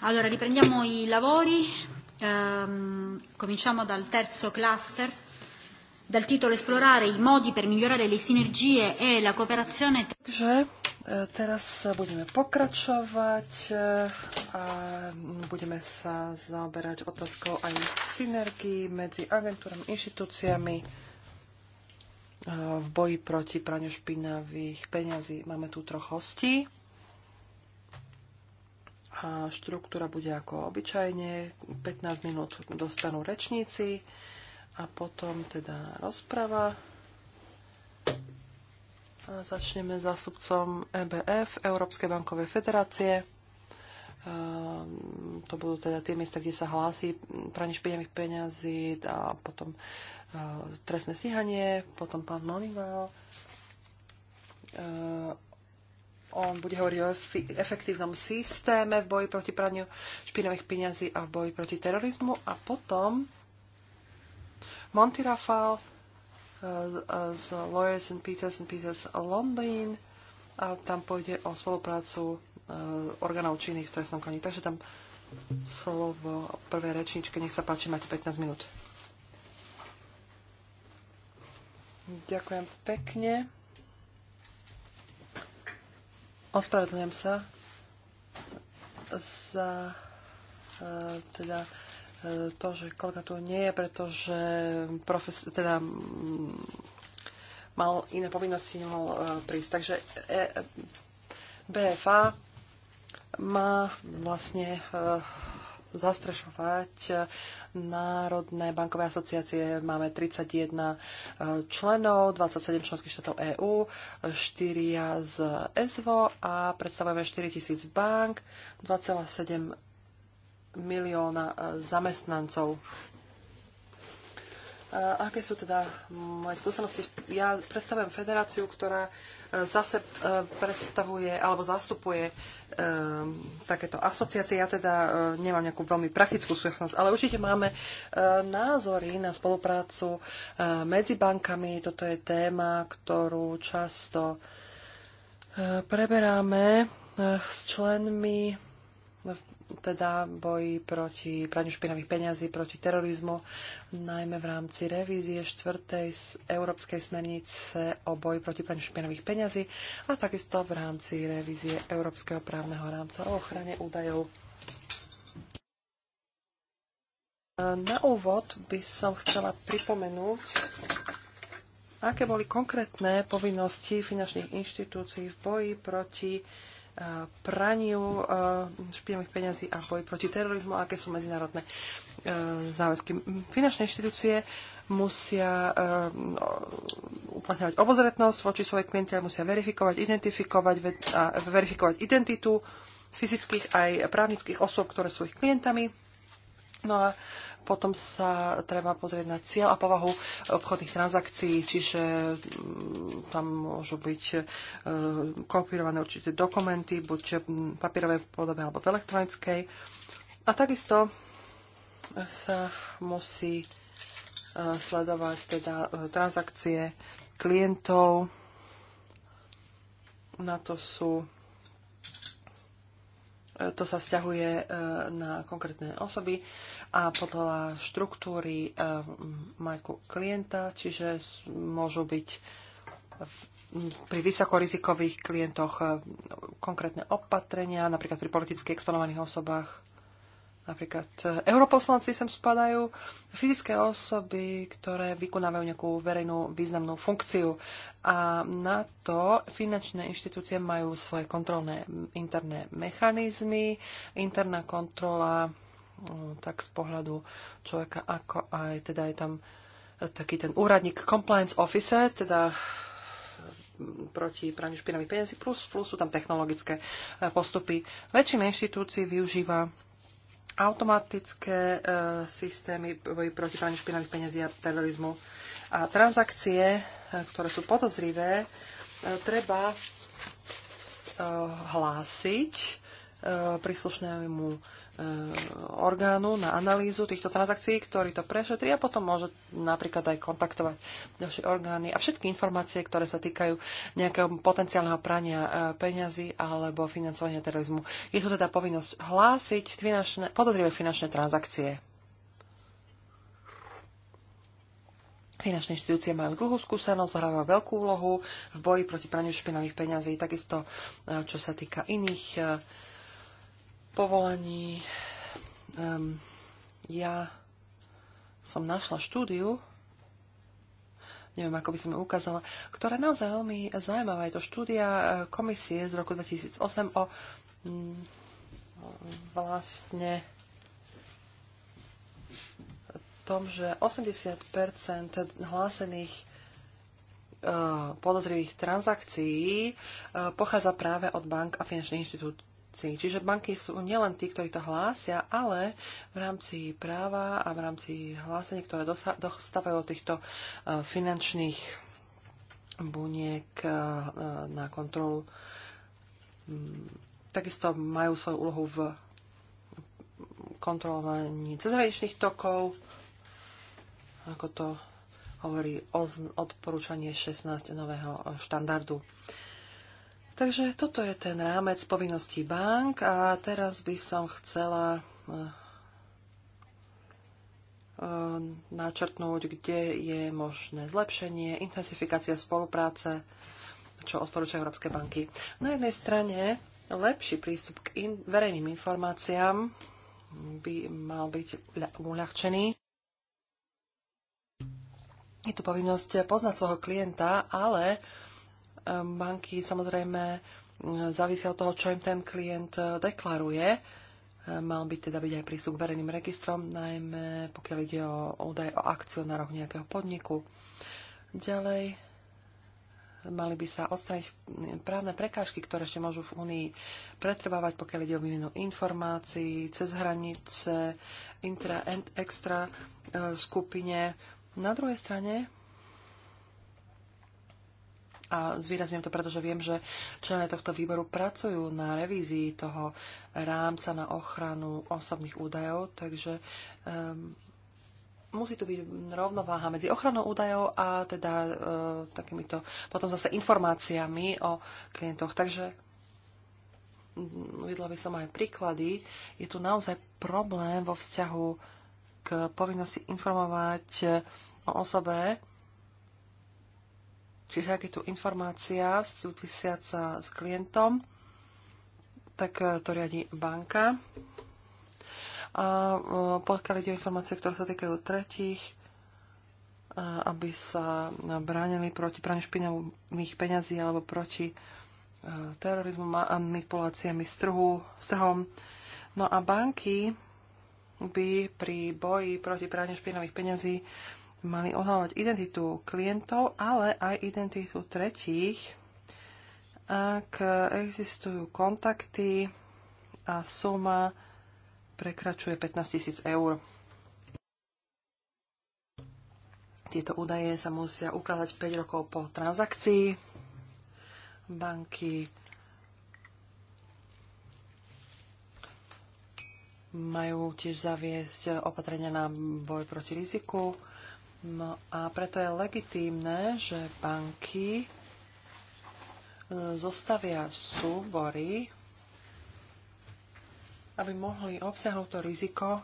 Allora, riprendiamo i lavori. Um, cominciamo dal terzo cluster, dal titolo Esplorare i modi per migliorare le sinergie e la cooperazione. Takže eh, teraz budeme pokračovať eh, a budeme sa zaoberať otázkou aj synergii medzi agentúrami, inštitúciami eh, v boji proti praniu špinavých peňazí. Máme tu troch hostí a štruktúra bude ako obyčajne. 15 minút dostanú rečníci a potom teda rozprava. A začneme zástupcom EBF, Európskej bankovej federácie. Uh, to budú teda tie miesta, kde sa hlási pranie špinavých peňazí a potom uh, trestné stíhanie, potom pán Manival, Uh, on bude hovoriť o efektívnom systéme v boji proti praniu špinavých peňazí a v boji proti terorizmu. A potom Monty Rafael eh, z Lawyers and Peters and Peters Londýn a tam pôjde o spoluprácu eh, orgánov činných v trestnom koni. Takže tam slovo prvé rečničke. Nech sa páči, máte 15 minút. Ďakujem pekne. Ospravedlňujem sa za eh, teda eh, to, že kolega tu nie je, pretože profes, teda mal iné povinnosti, nemohol eh, prísť. Takže e, BFA má vlastne zastrešovať Národné bankové asociácie. Máme 31 eh, členov, 27 členských štátov EÚ, 4 z SVO a predstavujeme 4 tisíc bank, 2,7 milióna eh, zamestnancov. Eh, aké sú teda moje skúsenosti? Ja predstavujem federáciu, ktorá eh, zase eh, predstavuje alebo zastupuje takéto asociácie. Ja teda nemám nejakú veľmi praktickú skúsenosť, ale určite máme názory na spoluprácu medzi bankami. Toto je téma, ktorú často preberáme s členmi teda boji proti praniu špinavých peňazí, proti terorizmu, najmä v rámci revízie štvrtej z Európskej smernice o boji proti praniu špinavých peňazí a takisto v rámci revízie Európskeho právneho rámca o ochrane údajov. Na úvod by som chcela pripomenúť, aké boli konkrétne povinnosti finančných inštitúcií v boji proti praniu eh, špinavých peňazí a boj proti terorizmu, aké sú medzinárodné eh, záväzky. Finančné inštitúcie musia eh, uplatňovať obozretnosť voči svojej klienti, musia verifikovať, identifikovať a verifikovať identitu fyzických aj právnických osôb, ktoré sú ich klientami. No a potom sa treba pozrieť na cieľ a povahu obchodných transakcií, čiže mm, tam môžu byť e, kopírované určité dokumenty, buď v papierovej podobe alebo v elektronickej. A takisto sa musí e, sledovať teda e, transakcie klientov. Na to sú to sa vzťahuje na konkrétne osoby a podľa štruktúry e, majú klienta, čiže môžu byť pri vysokorizikových klientoch e, konkrétne opatrenia, napríklad pri politicky exponovaných osobách. Napríklad e, europoslanci sem spadajú, fyzické osoby, ktoré vykonávajú nejakú verejnú významnú funkciu. A na to finančné inštitúcie majú svoje kontrolné interné mechanizmy. Interná kontrola tak z pohľadu človeka, ako aj teda je tam taký ten úradník compliance officer, teda proti praniu špinavých peniazí, plus, plus sú tam technologické e, postupy. Väčšina inštitúcií využíva automatické e, systémy boji proti praniu špinavých peniazí a terorizmu. A transakcie, e, ktoré sú podozrivé, e, treba e, hlásiť Eh, príslušnému eh, orgánu na analýzu týchto transakcií, ktorý to prešetrí a potom môže napríklad aj kontaktovať ďalšie orgány a všetky informácie, ktoré sa týkajú nejakého potenciálneho prania eh, peňazí alebo financovania terorizmu. Je tu teda povinnosť hlásiť finančné, podozrivé finančné transakcie. Finančné inštitúcie majú dlhú skúsenosť, hrávajú veľkú úlohu v boji proti praniu špinavých peňazí, takisto čo sa týka iných povolaní. Um, ja som našla štúdiu, neviem, ako by som ju ukázala, ktorá naozaj veľmi zaujímavá. Je to štúdia eh, komisie z roku 2008 o mm, vlastne tom, že 80 hlásených eh, podozrivých transakcií eh, pochádza práve od bank a finančných inštitút, korupcii. Čiže banky sú nielen tí, ktorí to hlásia, ale v rámci práva a v rámci hlásení, ktoré dostávajú od týchto eh, finančných buniek eh, na kontrolu, mm, takisto majú svoju úlohu v kontrolovaní cezhraničných tokov, ako to hovorí o odporúčanie 16 nového štandardu. Takže toto je ten rámec povinností bank a teraz by som chcela eh, načrtnúť, kde je možné zlepšenie, intensifikácia spolupráce, čo odporúčajú Európske banky. Na jednej strane lepší prístup k in- verejným informáciám by mal byť uľahčený. Je tu povinnosť poznať svojho klienta, ale Ehm, banky samozrejme ehm, závisia od toho, čo im ten klient e, deklaruje. Ehm, mal by teda byť aj prísuk k verejným registrom, najmä pokiaľ ide o údaj o akcionároch nejakého podniku. Ďalej mali by sa odstrániť právne prekážky, ktoré ešte môžu v Únii pretrvávať, pokiaľ ide o výmenu informácií cez hranice, intra and extra e, skupine. Na druhej strane a zvýrazňujem to, pretože viem, že členovia tohto výboru pracujú na revízii toho rámca na ochranu osobných údajov, takže um, musí tu byť rovnováha medzi ochranou údajov a teda uh, takýmito potom zase informáciami o klientoch. Takže mm, uvedla by som aj príklady. Je tu naozaj problém vo vzťahu k povinnosti informovať eh, o osobe, Čiže ak je tu informácia súvisiaca s klientom, tak e, to riadi banka. A e, pokiaľ ide o informácie, ktoré sa týkajú tretích, e, aby sa bránili proti praniu špinavých peňazí alebo proti terorizmu, manipuláciami s, trhu, s trhom. No a banky by pri boji proti praniu špinavých peňazí mali odhalovať identitu klientov, ale aj identitu tretích, ak existujú kontakty a suma prekračuje 15 tisíc eur. Tieto údaje sa musia ukázať 5 rokov po transakcii. Banky majú tiež zaviesť opatrenia na boj proti riziku No a preto je legitímne, že banky e, zostavia súbory, aby mohli obsiahnuť to riziko,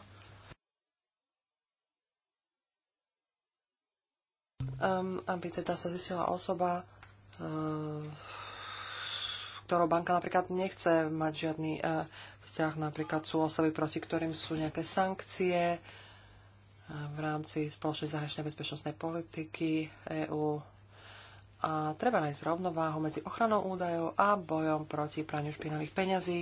um, aby teda sa zistila osoba, e, ktorou banka napríklad nechce mať žiadny e, vzťah, napríklad sú osoby, proti ktorým sú nejaké sankcie, v rámci spoločnej zahraničnej bezpečnostnej politiky EÚ a treba nájsť rovnováhu medzi ochranou údajov a bojom proti praniu špinavých peňazí.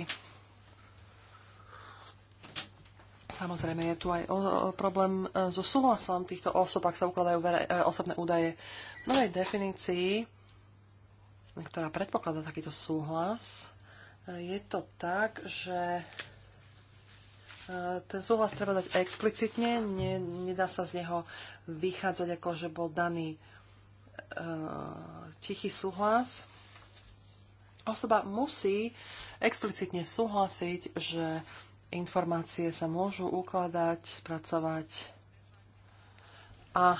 Samozrejme je tu aj o, o, problém e, so súhlasom týchto osob, ak sa ukladajú vere, e, osobné údaje. V novej definícii, ktorá predpokladá takýto súhlas, e, je to tak, že E, ten súhlas treba dať explicitne, ne, nedá sa z neho vychádzať ako, že bol daný e, tichý súhlas. Osoba musí explicitne súhlasiť, že informácie sa môžu ukladať, spracovať a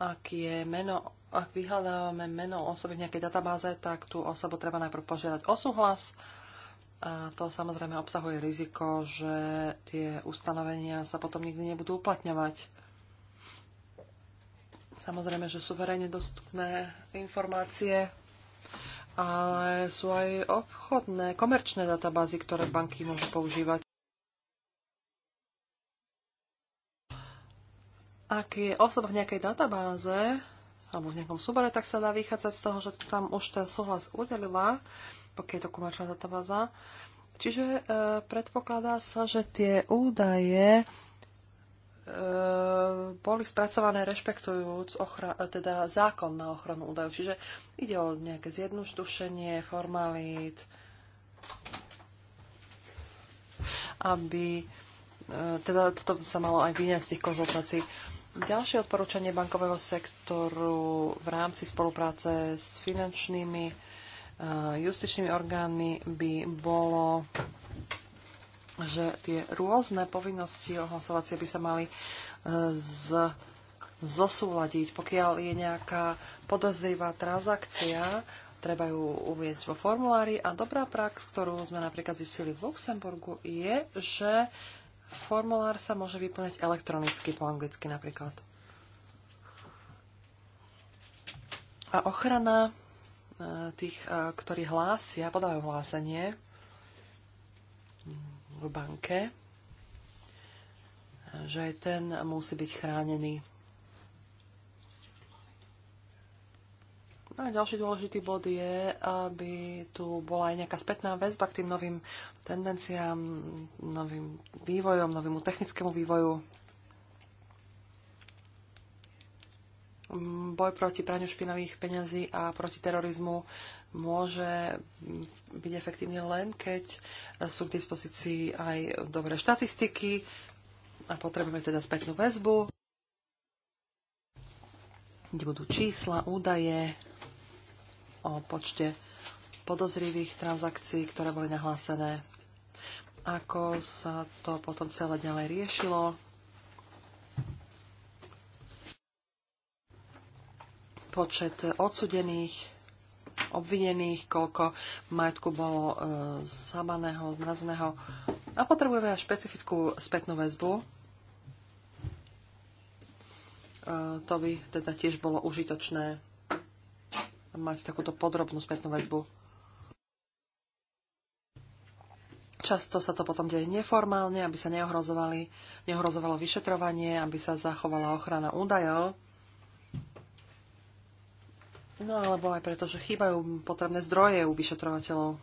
ak je meno ak vyhľadávame meno osoby v nejakej databáze, tak tú osobu treba najprv požiadať o súhlas, a to samozrejme obsahuje riziko, že tie ustanovenia sa potom nikdy nebudú uplatňovať. Samozrejme, že sú verejne dostupné informácie, ale sú aj obchodné, komerčné databázy, ktoré banky môžu používať. Ak je osoba v nejakej databáze alebo v nejakom súbore, tak sa dá vychádzať z toho, že tam už ten súhlas udelila pokiaľ je to komerčná databáza. Čiže e, predpokladá sa, že tie údaje e, boli spracované rešpektujúc ochra- teda zákon na ochranu údajov. Čiže ide o nejaké zjednodušenie formalít, aby e, teda toto sa malo aj vyňať z tých konzultácií. Ďalšie odporúčanie bankového sektoru v rámci spolupráce s finančnými Eh, justičnými orgánmi by bolo že tie rôzne povinnosti ohlasovacie by sa mali eh, z, zosúľadiť. Pokiaľ je nejaká podozrivá transakcia, treba ju uvieť vo formulári a dobrá prax, ktorú sme napríklad zistili v Luxemburgu, je, že formulár sa môže vyplňať elektronicky, po anglicky napríklad. A ochrana E, tých, e, ktorí hlásia, podávajú hlásenie v banke, e, že aj ten musí byť chránený. No a ďalší dôležitý bod je, aby tu bola aj nejaká spätná väzba k tým novým tendenciám, novým vývojom, novému technickému vývoju. boj proti praniu špinavých peňazí a proti terorizmu môže byť efektívne len, keď sú k dispozícii aj dobré štatistiky a potrebujeme teda spätnú väzbu, kde budú čísla, údaje o počte podozrivých transakcií, ktoré boli nahlásené, ako sa to potom celé ďalej riešilo počet odsudených, obvinených, koľko majetku bolo e, zabaného, zmrazeného. A potrebujeme aj špecifickú spätnú väzbu. E, to by teda tiež bolo užitočné mať takúto podrobnú spätnú väzbu. Často sa to potom deje neformálne, aby sa neohrozovalo vyšetrovanie, aby sa zachovala ochrana údajov. No alebo aj preto, že chýbajú potrebné zdroje u vyšetrovateľov.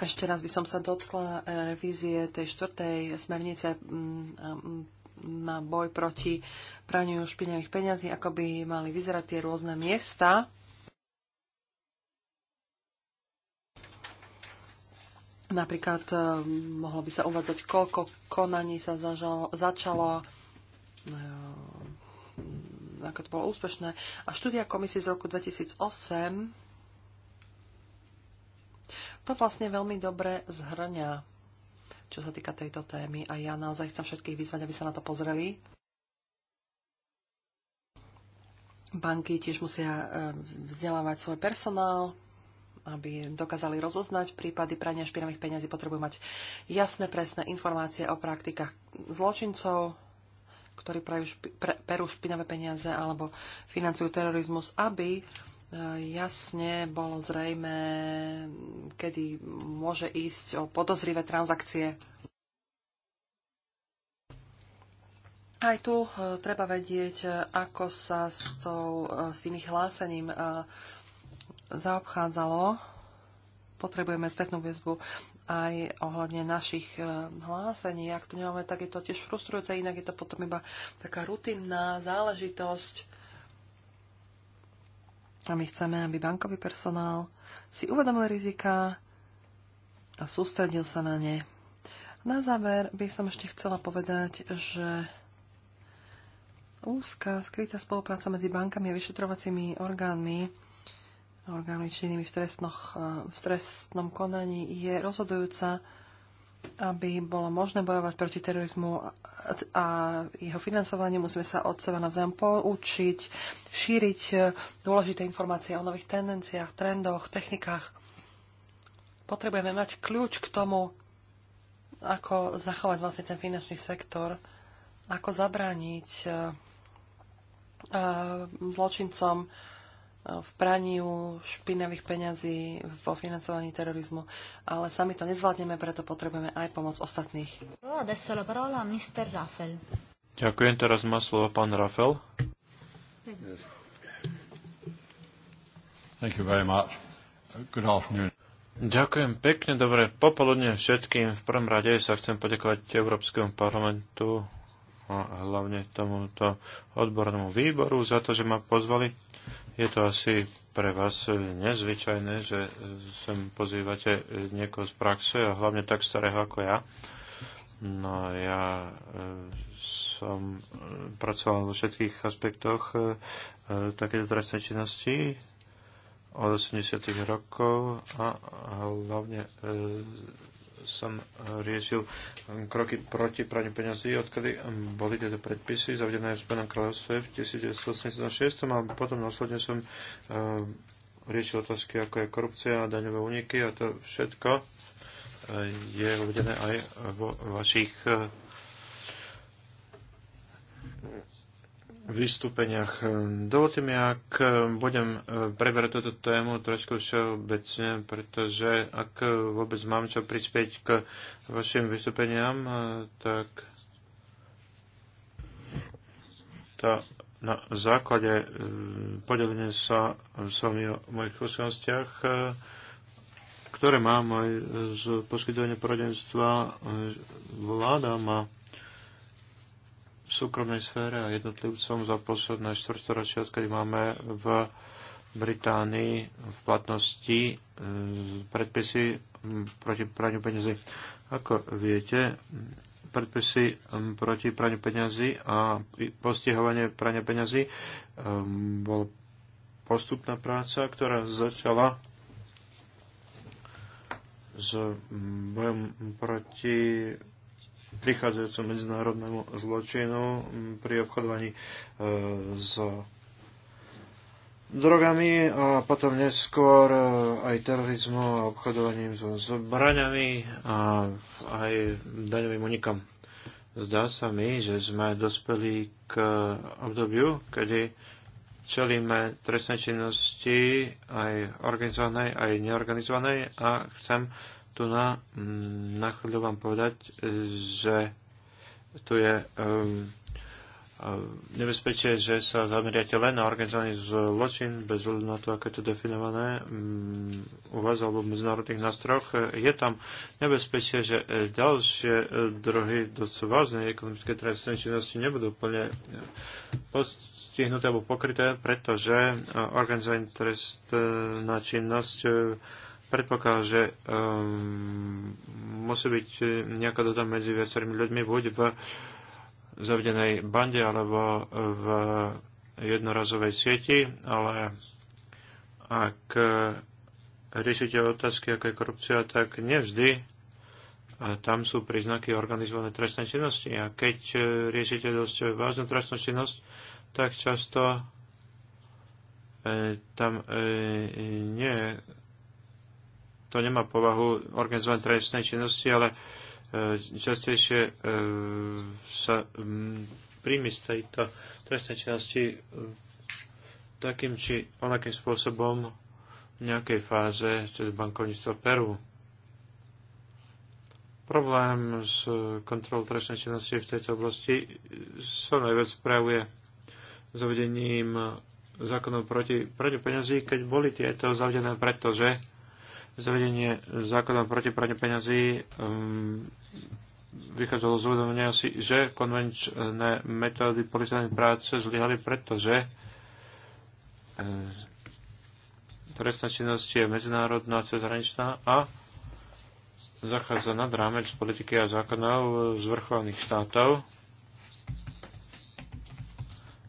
Ešte raz by som sa dotkla e, revízie tej štvrtej smernice na boj proti praniu špinavých peňazí, ako by mali vyzerať tie rôzne miesta. Napríklad e, mohlo by sa uvádzať, koľko konaní sa začalo, e, ako to bolo úspešné. A štúdia komisie z roku 2008 to vlastne veľmi dobre zhrňa, čo sa týka tejto témy. A ja naozaj chcem všetkých vyzvať, aby sa na to pozreli. Banky tiež musia e, vzdelávať svoj personál, aby dokázali rozoznať prípady prania špinavých peniazí, potrebujú mať jasné, presné informácie o praktikách zločincov, ktorí prajú špi, pre, perú špinavé peniaze alebo financujú terorizmus, aby e, jasne bolo zrejme, kedy môže ísť o podozrivé transakcie. Aj tu e, treba vedieť, e, ako sa s, tou, s tým ich hlásením zaobchádzalo. Potrebujeme spätnú väzbu aj ohľadne našich e, hlásení. Ak to nemáme, tak je to tiež frustrujúce, inak je to potom iba taká rutinná záležitosť. A my chceme, aby bankový personál si uvedomil rizika a sústredil sa na ne. Na záver by som ešte chcela povedať, že úzka skrytá spolupráca medzi bankami a vyšetrovacími orgánmi orgánmi činnými v, e, v trestnom konaní je rozhodujúca, aby bolo možné bojovať proti terorizmu a jeho financovaniu. Musíme sa od seba navzájom poučiť, šíriť e, dôležité informácie o nových tendenciách, trendoch, technikách. Potrebujeme mať kľúč k tomu, ako zachovať vlastne ten finančný sektor, ako zabrániť e, zločincom v praniu špinavých peňazí, vo financovaní terorizmu, ale sami to nezvládneme, preto potrebujeme aj pomoc ostatných. Oh, Ďakujem, teraz má slovo pán Rafael. Thank you very much. Good afternoon. Ďakujem pekne, dobre popoludne všetkým. V prvom rade sa chcem poďakovať Európskemu parlamentu a hlavne tomuto odbornému výboru za to, že ma pozvali je to asi pre vás nezvyčajné, že sem pozývate niekoho z praxe a hlavne tak starého ako ja. No ja e, som e, pracoval vo všetkých aspektoch e, takéto trestnej činnosti od 80. rokov a hlavne som eh, riešil hm, kroky proti praniu peňazí, odkedy hm, boli tieto predpisy zavedené v Spojenom kráľovstve v 1986 a potom následne som eh, riešil otázky ako je korupcia a daňové úniky a to všetko eh, je uvedené aj vo vašich vystúpeniach. Dovolte mi, ak budem eh, preberať túto tému trošku všeobecne, pretože ak vôbec mám čo prispieť k vašim vystúpeniam, eh, tak tá, na základe eh, podelenia sa s vami o mojich skúsenostiach, ktoré mám aj z poskytovania poradenstva vládam a súkromnej sfére a jednotlivcom za posledné čtvrtoročie, odkedy máme v Británii v platnosti e, predpisy proti praniu peniazy. Ako viete, predpisy proti praniu peniazy a postihovanie prania peniazy bol postupná práca, ktorá začala s bojom proti prichádzajúcom medzinárodnému zločinu pri obchodovaní e, s drogami a potom neskôr e, aj terorizmu a obchodovaním so zbraňami a aj daňovým unikom. Zdá sa mi, že sme dospeli k obdobiu, kedy čelíme trestnej činnosti aj organizovanej, aj neorganizovanej a chcem tu na, na chvíľu vám povedať, že tu je um, um nebezpečie, že sa zameriate len na organizovaný zločin, bez hľadu na to, ako je to definované um, u vás alebo v medzinárodných nástrojoch. Je tam nebezpečie, že e, ďalšie e, druhy dosť vážnej ekonomické trestnej činnosti nebudú plne e, postihnuté alebo pokryté, pretože organizovaný trestná činnosť predpokladá, že um, musí byť e, nejaká doda medzi viacerými ľuďmi, buď v zavedenej bande alebo v jednorazovej sieti, ale ak riešite otázky, ako je korupcia, tak nevždy tam sú príznaky organizovanej trestnej činnosti. A keď e, riešite dosť vážnu trestnú činnosť, tak často e, tam nie je to nemá povahu organizovanej tradičnej činnosti, ale e, častejšie e, sa príjmy z tejto trestnej činnosti e, takým či onakým spôsobom v nejakej fáze cez bankovníctvo Peru. Problém s kontrolou trestnej činnosti v tejto oblasti sa najviac spravuje zavedením zákonov proti praniu peniazí, keď boli tieto zavedené, pretože zavedenie zákona proti praniu peňazí um, vychádzalo z uvedomenia si, že konvenčné metódy policajnej práce zlyhali, pretože ehm, trestná činnosť je medzinárodná, a cezhraničná a zachádza nad rámec politiky a zákonov zvrchovaných štátov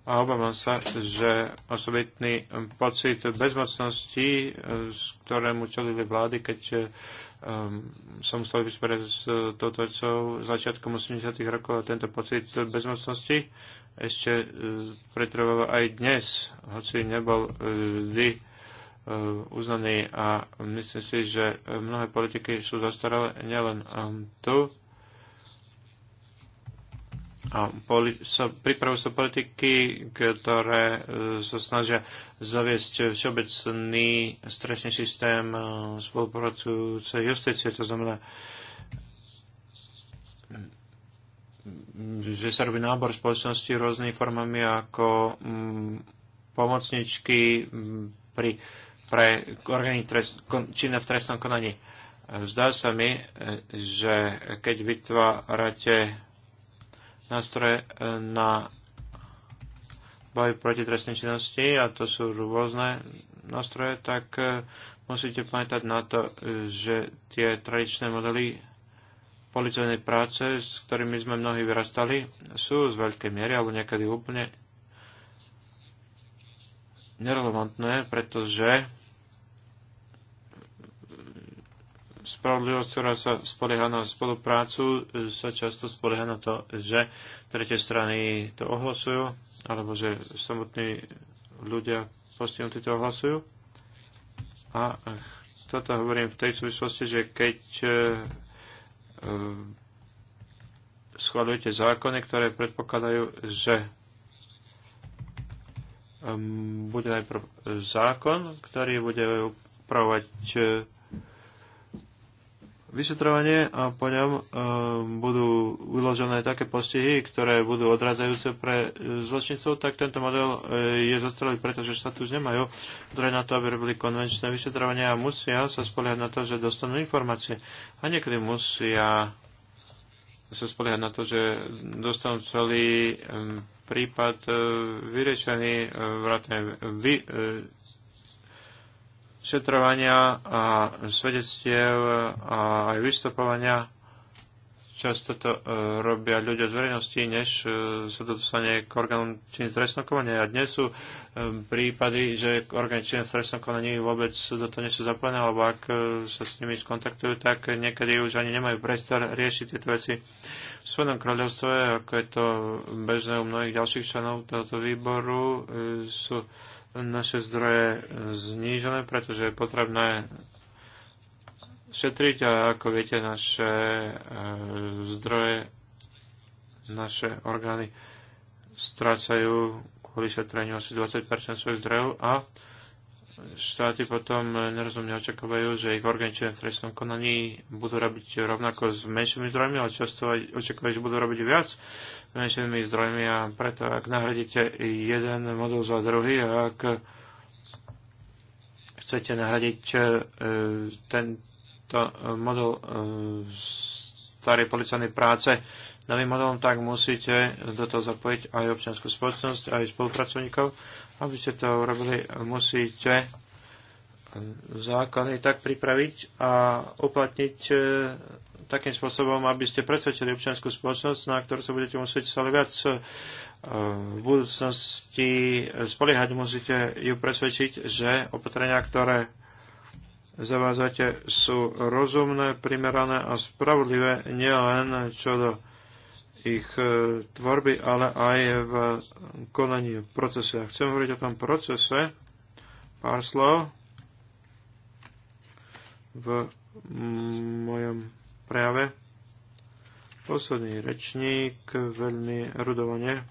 a obávam sa, že osobitný pocit bezmocnosti, z eh, ktorému čelili vlády, keď um, sa museli vysporiadať s eh, touto vecou začiatkom 80. rokov a tento pocit bezmocnosti ešte uh, pretrváva aj dnes, hoci nebol uh, vždy uznaný a myslím si, že mnohé politiky sú zastaralé nielen ehm, tu, a so, pripravujú sa politiky, ktoré e, sa snažia zaviesť všeobecný stresný systém e, spolupracujúcej justície, to znamená, že sa robí nábor spoločnosti rôznymi formami ako pomocničky pri, pre orgány trest, činné v trestnom konaní. E, zdá sa mi, že keď vytvárate nástroje e, na boj proti trestnej činnosti a to sú rôzne nástroje, tak e, musíte pamätať na to, že tie tradičné modely policajnej práce, s ktorými sme mnohí vyrastali, sú z veľkej miery alebo niekedy úplne nerelevantné, pretože spravodlivosť, ktorá sa spolieha na spoluprácu, sa často spolieha na to, že tretie strany to ohlasujú, alebo že samotní ľudia postihnutí to ohlasujú. A toto hovorím v tej súvislosti, že keď e, e, schvaľujete zákony, ktoré predpokladajú, že e, bude najprv zákon, ktorý bude upravovať vyšetrovanie a po ňom e, budú uložené také postihy, ktoré budú odrazajúce pre eh, zločincov, tak tento model e, je zastrelý, pretože štát už nemajú zdroje na to, aby robili konvenčné vyšetrovania a musia sa spoliehať na to, že dostanú informácie. A niekedy musia sa spoliehať na to, že dostanú celý prípad vyriešený vrátane vy, šetrovania a svedectiev a aj vystupovania. Často to e, robia ľudia z verejnosti, než e, sa to dostane k orgánom činy trestného konania. A dnes sú e, prípady, že orgány činy trestného konania vôbec do toho nie sú zapojené, alebo ak sa s nimi skontaktujú, tak niekedy už ani nemajú priestor riešiť tieto veci. V svojom kráľovstve, ako je to bežné u mnohých ďalších členov tohoto výboru, sú naše zdroje znížené, pretože je potrebné šetriť a ako viete, naše e, zdroje, naše orgány strácajú kvôli šetreniu asi 20% svojich zdrojov a štáty potom nerozumne očakávajú, že ich orgány v trestnom konaní budú robiť rovnako s menšími zdrojmi, ale často očakávajú, že budú robiť viac menšinými zdrojmi a preto ak nahradíte jeden modul za druhý a ak chcete nahradiť e, tento modul e, starej policajnej práce novým modelom, tak musíte do toho zapojiť aj občianskú spoločnosť, aj spolupracovníkov. Aby ste to urobili, musíte zákony tak pripraviť a uplatniť e, takým spôsobom, aby ste presvedčili občianskú spoločnosť, na ktorú sa budete musieť stále viac e, v budúcnosti spoliehať. Musíte ju presvedčiť, že opatrenia, ktoré zavádzate, sú rozumné, primerané a spravodlivé nielen čo do ich e, tvorby, ale aj v konaní procese. Chcem hovoriť o tom procese. Pár slov v mojom prejave. Posledný rečník veľmi erudovane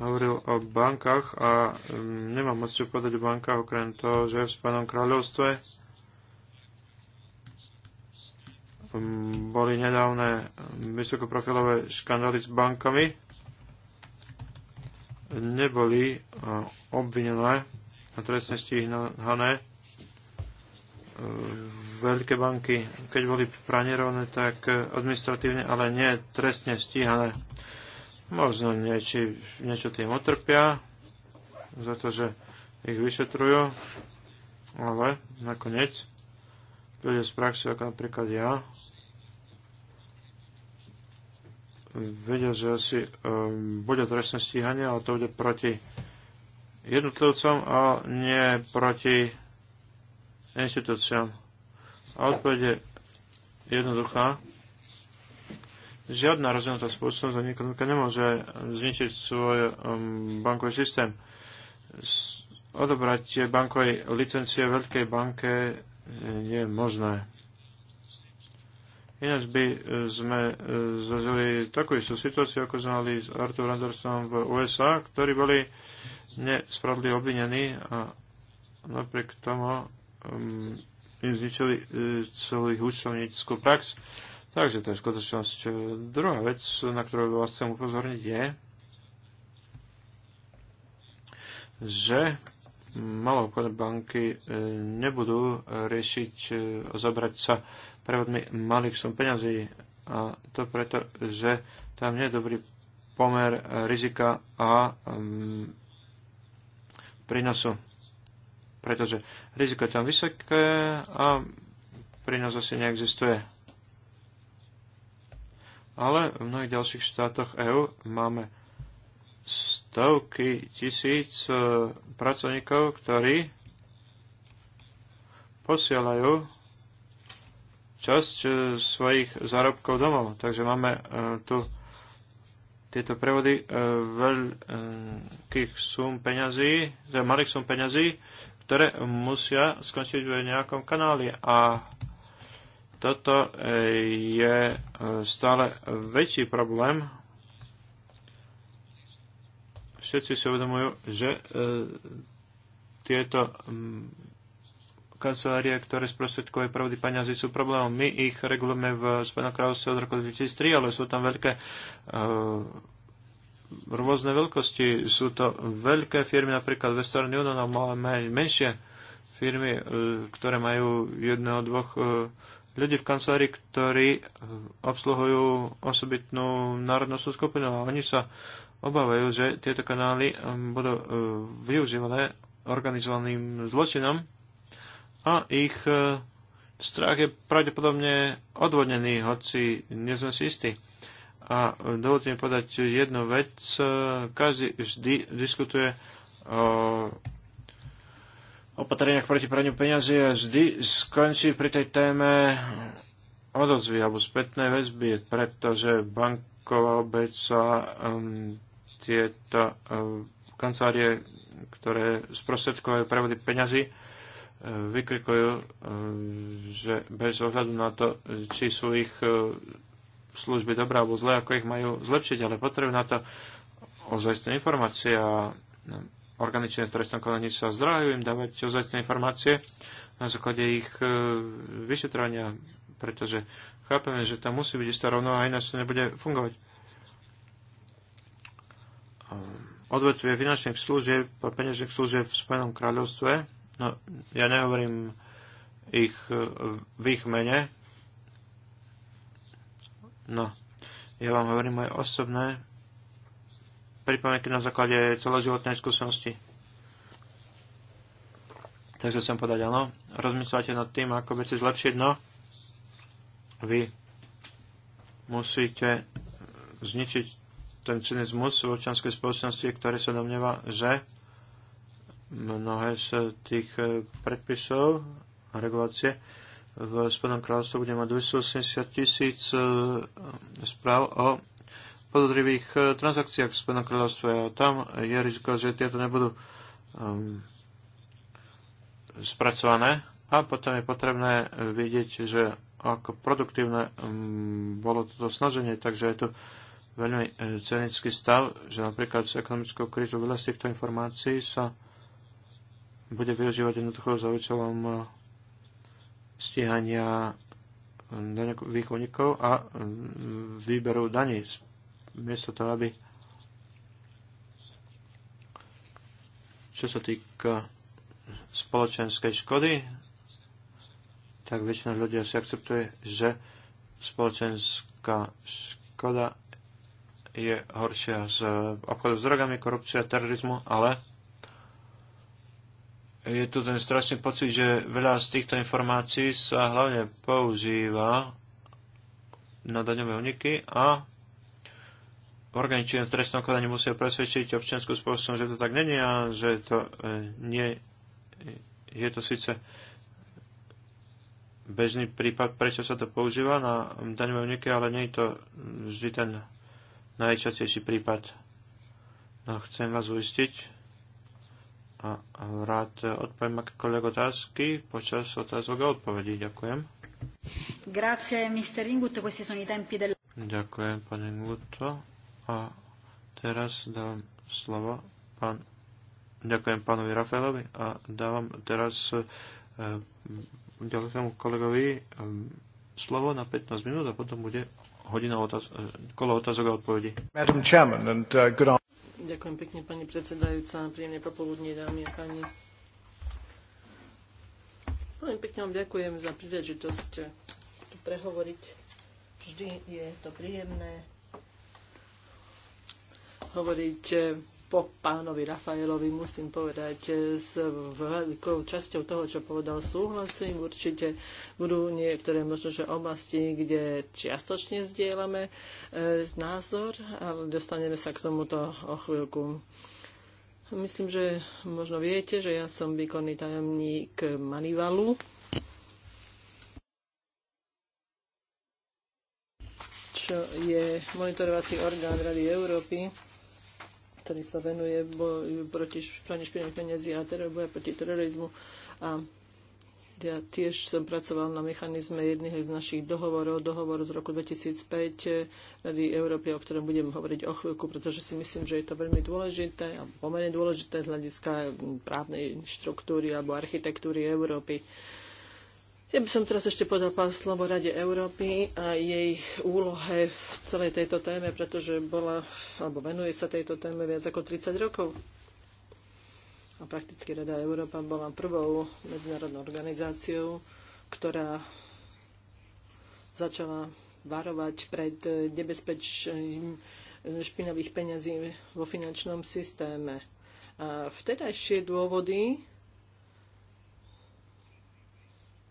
hovoril o bankách a mm, nemám moc čo povedať o bankách, okrem toho, že v Spojenom kráľovstve mm, boli nedávne vysokoprofilové škandály s bankami. Neboli obvinené a trestne stíhané E, veľké banky, keď boli pranerovné, tak administratívne, ale nie trestne stíhané. Možno nieči, niečo tým utrpia, za to, že ich vyšetrujú, ale nakoniec ľudia z praxe, ako napríklad ja, vedia, že asi um, bude trestné stíhanie, ale to bude proti jednotlivcom a nie proti inštitúciám. A odpovede je jednoduchá. Žiadna rozvinutá spoločnosť ani ekonomika nemôže zničiť svoj um, bankový systém. Odobrať bankovej licencie veľkej banke eh, je možné. Ináč by eh, sme eh, zažili takú istú situáciu, ako sme mali s Arthur Andersonom v USA, ktorí boli nespravdli obvinení a napriek tomu Ehm, im zničili e, celú ich účtovníckú prax. Takže to je skutočnosť. E, druhá vec, na ktorú vás chcem upozorniť, je, že malé obchodné banky e, nebudú riešiť a zabrať sa prevodmi malých som peňazí. A to preto, že tam nie je dobrý pomer rizika a um, prínosu pretože riziko je tam vysoké a prínos asi neexistuje. Ale v mnohých ďalších štátoch EÚ máme stovky tisíc e, pracovníkov, ktorí posielajú časť e, svojich zárobkov domov. Takže máme e, tu tieto prevody veľkých sum peňazí, teda malých sum peňazí ktoré musia skončiť v nejakom kanáli a toto e, je e, stále väčší problém. Všetci si uvedomujú, že e, tieto kancelárie, ktoré sprostredkovajú pravdy peniazy, sú problémom. My ich regulujeme v Spojenom kráľovstve od roku 2003, ale sú tam veľké uh, rôzne veľkosti. Sú to veľké firmy, napríklad Western Union a menšie firmy, e, ktoré majú jedného, dvoch e, ľudí v kancelárii, ktorí e, obsluhujú osobitnú národnostnú skupinu a oni sa obávajú, že tieto kanály budú využívané organizovaným zločinom a ich strach je pravdepodobne odvodnený, hoci nie sme si istí. A dovolte mi povedať jednu vec. Každý vždy diskutuje o opatreniach proti praniu peniazy a vždy skončí pri tej téme odozvy alebo spätnej väzby, pretože banková obec sa um, tieto um, kancelárie, ktoré sprostredkovajú prevody peňazí, uh, vykrikujú, um, že bez ohľadu na to, či sú ich uh, služby dobré alebo zlé, ako ich majú zlepšiť, ale potrebujú na to ozajstné informácie a no, orgány činné v trestnom konaní sa zdráhajú im dávať ozajstné informácie na základe ich e, vyšetrovania, pretože chápeme, že tam musí byť istá rovnováha, ináč to nebude fungovať. Odvetvie finančných služieb a peňažných služieb v Spojenom kráľovstve, no ja nehovorím ich, e, v ich mene, No, ja vám hovorím moje osobné pripomienky na základe celoživotnej skúsenosti. Takže som povedať áno. Rozmýšľajte nad tým, ako veci zlepšiť, no vy musíte zničiť ten cynizmus v občanskej spoločnosti, ktorý sa domnieva, že mnohé z tých predpisov a regulácie v Spodnom kráľovstve bude mať 280 tisíc e, správ o podozrivých e, transakciách v Spodnom kráľovstve a tam je riziko, že tieto nebudú um, spracované a potom je potrebné e, vidieť, že ako produktívne um, bolo toto snaženie, takže je to veľmi cenický stav, že napríklad s ekonomickou krízou veľa z týchto informácií sa bude využívať jednoducho za účelom stíhania eh, daňových únikov a mm, výberu daní. Miesto toho, aby čo sa týka spoločenskej škody, tak väčšina ľudia si akceptuje, že spoločenská škoda je horšia z obchodu s drogami, korupcia, terorizmu, ale je tu ten strašný pocit, že veľa z týchto informácií sa hlavne používa na daňové uniky a orgány v trestnom konaní musia presvedčiť občianskú spoločnosť, že to tak není a že to e, nie e, je to síce bežný prípad, prečo sa to používa na daňové uniky, ale nie je to vždy ten najčastejší prípad. No, chcem vás uistiť, a rád odpoviem akékoľvek otázky počas otázok a odpovedí. Ďakujem. Grazie, Mr. Ingut, questi sono i tempi del... Ďakujem, pán Inguto. A teraz dávam slovo pán... Ďakujem pánovi Rafaelovi a dávam teraz e, ďalšiemu kolegovi e, slovo na 15 minút a potom bude hodina otáz- e, kolo otázok a odpovedí. Madam Chairman, and, uh, good Ďakujem pekne, pani predsedajúca. Príjemné popoludne, dámy a páni. Veľmi pekne vám ďakujem za príležitosť tu prehovoriť. Vždy je to príjemné hovoriť eh, po pánovi Rafaelovi musím povedať, s veľkou časťou toho, čo povedal, súhlasím. Určite budú niektoré možno, že oblasti, kde čiastočne zdieľame e, názor, ale dostaneme sa k tomuto o chvíľku. Myslím, že možno viete, že ja som výkonný tajomník Manivalu. čo je monitorovací orgán Rady Európy ktorý sa venuje boju proti praniu špinavých peniazí a teror, boja proti terorizmu. A ja tiež som pracoval na mechanizme jedných z našich dohovorov, dohovor z roku 2005 Rady Európy, o ktorom budem hovoriť o chvíľku, pretože si myslím, že je to veľmi dôležité a pomerne dôležité z hľadiska právnej štruktúry alebo architektúry Európy. Ja by som teraz ešte podal pán slovo Rade Európy a jej úlohe v celej tejto téme, pretože bola, alebo venuje sa tejto téme viac ako 30 rokov. A prakticky Rada Európa bola prvou medzinárodnou organizáciou, ktorá začala varovať pred nebezpečným špinavých peňazí vo finančnom systéme. A vtedajšie dôvody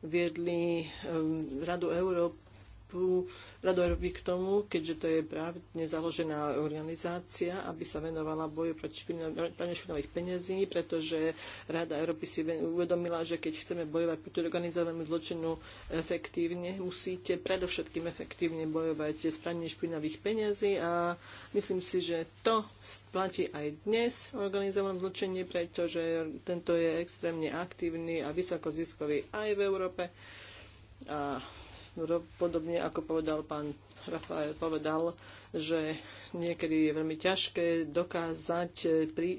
viedli ehm, Radu Európy Európu, Radu Európy k tomu, keďže to je právne založená organizácia, aby sa venovala boju proti špinavým, špinových peniazí, pretože Rada Európy si uvedomila, že keď chceme bojovať proti organizovanému zločinu efektívne, musíte predovšetkým efektívne bojovať s praním špinavých peniazí a myslím si, že to platí aj dnes organizované zločenie, pretože tento je extrémne aktívny a vysokoziskový aj v Európe. A podobne ako povedal pán Rafael, povedal, že niekedy je veľmi ťažké dokázať, e,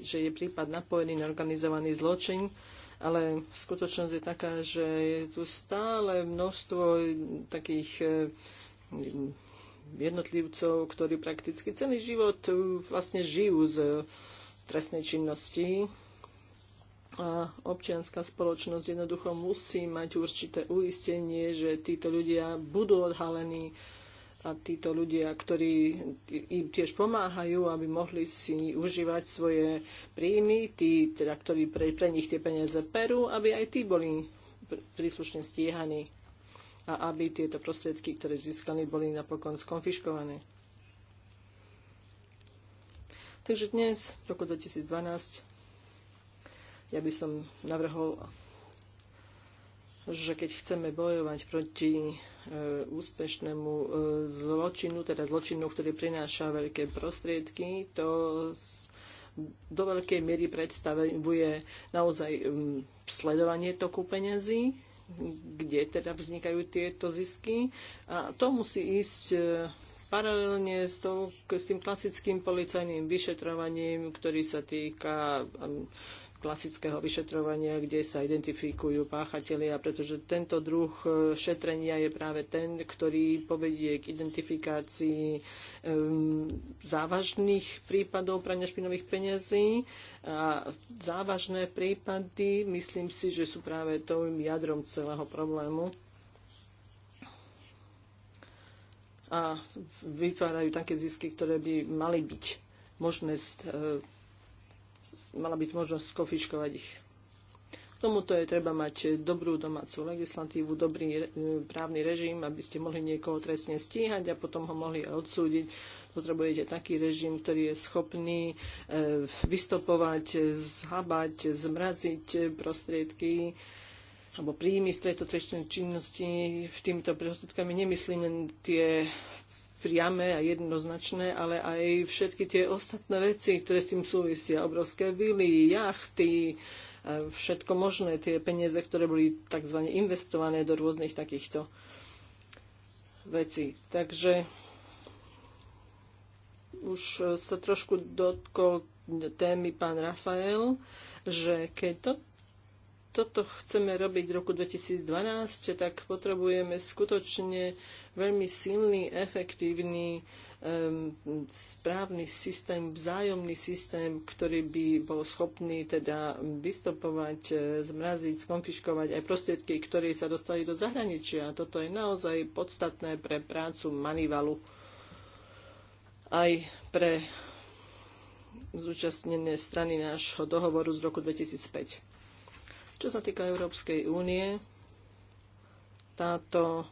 že je prípad napojený na organizovaný zločin, ale skutočnosť je taká, že je tu stále množstvo takých e, jednotlivcov, ktorí prakticky celý život e, vlastne žijú z trestnej činnosti, a občianská spoločnosť jednoducho musí mať určité uistenie, že títo ľudia budú odhalení a títo ľudia, ktorí im tiež pomáhajú, aby mohli si užívať svoje príjmy, tí, teda, ktorí pre, pre nich tie peniaze perú, aby aj tí boli príslušne stíhaní a aby tieto prostriedky, ktoré získali, boli napokon skonfiškované. Takže dnes, v roku 2012, ja by som navrhol, že keď chceme bojovať proti e, úspešnému e, zločinu, teda zločinu, ktorý prináša veľké prostriedky, to do veľkej miery predstavuje naozaj sledovanie toku peňazí, kde teda vznikajú tieto zisky. A to musí ísť e, paralelne s, to, s tým klasickým policajným vyšetrovaním, ktorý sa týka klasického vyšetrovania, kde sa identifikujú páchatelia, pretože tento druh e, šetrenia je práve ten, ktorý povedie k identifikácii um, závažných prípadov prania špinových peniazí. A závažné prípady, myslím si, že sú práve tým jadrom celého problému. a vytvárajú také zisky, ktoré by mali byť možné z, e, mala byť možnosť skonfiškovať ich. K tomuto je treba mať dobrú domácu legislatívu, dobrý e, právny režim, aby ste mohli niekoho trestne stíhať a potom ho mohli odsúdiť. Potrebujete taký režim, ktorý je schopný e, vystopovať, zhabať, zmraziť prostriedky alebo príjmy z tejto trestnej činnosti. Týmto prostriedkami nemyslím len tie priame a jednoznačné, ale aj všetky tie ostatné veci, ktoré s tým súvisia. Obrovské vily, jachty, všetko možné, tie peniaze, ktoré boli tzv. investované do rôznych takýchto vecí. Takže už sa trošku dotkol témy pán Rafael, že keď to, toto chceme robiť v roku 2012, tak potrebujeme skutočne veľmi silný, efektívny um, správny systém, vzájomný systém, ktorý by bol schopný teda vystopovať, e, zmraziť, skonfiškovať aj prostriedky, ktoré sa dostali do zahraničia. Toto je naozaj podstatné pre prácu Manivalu aj pre zúčastnené strany nášho dohovoru z roku 2005. Čo sa týka Európskej únie, táto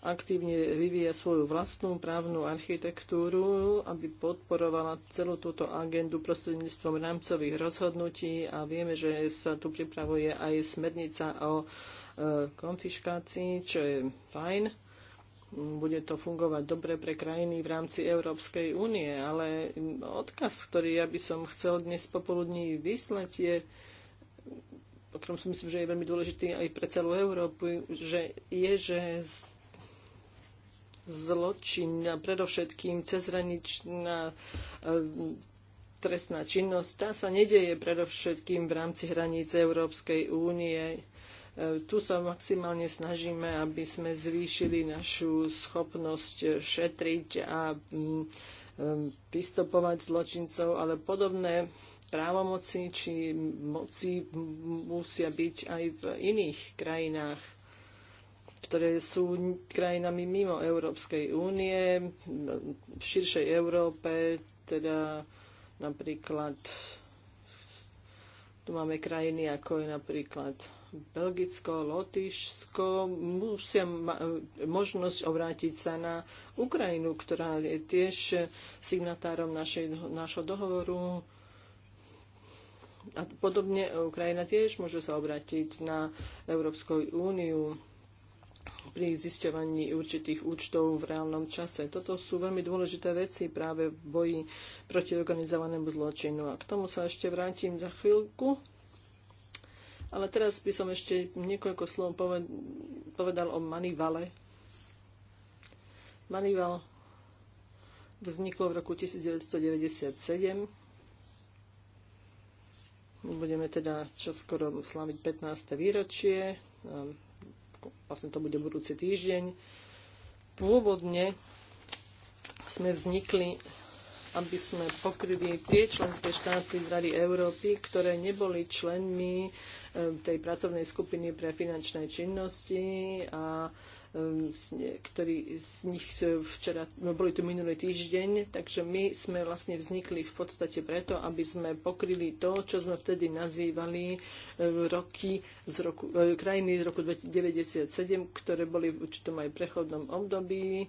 aktívne vyvíja svoju vlastnú právnu architektúru, aby podporovala celú túto agendu prostredníctvom rámcových rozhodnutí a vieme, že sa tu pripravuje aj smernica o e, konfiškácii, čo je fajn. Bude to fungovať dobre pre krajiny v rámci Európskej únie, ale odkaz, ktorý ja by som chcel dnes popoludní vyslať, je, o ktorom si myslím, že je veľmi dôležitý aj pre celú Európu, že je, že zločin a predovšetkým cezhraničná e, trestná činnosť, tá sa nedeje predovšetkým v rámci hraníc Európskej únie. E, tu sa maximálne snažíme, aby sme zvýšili našu schopnosť šetriť a mm, e, vystopovať zločincov, ale podobné právomoci či moci musia byť aj v iných krajinách, ktoré sú krajinami mimo Európskej únie, v širšej Európe, teda napríklad tu máme krajiny ako je napríklad Belgicko, Lotyšsko, musia ma- možnosť obrátiť sa na Ukrajinu, ktorá je tiež signatárom našej, našho dohovoru a podobne e, Ukrajina tiež môže sa obrátiť na Európsku úniu pri zisťovaní určitých účtov v reálnom čase. Toto sú veľmi dôležité veci práve v boji proti organizovanému zločinu. A k tomu sa ešte vrátim za chvíľku. Ale teraz by som ešte niekoľko slov povedal o Manivale. Manival vznikol v roku 1997 No, budeme teda čoskoro slaviť 15. výročie. Ehm, vlastne to bude budúci týždeň. Pôvodne sme vznikli aby sme pokryli tie členské štáty v Rady Európy, ktoré neboli členmi E, tej pracovnej skupiny pre finančné činnosti a e, ktorí z nich e, včera, no boli tu minulý týždeň, takže my sme vlastne vznikli v podstate preto, aby sme pokryli to, čo sme vtedy nazývali roky z roku, krajiny z roku 1997, ktoré boli v určitom aj prechodnom období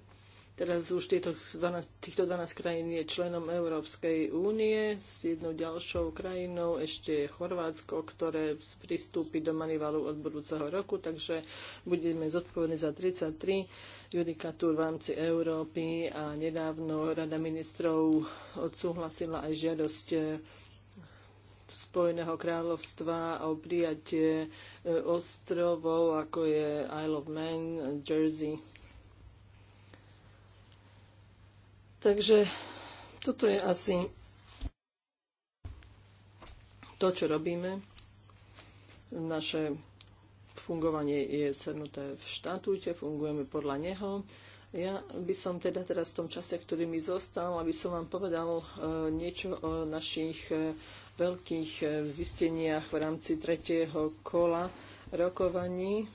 Teraz už tieto 12, týchto 12 krajín je členom Európskej únie. S jednou ďalšou krajinou ešte je Chorvátsko, ktoré pristúpi do Manivalu od budúceho roku, takže budeme zodpovední za 33 judikatúr v rámci Európy a nedávno Rada ministrov odsúhlasila aj žiadosť Spojeného kráľovstva o prijatie e, ostrovov, ako je Isle of Man, Jersey Takže toto je asi to, čo robíme. Naše fungovanie je sednuté v štatúte, fungujeme podľa neho. Ja by som teda teraz v tom čase, ktorý mi zostal, aby som vám povedal e, niečo o našich e, veľkých e, zisteniach v rámci tretieho kola rokovaní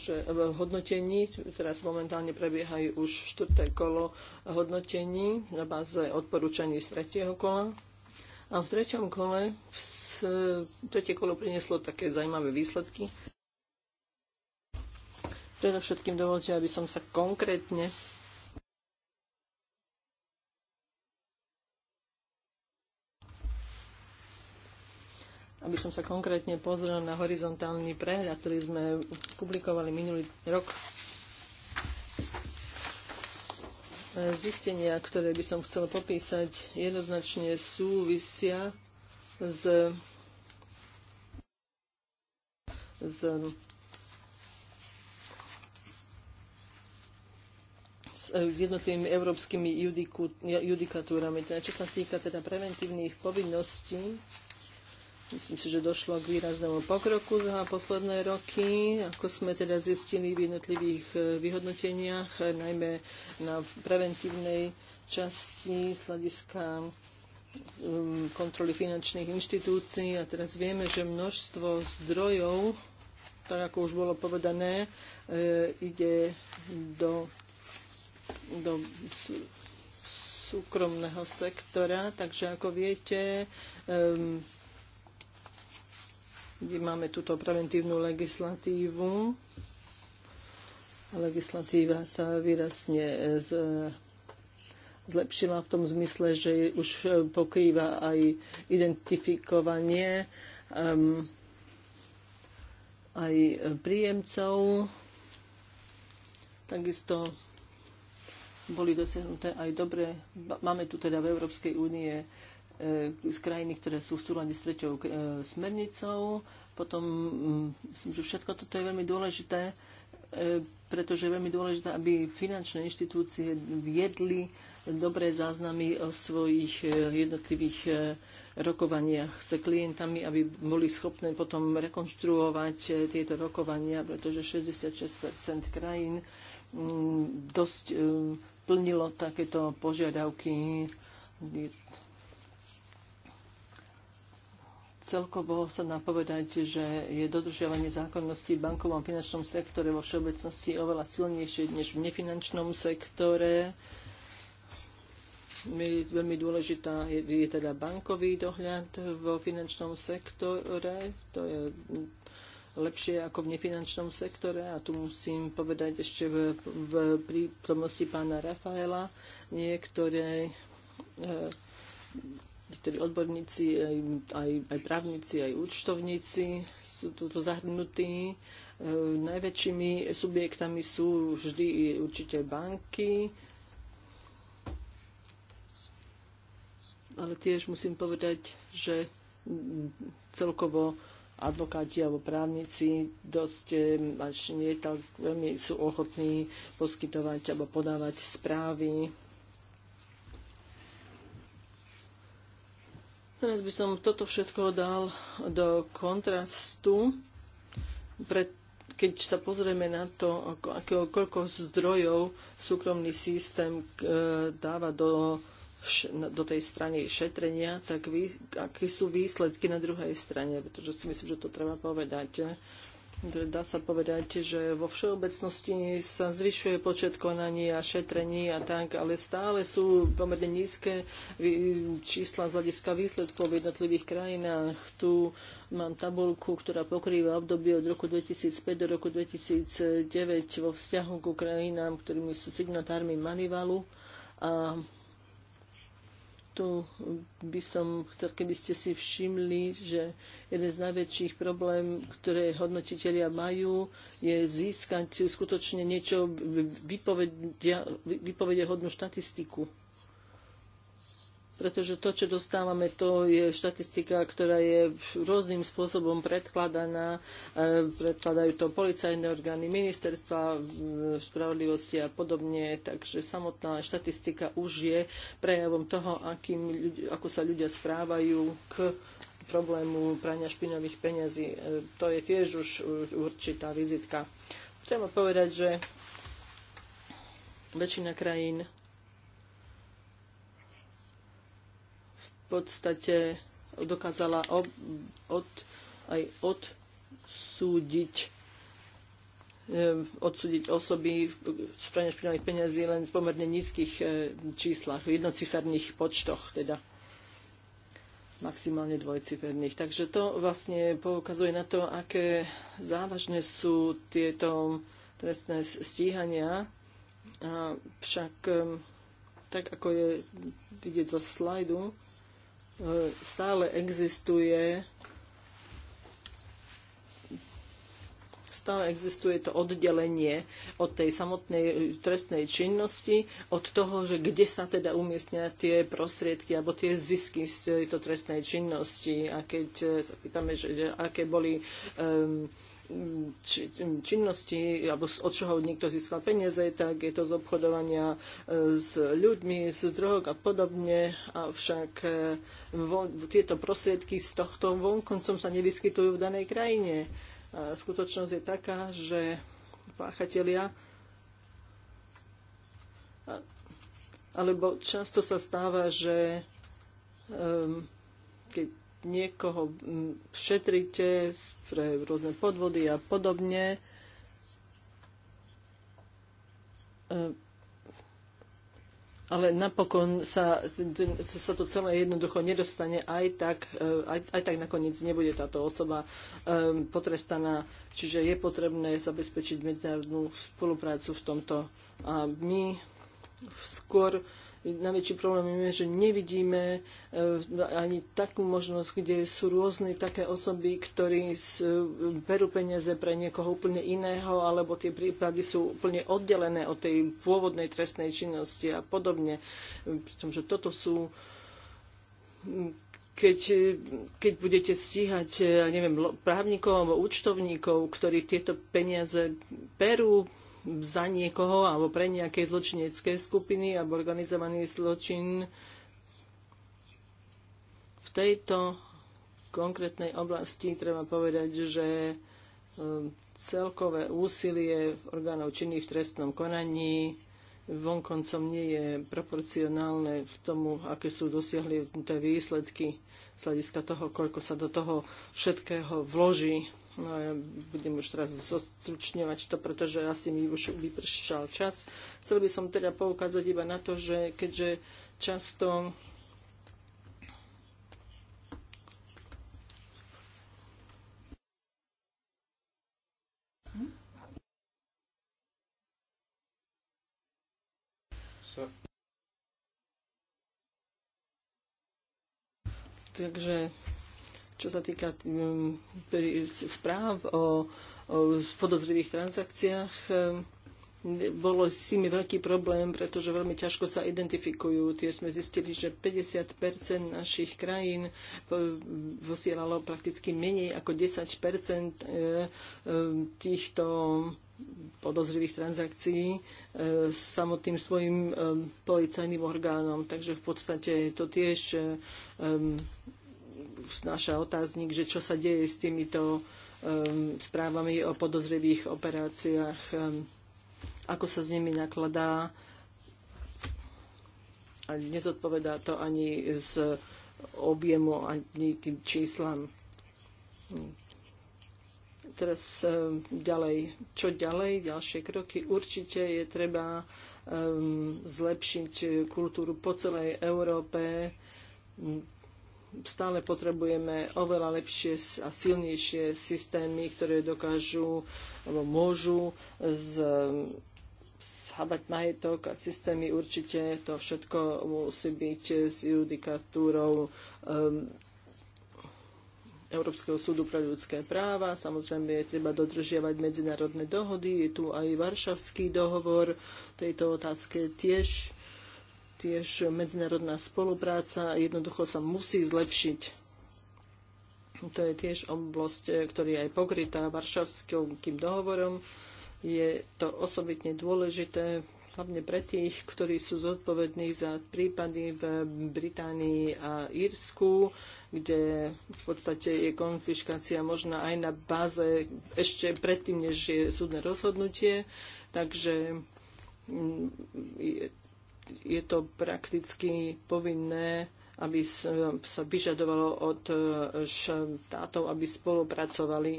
že v hodnotení, teraz momentálne prebiehajú už štvrté kolo hodnotení na báze odporúčaní z tretieho kola. A v treťom kole, tretie kolo prinieslo také zaujímavé výsledky. Predovšetkým dovolte, aby som sa konkrétne aby som sa konkrétne pozrel na horizontálny prehľad, ktorý sme publikovali minulý rok. E, zistenia, ktoré by som chcel popísať, jednoznačne súvisia s, s jednotlivými európskymi judikatúrami. Teda, čo sa týka teda preventívnych povinností, Myslím si, že došlo k výraznému pokroku za posledné roky, ako sme teda zistili v jednotlivých eh, vyhodnoteniach, eh, najmä na preventívnej časti z hľadiska mm, kontroly finančných inštitúcií. A teraz vieme, že množstvo zdrojov, tak ako už bolo povedané, eh, ide do, do súkromného sektora. Takže ako viete, ehm, kde máme túto preventívnu legislatívu. Legislatíva sa výrazne e, z, zlepšila v tom zmysle, že už e, pokrýva aj identifikovanie um, aj príjemcov. Takisto boli dosiahnuté aj dobre. máme tu teda v Európskej únie E, z krajiny, ktoré sú v súlade s treťou e, smernicou. Potom mm, myslím, že všetko toto je veľmi dôležité, e, pretože je veľmi dôležité, aby finančné inštitúcie viedli dobré záznamy o svojich jednotlivých rokovaniach s klientami, aby boli schopné potom rekonštruovať tieto rokovania, pretože 66 krajín mm, dosť plnilo takéto požiadavky celkovo sa dá povedať, že je dodržiavanie zákonnosti v bankovom finančnom sektore vo všeobecnosti oveľa silnejšie než v nefinančnom sektore. My, veľmi dôležitá je, je teda bankový dohľad vo finančnom sektore. To je lepšie ako v nefinančnom sektore a tu musím povedať ešte v, v prítomnosti pána Rafaela niektoré e, niektorí odborníci, aj, aj, aj právnici, aj účtovníci sú tuto zahrnutí. E, najväčšími subjektami sú vždy určite banky, ale tiež musím povedať, že celkovo advokáti alebo právnici dosť e, až nie tak veľmi sú ochotní poskytovať alebo podávať správy Teraz by som toto všetko dal do kontrastu, pre, keď sa pozrieme na to, ako, ako, koľko zdrojov súkromný systém e, dáva do, š, do tej strany šetrenia, tak vy, aké sú výsledky na druhej strane, pretože si myslím, že to treba povedať. Teda dá sa povedať, že vo všeobecnosti sa zvyšuje počet konaní a šetrení a tak, ale stále sú pomerne nízke čísla z hľadiska výsledkov v jednotlivých krajinách. Tu mám tabulku, ktorá pokrýva obdobie od roku 2005 do roku 2009 vo vzťahu k krajinám, ktorými sú signatármi Manivalu. A tu by som chcel, keby ste si všimli, že jeden z najväčších problém, ktoré hodnotitelia majú, je získať skutočne niečo, vypovedia, vypovede hodnú štatistiku pretože to, čo dostávame, to je štatistika, ktorá je rôznym spôsobom predkladaná. E, predkladajú to policajné orgány, ministerstva e, spravodlivosti a podobne, takže samotná štatistika už je prejavom toho, akým, ako sa ľudia správajú k problému prania špinových peňazí. E, to je tiež už určitá vizitka. Chcem povedať, že väčšina krajín podstate dokázala ob, od, aj odsúdiť ehm, odsúdiť osoby z prania špinavých peniazí len v pomerne nízkych ehm, číslach, v jednociferných počtoch teda maximálne dvojciferných. Takže to vlastne poukazuje na to, aké závažné sú tieto trestné stíhania. A však ehm, tak ako je vidieť zo slajdu, stále existuje stále existuje to oddelenie od tej samotnej trestnej činnosti, od toho, že kde sa teda umiestnia tie prostriedky alebo tie zisky z tejto trestnej činnosti. A keď sa pýtame, že aké boli um, či, činnosti, alebo od čoho niekto získal peniaze, tak je to z obchodovania e, s ľuďmi, z drog a podobne. Avšak e, von, tieto prostriedky z tohto vonkoncom sa nevyskytujú v danej krajine. A skutočnosť je taká, že páchatelia alebo často sa stáva, že um, keď niekoho šetrite pre rôzne podvody a podobne, e, ale napokon sa, sa to celé jednoducho nedostane aj tak, e, aj, aj tak nakoniec nebude táto osoba um, potrestaná. Čiže je potrebné zabezpečiť medzinárodnú spoluprácu v tomto. A my skôr uh, najväčší problém je, že nevidíme e, ani takú možnosť, kde sú rôzne také osoby, ktorí e, berú peniaze pre niekoho úplne iného, alebo tie prípady sú úplne oddelené od tej pôvodnej trestnej činnosti a podobne. Pretože toto sú keď, e, keď budete stíhať, neviem, právnikov alebo účtovníkov, ktorí tieto peniaze perú, za niekoho alebo pre nejaké zločinecké skupiny alebo organizovaný zločin. V tejto konkrétnej oblasti treba povedať, že um, celkové úsilie orgánov činných v trestnom konaní vonkoncom nie je proporcionálne v tomu, aké sú dosiahli tie výsledky z hľadiska toho, koľko sa do toho všetkého vloží. No ja budem už teraz zostručňovať to, pretože asi mi už vypršal čas. Chcel by som teda poukázať iba na to, že keďže často Takže čo sa týka mm, správ o, o podozrivých transakciách, mm, bolo s nimi veľký problém, pretože veľmi ťažko sa identifikujú. Tie sme zistili, že 50 našich krajín posielalo prakticky menej ako 10 e, e, týchto podozrivých transakcií e, samotným svojim policajným orgánom. Takže v podstate to tiež naša otáznik, že čo sa deje s týmito um, správami o podozrivých operáciách, um, ako sa s nimi nakladá. A nezodpovedá to ani z objemu, ani tým číslam. Teraz um, ďalej. Čo ďalej? Ďalšie kroky. Určite je treba um, zlepšiť kultúru po celej Európe stále potrebujeme oveľa lepšie a silnejšie systémy, ktoré dokážu alebo môžu z, zhabať majetok a systémy určite to všetko musí byť s judikatúrou um, Európskeho súdu pre ľudské práva. Samozrejme, je treba dodržiavať medzinárodné dohody. Je tu aj Varšavský dohovor tejto otázke tiež tiež medzinárodná spolupráca jednoducho sa musí zlepšiť. To je tiež oblasť, e, ktorá je aj pokrytá Varšavským dohovorom. Je to osobitne dôležité, hlavne pre tých, ktorí sú zodpovední za prípady v Británii a Írsku, kde v podstate je konfiškácia možná aj na báze ešte predtým, než je súdne rozhodnutie. Takže mm, je to prakticky povinné, aby sa vyžadovalo od e, štátov, aby spolupracovali,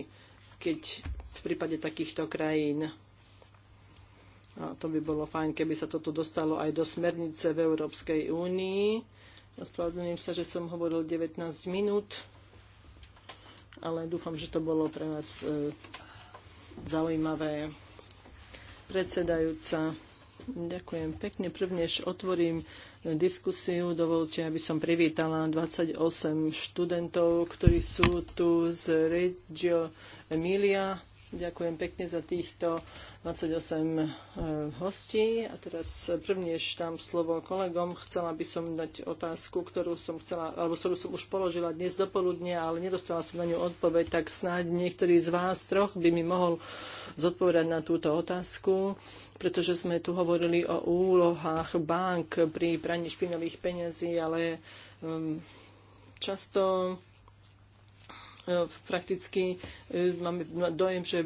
keď v prípade takýchto krajín. A to by bolo fajn, keby sa toto dostalo aj do smernice v Európskej únii. Ospravedlňujem sa, že som hovoril 19 minút, ale dúfam, že to bolo pre vás e, zaujímavé. Predsedajúca Ďakujem pekne. Prvnež otvorím diskusiu. Dovolte, aby som privítala 28 študentov, ktorí sú tu z Reggio Emilia. Ďakujem pekne za týchto 28 e, hostí. A teraz prvne dám slovo kolegom. Chcela by som dať otázku, ktorú som chcela, alebo ktorú som už položila dnes dopoludne, ale nedostala som na ňu odpoveď, tak snáď niektorý z vás troch by mi mohol zodpovedať na túto otázku pretože sme tu hovorili o úlohách bank pri praní špinových peňazí, ale um, často E, prakticky e, máme dojem, že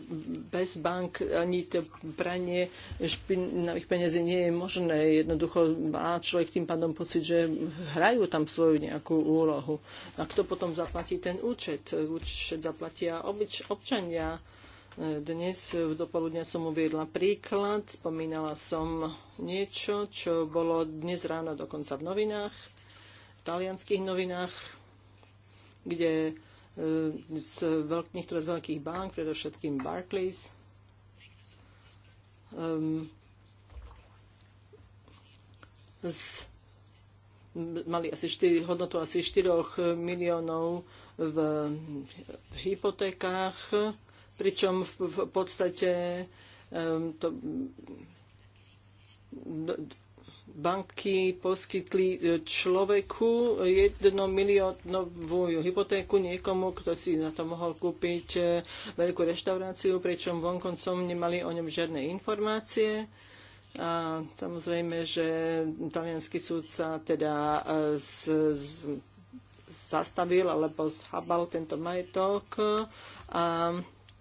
bez bank ani to pranie špinavých peniazí nie je možné. Jednoducho má človek tým pádom pocit, že hrajú tam svoju nejakú úlohu. A kto potom zaplatí ten účet? Účet zaplatia obyč, občania. E, dnes v dopoludňa som uviedla príklad, spomínala som niečo, čo bolo dnes ráno dokonca v novinách, v talianských novinách, kde E, z veľk, niektoré z veľkých bank, predovšetkým Barclays. Um, z, mali asi 4, hodnotu asi 4 miliónov v, v hypotékách, pričom v, v podstate um, to, banky poskytli e, človeku jednu miliónovú hypotéku niekomu, kto si na to mohol kúpiť e, veľkú reštauráciu, pričom vonkoncom nemali o ňom žiadne informácie. A samozrejme, že talianský súd sa teda e, z, z, zastavil alebo zhabal tento majetok a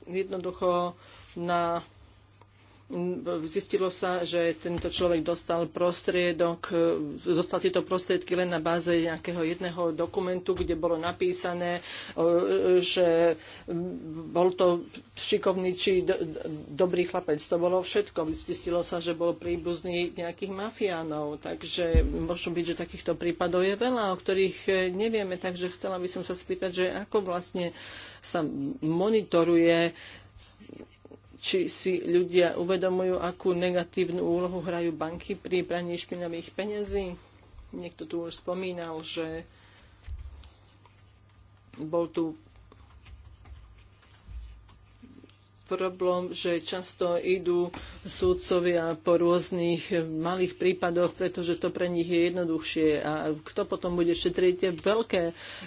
jednoducho na zistilo sa, že tento človek dostal prostriedok, e, dostal tieto prostriedky len na báze nejakého jedného dokumentu, kde bolo napísané, e, e, že bol to šikovný či dobrý chlapec. To bolo všetko. Zistilo sa, že bol príbuzný nejakých mafiánov. Takže môžu byť, že takýchto prípadov je veľa, o ktorých nevieme. Takže chcela by som sa spýtať, že ako vlastne sa monitoruje či si ľudia uvedomujú, akú negatívnu úlohu hrajú banky pri braní špinavých peniazí. Niekto tu už spomínal, že bol tu problém, že často idú súdcovia po rôznych malých prípadoch, pretože to pre nich je jednoduchšie. A kto potom bude šetriť tie veľké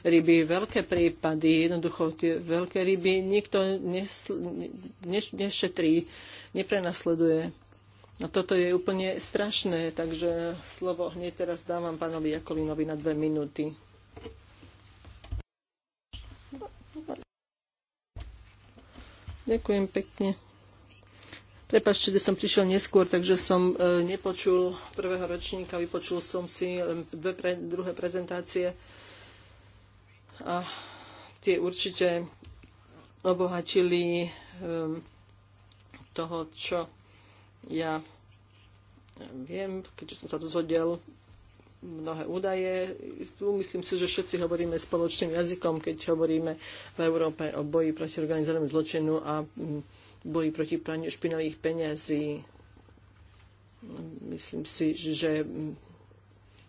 ryby, veľké prípady, jednoducho tie veľké ryby nikto ne- nešetrí, neprenasleduje. A toto je úplne strašné, takže slovo hneď teraz dávam pánovi Jakovinovi na dve minúty. Ďakujem pekne. Prepačte, že som prišiel neskôr, takže som e, nepočul prvého ročníka, vypočul som si dve pre, druhé prezentácie a tie určite obohatili e, toho, čo ja viem, keďže som sa dozvedel mnohé údaje. Tu myslím si, že všetci hovoríme spoločným jazykom, keď hovoríme v Európe o boji proti organizovanému zločinu a boji proti praniu špinových peňazí. Myslím si, že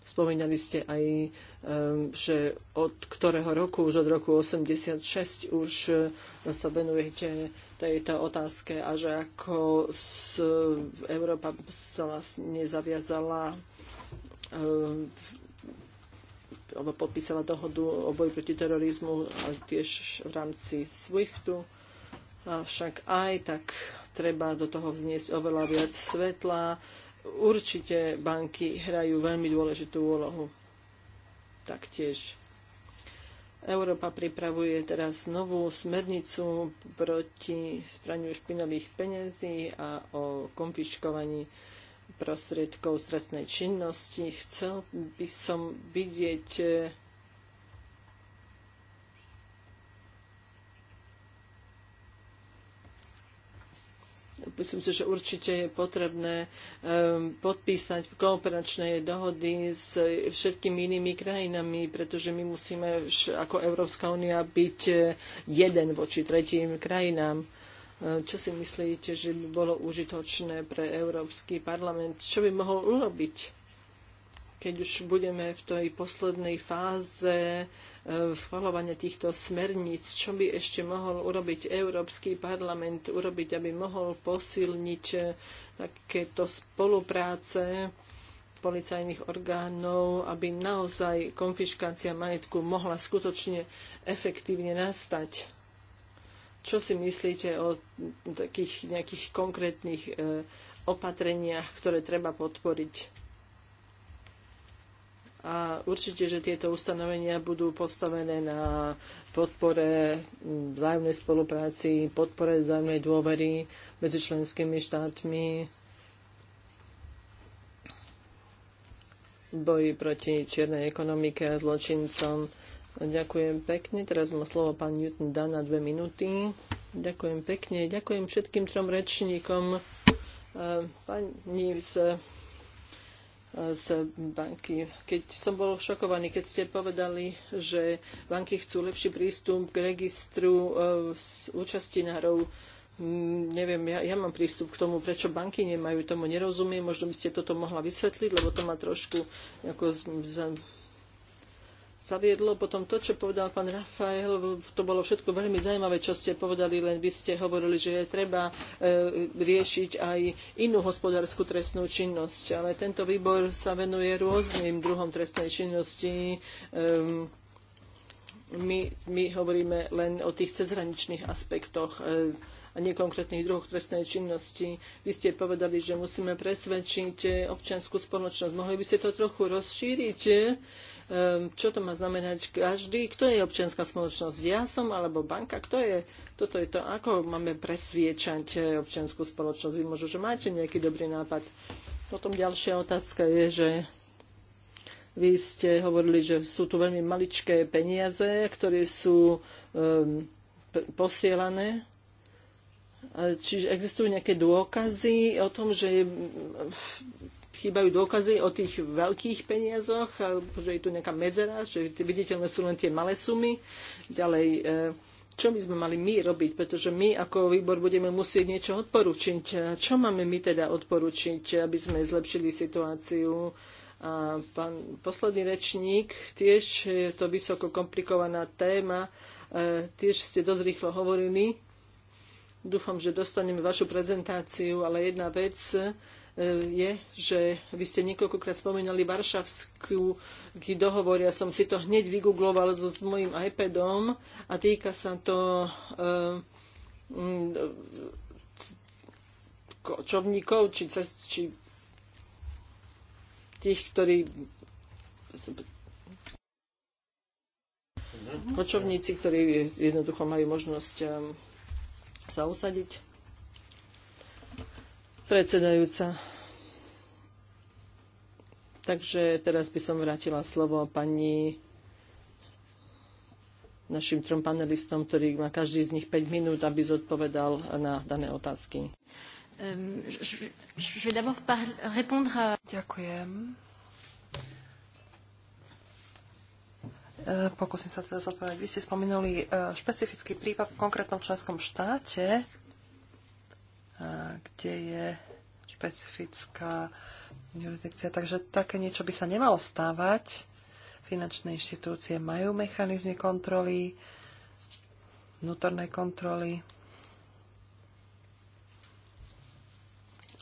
Spomínali ste aj, ehm, že od ktorého roku, už od roku 86 už e, sa venujete tejto otázke a že ako Európa sa vlastne zaviazala Ehm, podpísala dohodu o boji proti terorizmu ale tiež v rámci SWIFTu. Avšak aj tak treba do toho vzniesť oveľa viac svetla. Určite banky hrajú veľmi dôležitú úlohu. Taktiež Európa pripravuje teraz novú smernicu proti spraniu špinavých peniazí a o konfiškovaní prostriedkov stresnej činnosti. Chcel by som vidieť e, Myslím si, že určite je potrebné podpísať kooperačné dohody s všetkými inými krajinami, pretože my musíme ako Európska únia byť e, jeden voči tretím krajinám čo si myslíte, že by bolo užitočné pre Európsky parlament? Čo by mohol urobiť? keď už budeme v tej poslednej fáze e, schvalovania týchto smerníc, čo by ešte mohol urobiť Európsky parlament, urobiť, aby mohol posilniť e, takéto spolupráce policajných orgánov, aby naozaj konfiškácia majetku mohla skutočne efektívne nastať. Čo si myslíte o takých nejakých konkrétnych e, opatreniach, ktoré treba podporiť? a určite, že tieto ustanovenia budú postavené na podpore vzájomnej spolupráci, podpore vzájomnej dôvery medzi členskými štátmi, boji proti čiernej ekonomike a zločincom Ďakujem pekne. Teraz má slovo pán Newton Dan na dve minúty. Ďakujem pekne. Ďakujem všetkým trom rečníkom. E, pani z, e, z banky, keď som bol šokovaný, keď ste povedali, že banky chcú lepší prístup k registru z e, účastinárov, neviem, ja, ja mám prístup k tomu, prečo banky nemajú, tomu nerozumiem, možno by ste toto mohla vysvetliť, lebo to ma trošku ako z, z, zaviedlo. Potom to, čo povedal pán Rafael, to bolo všetko veľmi zaujímavé, čo ste povedali, len vy ste hovorili, že je treba e, riešiť aj inú hospodárskú trestnú činnosť. Ale tento výbor sa venuje rôznym druhom trestnej činnosti. Ehm, my, my hovoríme len o tých cezhraničných aspektoch. E, a nekonkrétnych druhoch trestnej činnosti. Vy ste povedali, že musíme presvedčiť občianskú spoločnosť. Mohli by ste to trochu rozšíriť? Ehm, čo to má znamenať každý, kto je občianská spoločnosť, ja som alebo banka, kto je, toto je to, ako máme presviečať eh, občianskú spoločnosť. Vy môžu, že máte nejaký dobrý nápad. Potom ďalšia otázka je, že vy ste hovorili, že sú tu veľmi maličké peniaze, ktoré sú um, posielané. Čiže existujú nejaké dôkazy o tom, že chýbajú dôkazy o tých veľkých peniazoch, alebo že je tu nejaká medzera, že viditeľné sú len tie malé sumy. Ďalej, e, čo by sme mali my robiť, pretože my ako výbor budeme musieť niečo odporučiť. Čo máme my teda odporučiť, aby sme zlepšili situáciu? A pán posledný rečník, tiež je to vysoko komplikovaná téma, e, tiež ste dosť rýchlo hovorili. Dúfam, že dostaneme vašu prezentáciu, ale jedna vec, E, je, že vy ste niekoľkokrát spomínali Varšavskú dohovor. Ja som si to hneď vygoogloval so, s mojím iPadom a týka sa to e, kočovníkov či, či tých, ktorí mhm. kočovníci, ktorí jednoducho majú možnosť e, sa usadiť predsedajúca. Takže teraz by som vrátila slovo pani našim trom panelistom, ktorý má každý z nich 5 minút, aby zodpovedal na dané otázky. Ehm, Ďakujem. E, pokúsim sa teda zodpovedať. Vy ste spomenuli e, špecifický prípad v konkrétnom členskom štáte kde je špecifická jurisdikcia. Takže také niečo by sa nemalo stávať. Finančné inštitúcie majú mechanizmy kontroly, vnútornej kontroly.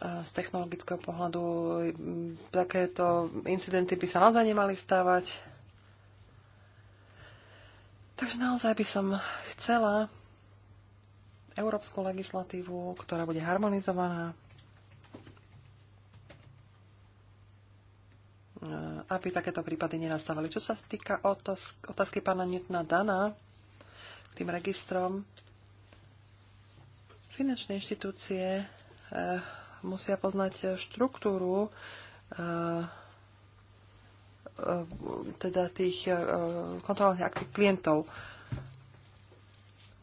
z technologického pohľadu mm, takéto incidenty by sa naozaj nemali stávať. Takže naozaj by som chcela európsku legislatívu, ktorá bude harmonizovaná, eh, aby takéto prípady nenastávali. Čo sa týka otázky pána Newtona Dana k tým registrom, finančné inštitúcie eh, musia poznať eh, štruktúru teda tých kontrolných aktív klientov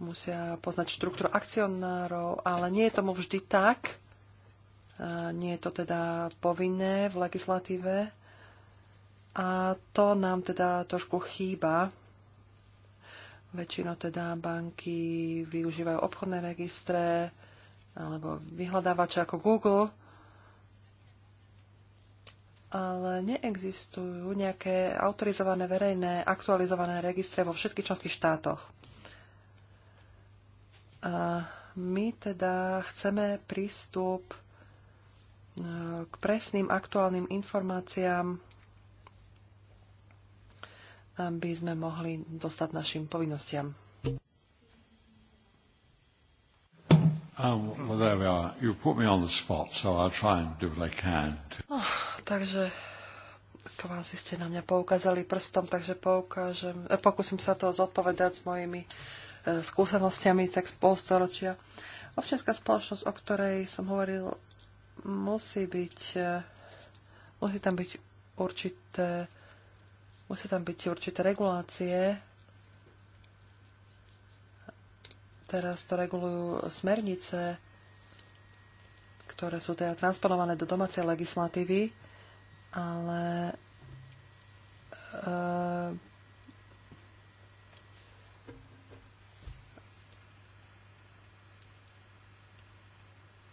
musia poznať štruktúru akcionárov, ale nie je tomu vždy tak. Nie je to teda povinné v legislatíve a to nám teda trošku chýba. Väčšinou teda banky využívajú obchodné registre alebo vyhľadávače ako Google, ale neexistujú nejaké autorizované verejné aktualizované registre vo všetkých členských štátoch. A my teda chceme prístup e, k presným aktuálnym informáciám, aby sme mohli dostať našim povinnostiam. Oh, oh, takže kvázi ste na mňa poukázali prstom, takže poukážem, e, pokúsim sa to zodpovedať s mojimi uh, E, skúsenostiami tak spolstoročia. Občianská spoločnosť, o ktorej som hovoril, musí byť, e, musí tam byť určité, musí tam byť určité regulácie. Teraz to regulujú smernice, ktoré sú teda transponované do domácej legislatívy, ale e,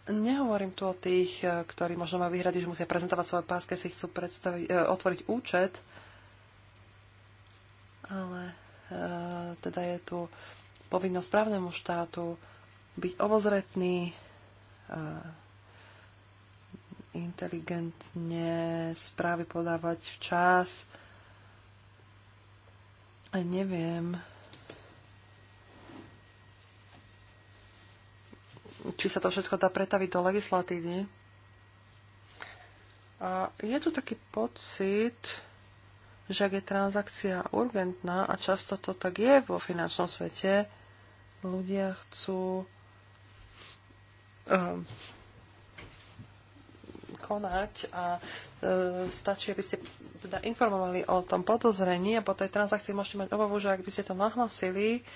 Nehovorím tu o tých, e, ktorí možno majú vyhradiť, že musia prezentovať svoje pás, keď si chcú e, otvoriť účet. Ale e, teda je tu povinnosť právnemu štátu byť obozretný, inteligentne správy podávať včas. Neviem, či sa to všetko dá pretaviť do legislatívy. A je tu taký pocit, že ak je transakcia urgentná, a často to tak je vo finančnom svete, ľudia chcú um, konať a e, stačí, aby ste teda informovali o tom podozrení a po tej transakcii môžete mať obavu, že ak by ste to nahlasili,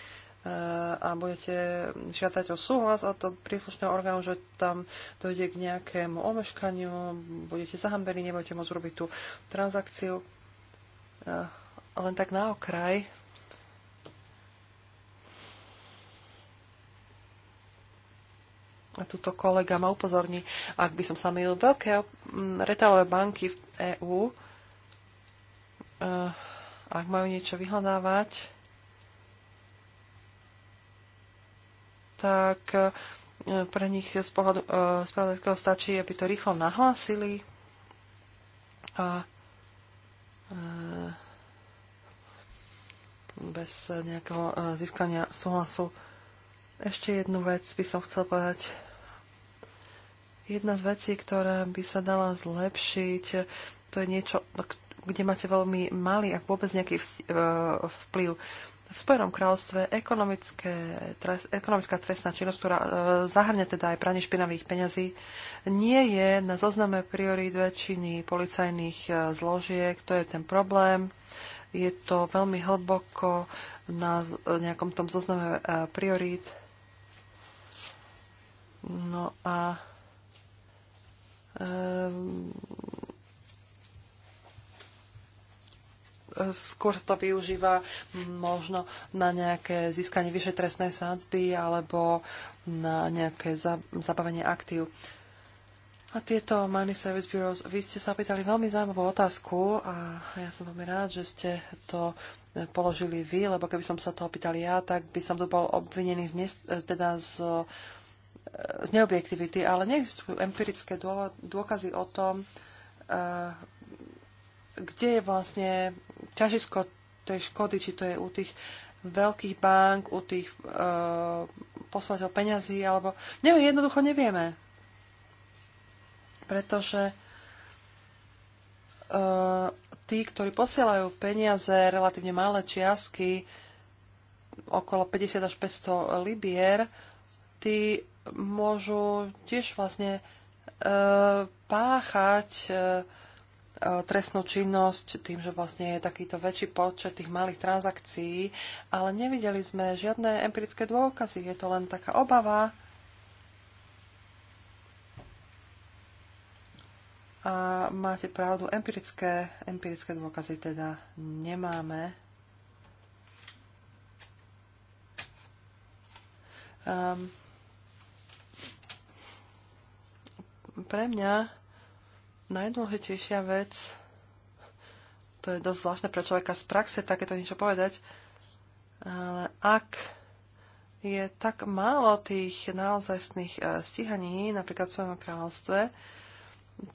a budete žiadať o súhlas od príslušného orgánu, že tam dojde k nejakému omeškaniu, budete zahambení, nebudete môcť urobiť tú transakciu. Len tak na okraj. A tuto kolega ma upozorní, ak by som sa mýlil, veľké mm, retailové banky v EÚ, eh, ak majú niečo vyhľadávať, tak e, pre nich z pohľadu e, spravodajského stačí, aby to rýchlo nahlásili a e, bez nejakého získania súhlasu. Ešte jednu vec by som chcel povedať. Jedna z vecí, ktorá by sa dala zlepšiť, to je niečo, no, kde máte veľmi malý, ak vôbec nejaký vplyv v Spojenom kráľovstve tres, ekonomická trestná činnosť, ktorá e, zahrne teda aj pranie špinavých peňazí, nie je na zozname priorít väčšiny policajných e, zložiek. To je ten problém. Je to veľmi hlboko na e, nejakom tom zozname e, priorít. No a e, skôr to využíva možno na nejaké získanie vyššej trestnej sádzby alebo na nejaké zabavenie aktív. A tieto Money Service Bureaus, vy ste sa pýtali veľmi zaujímavú otázku a ja som veľmi rád, že ste to položili vy, lebo keby som sa to opýtal ja, tak by som tu bol obvinený z, ne, teda z, z neobjektivity, ale neexistujú empirické dôkazy o tom, eh, kde je vlastne ťažisko tej škody, či to je u tých veľkých bank, u tých e, poslateľov peňazí, alebo... Neviem, jednoducho nevieme. Pretože e, tí, ktorí posielajú peniaze, relatívne malé čiastky, okolo 50 až 500 libier, tí môžu tiež vlastne e, páchať e, E, trestnú činnosť tým, že vlastne je takýto väčší počet tých malých transakcií, ale nevideli sme žiadne empirické dôkazy. Je to len taká obava. A máte pravdu, empirické, empirické dôkazy teda nemáme. Um, pre mňa najdôležitejšia vec, to je dosť zvláštne pre človeka z praxe takéto niečo povedať, ale ak je tak málo tých naozajstných eh, stíhaní, napríklad v svojom kráľovstve,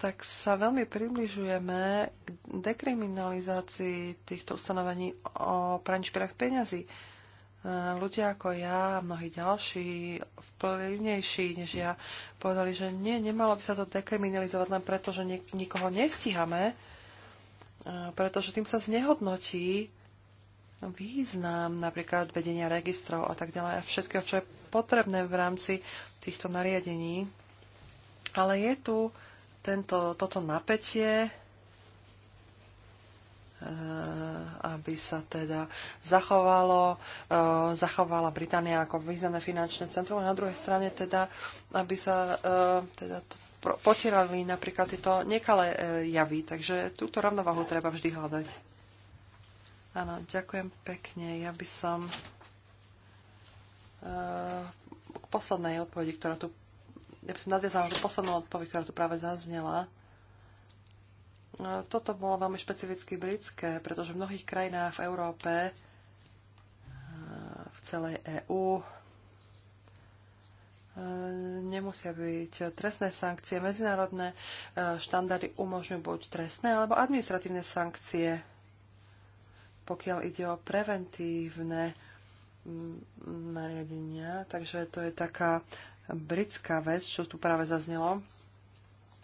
tak sa veľmi približujeme k dekriminalizácii týchto ustanovení o praní špinavých peňazí. E, ľudia ako ja a mnohí ďalší vplyvnejší než ja povedali, že nie, nemalo by sa to dekriminalizovať len preto, že nik- nikoho nestíhame, e, pretože tým sa znehodnotí význam napríklad vedenia registrov a tak ďalej a všetko, čo je potrebné v rámci týchto nariadení. Ale je tu tento, toto napätie, Eh, aby sa teda zachovalo, eh, zachovala Británia ako významné finančné centrum a na druhej strane teda, aby sa eh, teda potierali napríklad tieto nekalé javy. Takže túto rovnovahu treba vždy hľadať. Áno, ďakujem pekne. Ja by som k poslednej odpovedi, ktorá tu ja by som nadviazala na poslednú odpoveď, ktorá tu práve zaznela toto bolo veľmi špecificky britské, pretože v mnohých krajinách v Európe, eh, v celej EÚ, eh, nemusia byť trestné sankcie. Medzinárodné eh, štandardy umožňujú buď trestné alebo administratívne sankcie, pokiaľ ide o preventívne mm, nariadenia. Takže to je taká britská vec, čo tu práve zaznelo.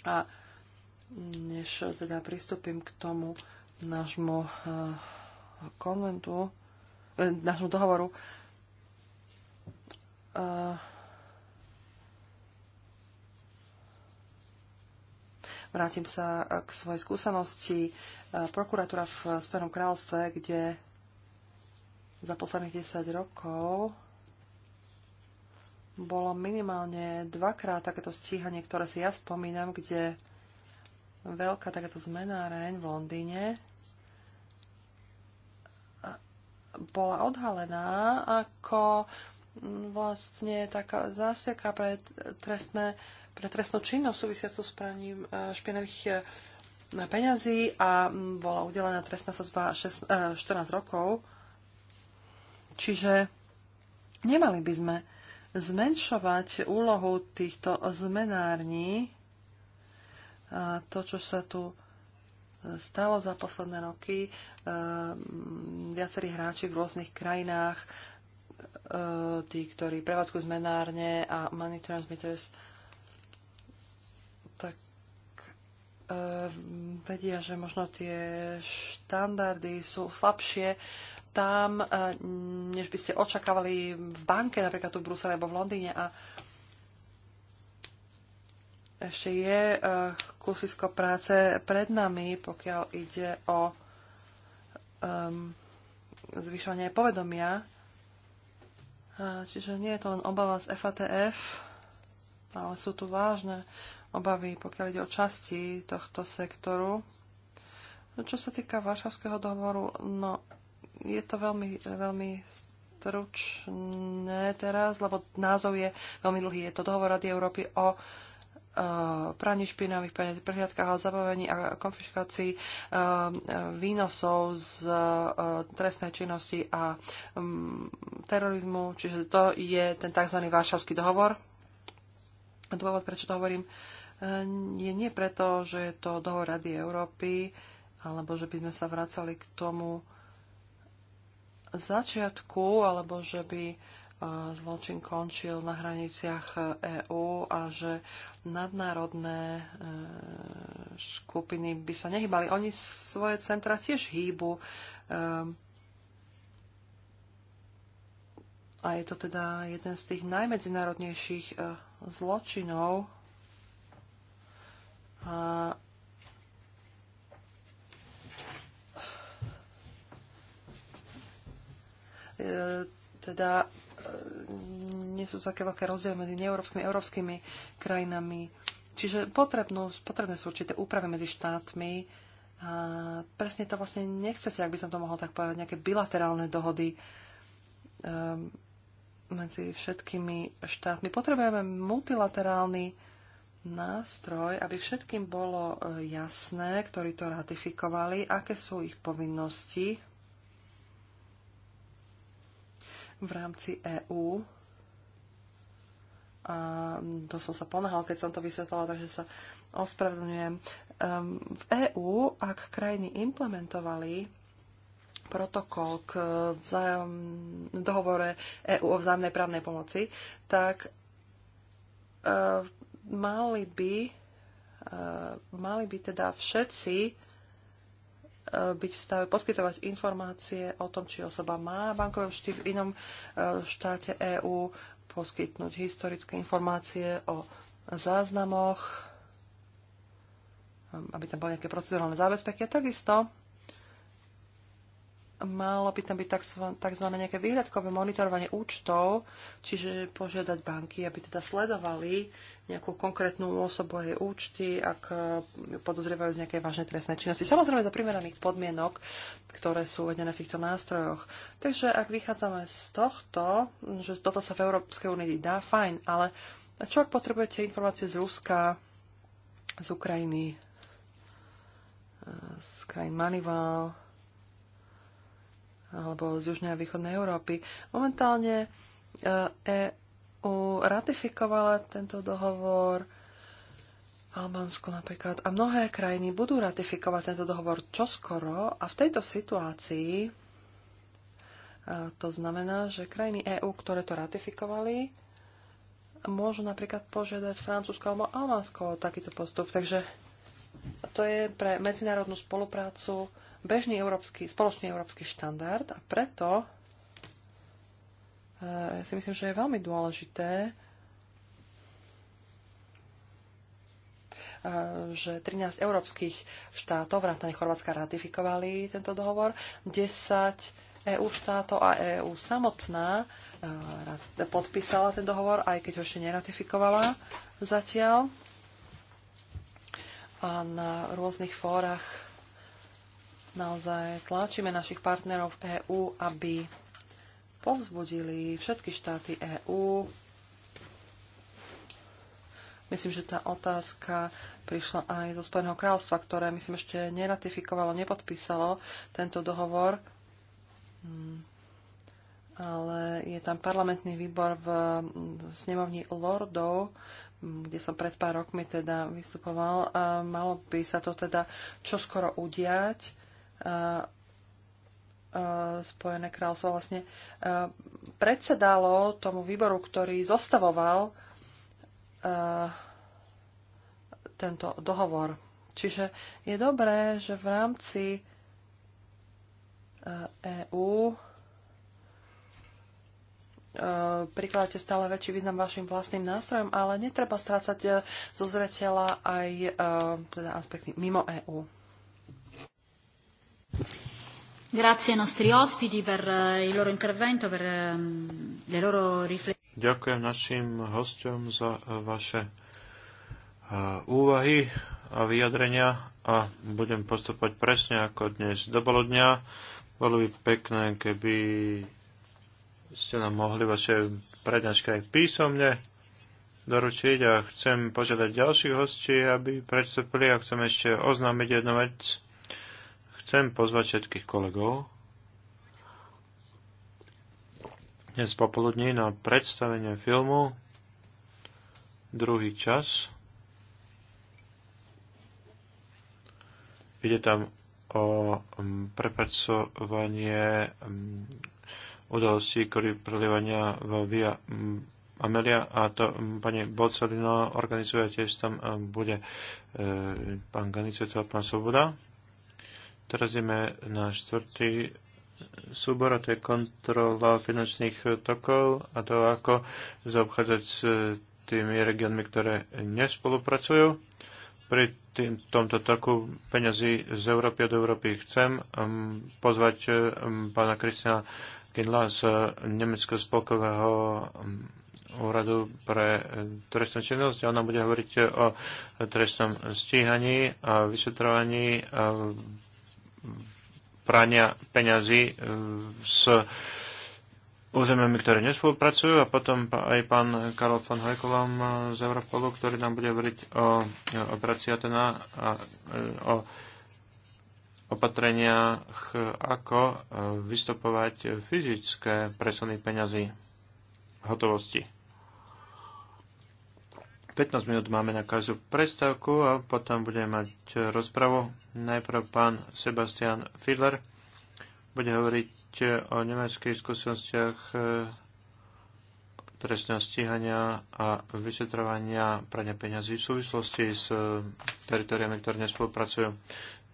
A než teda pristúpim k tomu nášmu eh, konventu, eh, nášmu dohovoru, eh, vrátim sa k svojej skúsenosti. Prokuratúra v Spernom kráľovstve, kde za posledných 10 rokov bolo minimálne dvakrát takéto stíhanie, ktoré si ja spomínam, kde veľká takáto zmenáreň v Londýne bola odhalená ako mm, vlastne taká zásiaka pre, trestné, pre trestnú činnosť súvisiacu s praním e, špinavých e, peňazí a mm, bola udelená trestná sadzba 14 e, rokov. Čiže nemali by sme zmenšovať úlohu týchto zmenární, a to, čo sa tu e, stalo za posledné roky, e, viacerí hráči v rôznych krajinách, e, tí, ktorí prevádzkujú zmenárne a money transmitters, tak vedia, že možno tie štandardy sú slabšie tam, než by ste očakávali v banke, napríklad tu v Bruseli alebo v Londýne. A ešte je e, kusisko práce pred nami, pokiaľ ide o um, zvyšovanie povedomia. E, čiže nie je to len obava z FATF, ale sú tu vážne obavy, pokiaľ ide o časti tohto sektoru. No, čo sa týka Varšavského dohovoru, no, je to veľmi, veľmi stručné teraz, lebo názov je veľmi dlhý. Je to dohovor Rady Európy o uh, Eh, praní špinavých peniazí, prehliadkách a zabavení a konfiškácii eh, eh, výnosov z trestnej činnosti a mm, terorizmu. Čiže to je ten tzv. Váršavský dohovor. Dôvod, prečo to hovorím, je nie preto, že je to dohovor Rady Európy, alebo že by sme sa vracali k tomu začiatku, alebo že by zločin končil na hraniciach EÚ e a že nadnárodné e, skupiny by sa nehybali. Oni svoje centra tiež hýbu. Ehm, a je to teda jeden z tých najmedzinárodnejších e, zločinov. A teda nie sú také veľké rozdiely medzi neeurópskymi a európskymi krajinami. Čiže potrebnú, potrebné sú určité úpravy medzi štátmi. A presne to vlastne nechcete, ak by som to mohol tak povedať, nejaké bilaterálne dohody um, medzi všetkými štátmi. Potrebujeme multilaterálny nástroj, aby všetkým bolo e, jasné, ktorí to ratifikovali, aké sú ich povinnosti v rámci EÚ. A to som sa ponáhal, keď som to vysvetlala, takže sa ospravedlňujem. Ehm, v EÚ, ak krajiny implementovali protokol k vzájom, dohovore EÚ o vzájomnej právnej pomoci, tak ehm, mali by, ehm, mali by teda všetci E, byť v stave poskytovať informácie o tom, či osoba má bankové účty v inom e, štáte EÚ, poskytnúť historické informácie o záznamoch, e, aby tam boli nejaké procedurálne zábezpeky takisto malo by tam byť tzv. nejaké výhľadkové monitorovanie účtov, čiže požiadať banky, aby teda sledovali nejakú konkrétnu osobu jej účty, ak eh, ju podozrievajú z nejakej vážnej trestnej činnosti. Samozrejme za primeraných podmienok, ktoré sú uvedené v týchto nástrojoch. Takže ak vychádzame z tohto, že toto sa v Európskej únii dá, fajn, ale čo ak potrebujete informácie z Ruska, z Ukrajiny, eh, z krajín Manival, alebo z Južnej a Východnej Európy. Momentálne EU e ratifikovala tento dohovor, Albánsko napríklad, a mnohé krajiny budú ratifikovať tento dohovor čoskoro a v tejto situácii e, to znamená, že krajiny EÚ, ktoré to ratifikovali, môžu napríklad požiadať Francúzsko alebo Albánsko o takýto postup. Takže to je pre medzinárodnú spoluprácu bežný európsky, spoločný európsky štandard a preto e, si myslím, že je veľmi dôležité, e, že 13 európskych štátov, vrátane Chorvátska, ratifikovali tento dohovor, 10 EU štátov a EU samotná e, podpísala ten dohovor, aj keď ho ešte neratifikovala zatiaľ. A na rôznych fórach Naozaj tlačíme našich partnerov v EÚ, aby povzbudili všetky štáty EÚ. Myslím, že tá otázka prišla aj zo Spojeného kráľovstva, ktoré myslím ešte neratifikovalo, nepodpísalo tento dohovor. Hmm. Ale je tam parlamentný výbor v snemovni Lordov, hmm, kde som pred pár rokmi teda vystupoval. A malo by sa to teda čoskoro udiať E, e, Spojené kráľovstvo vlastne e, predsedalo tomu výboru, ktorý zostavoval tento dohovor. Čiže je dobré, že v rámci EÚ prikladáte stále väčší význam vašim vlastným nástrojom, ale netreba strácať zo zreteľa aj teda aspekty mimo EÚ. Grazie ai nostri ospiti per eh, il loro intervento, per ehm, le loro riflessioni. Ďakujem našim hostom za eh, vaše eh, úvahy a vyjadrenia a budem postupovať presne ako dnes. Do dňa bolo by pekné, keby ste nám mohli vaše prednášky aj písomne doručiť a chcem požiadať ďalších hostí, aby predstúpili a chcem ešte oznámiť jednu vec Chcem pozvať všetkých kolegov dnes popoludní na predstavenie filmu Druhý čas. Ide tam o mm, prepracovanie mm, udalostí ktorý prelievania v Via mm, Amelia a to pani Bocelino organizuje tiež tam bude e, pán Ganice, a pán Svoboda. Teraz ideme na štvrtý súbor a to je kontrola finančných tokov a to ako zaobchádzať s tými regiónmi, ktoré nespolupracujú. Pri tým, tomto toku peňazí z Európy a do Európy chcem um, pozvať um, pána Kristina Kindla z Nemeckého spolkového um, úradu pre um, trestnú činnosť. Ona bude hovoriť o trestnom stíhaní a vyšetrovaní. A prania peňazí eh, s územiami, ktoré nespolupracujú a potom aj pán Karol von Hojkovám eh, z Europolu, ktorý nám bude hovoriť o operácii Atena a eh, o opatreniach, ako vystopovať fyzické presuny peňazí hotovosti. 15 minút máme na každú prestávku a potom budeme mať rozpravu. Najprv pán Sebastian Fiedler bude hovoriť o nemeckých skúsenostiach e, trestného stíhania a vyšetrovania prania peňazí v súvislosti s e, teritoriami, ktoré nespolupracujú.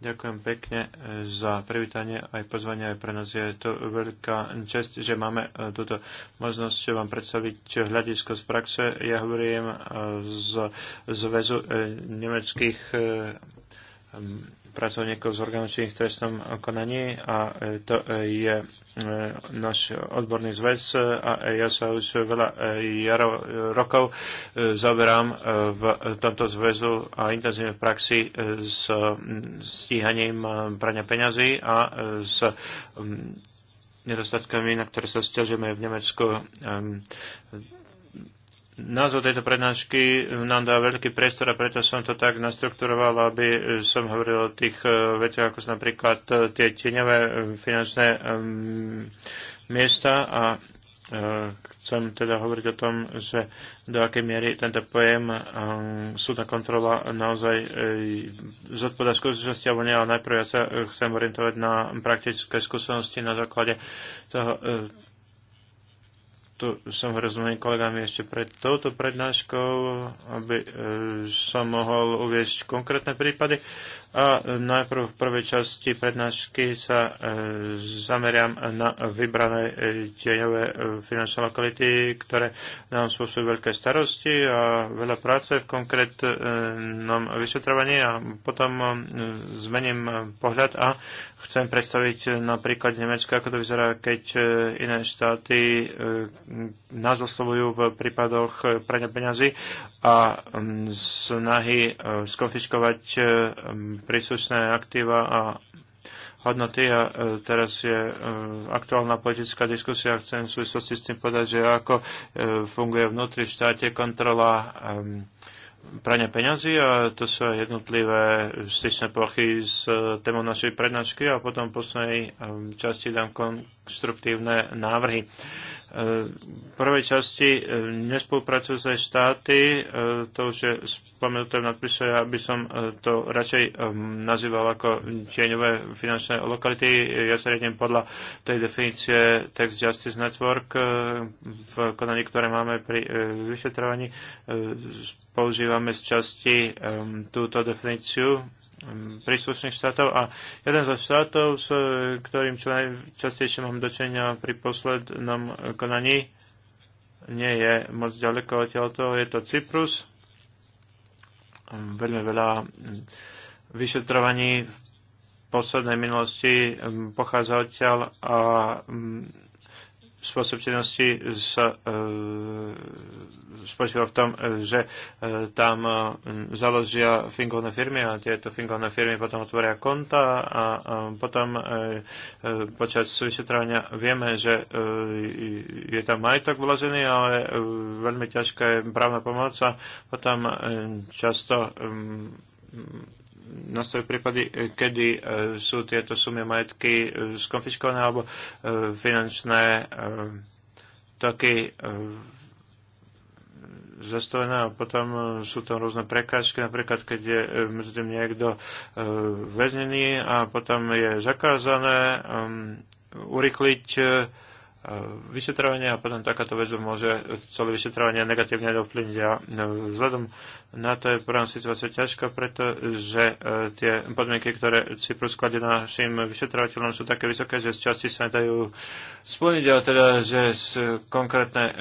Ďakujem pekne e, za privítanie aj pozvanie. Aj pre nás je to veľká čest, že máme túto možnosť vám predstaviť hľadisko z praxe. Ja hovorím z zväzu nemeckých pracovníkov z orgánov činných trestnom konaní a e, to e, je e, náš odborný zväz a ja sa už veľa jaro, rokov zaoberám v tomto zväzu a intenzívnej praxi s stíhaním prania peňazí a s nedostatkami, na ktoré sa stiažujeme v Nemecku Názov tejto prednášky nám dá veľký priestor a preto som to tak nastrukturoval, aby som hovoril o tých e, veciach, ako sú napríklad e, tie tieňové e, finančné miesta a chcem teda hovoriť o tom, že do akej miery tento pojem um, súdna kontrola naozaj e, zodpovedá skutočnosti alebo nie, ale najprv ja sa chcem orientovať na praktické skúsenosti na základe toho, tu som mojimi kolegami ešte pred touto prednáškou, aby e, som mohol uviesť konkrétne prípady. A najprv v prvej časti prednášky sa e, zameriam na vybrané tieňové e, finančné lokality, ktoré nám spôsobujú veľké starosti a veľa práce v konkrétnom vyšetrovaní a potom e, zmením pohľad a chcem predstaviť napríklad Nemecka, ako to vyzerá, keď iné štáty nás oslovujú v prípadoch prania peňazí a snahy skonfiškovať príslušné aktíva a hodnoty a e, teraz je e, aktuálna politická diskusia. Chcem v súvislosti s tým povedať, že ako e, funguje vnútri v štáte kontrola prania peňazí a to sú aj jednotlivé styčné plochy s témou našej prednášky a potom v poslednej časti dám konštruktívne návrhy. Eh, v prvej časti eh, nespolupracujúce štáty, eh, to už je spomenuté v nadpise, aby som to radšej nazýval ako tieňové finančné lokality. Ja sa riadím podľa tej definície Tax Justice Network v konaní, ktoré máme pri vyšetrovaní. Používame z časti túto definíciu príslušných štátov a jeden zo štátov, s ktorým čo najčastejšie mám dočenia pri poslednom konaní, nie je moc ďaleko od toho, je to Cyprus. Veľmi veľa vyšetrovaní v poslednej minulosti pochádza odtiaľ a spôsob činnosti sa e, spočíva v tom, e, že e, tam e, založia fingovné firmy a tieto fingované firmy potom otvoria konta a, a potom e, e, počas vyšetrovania vieme, že e, je tam majetok vložený, ale e, veľmi ťažká je právna pomoc a potom e, často e, nastavujú prípady, e, kedy e, sú tieto sumy majetky e, skonfiškované alebo finančné toky zastavené a potom sú tam rôzne prekážky, napríklad keď je medzi tým niekto väznený a potom je zakázané urychliť Eh, vyšetrovanie a potom takáto vec môže celé vyšetrovanie negatívne ovplyvniť. A no, vzhľadom na to je prvom situácia ťažká, pretože eh, tie podmienky, ktoré si skladie našim vyšetrovateľom, sú také vysoké, že z časti sa nedajú splniť, ale teda, že z konkrétne eh,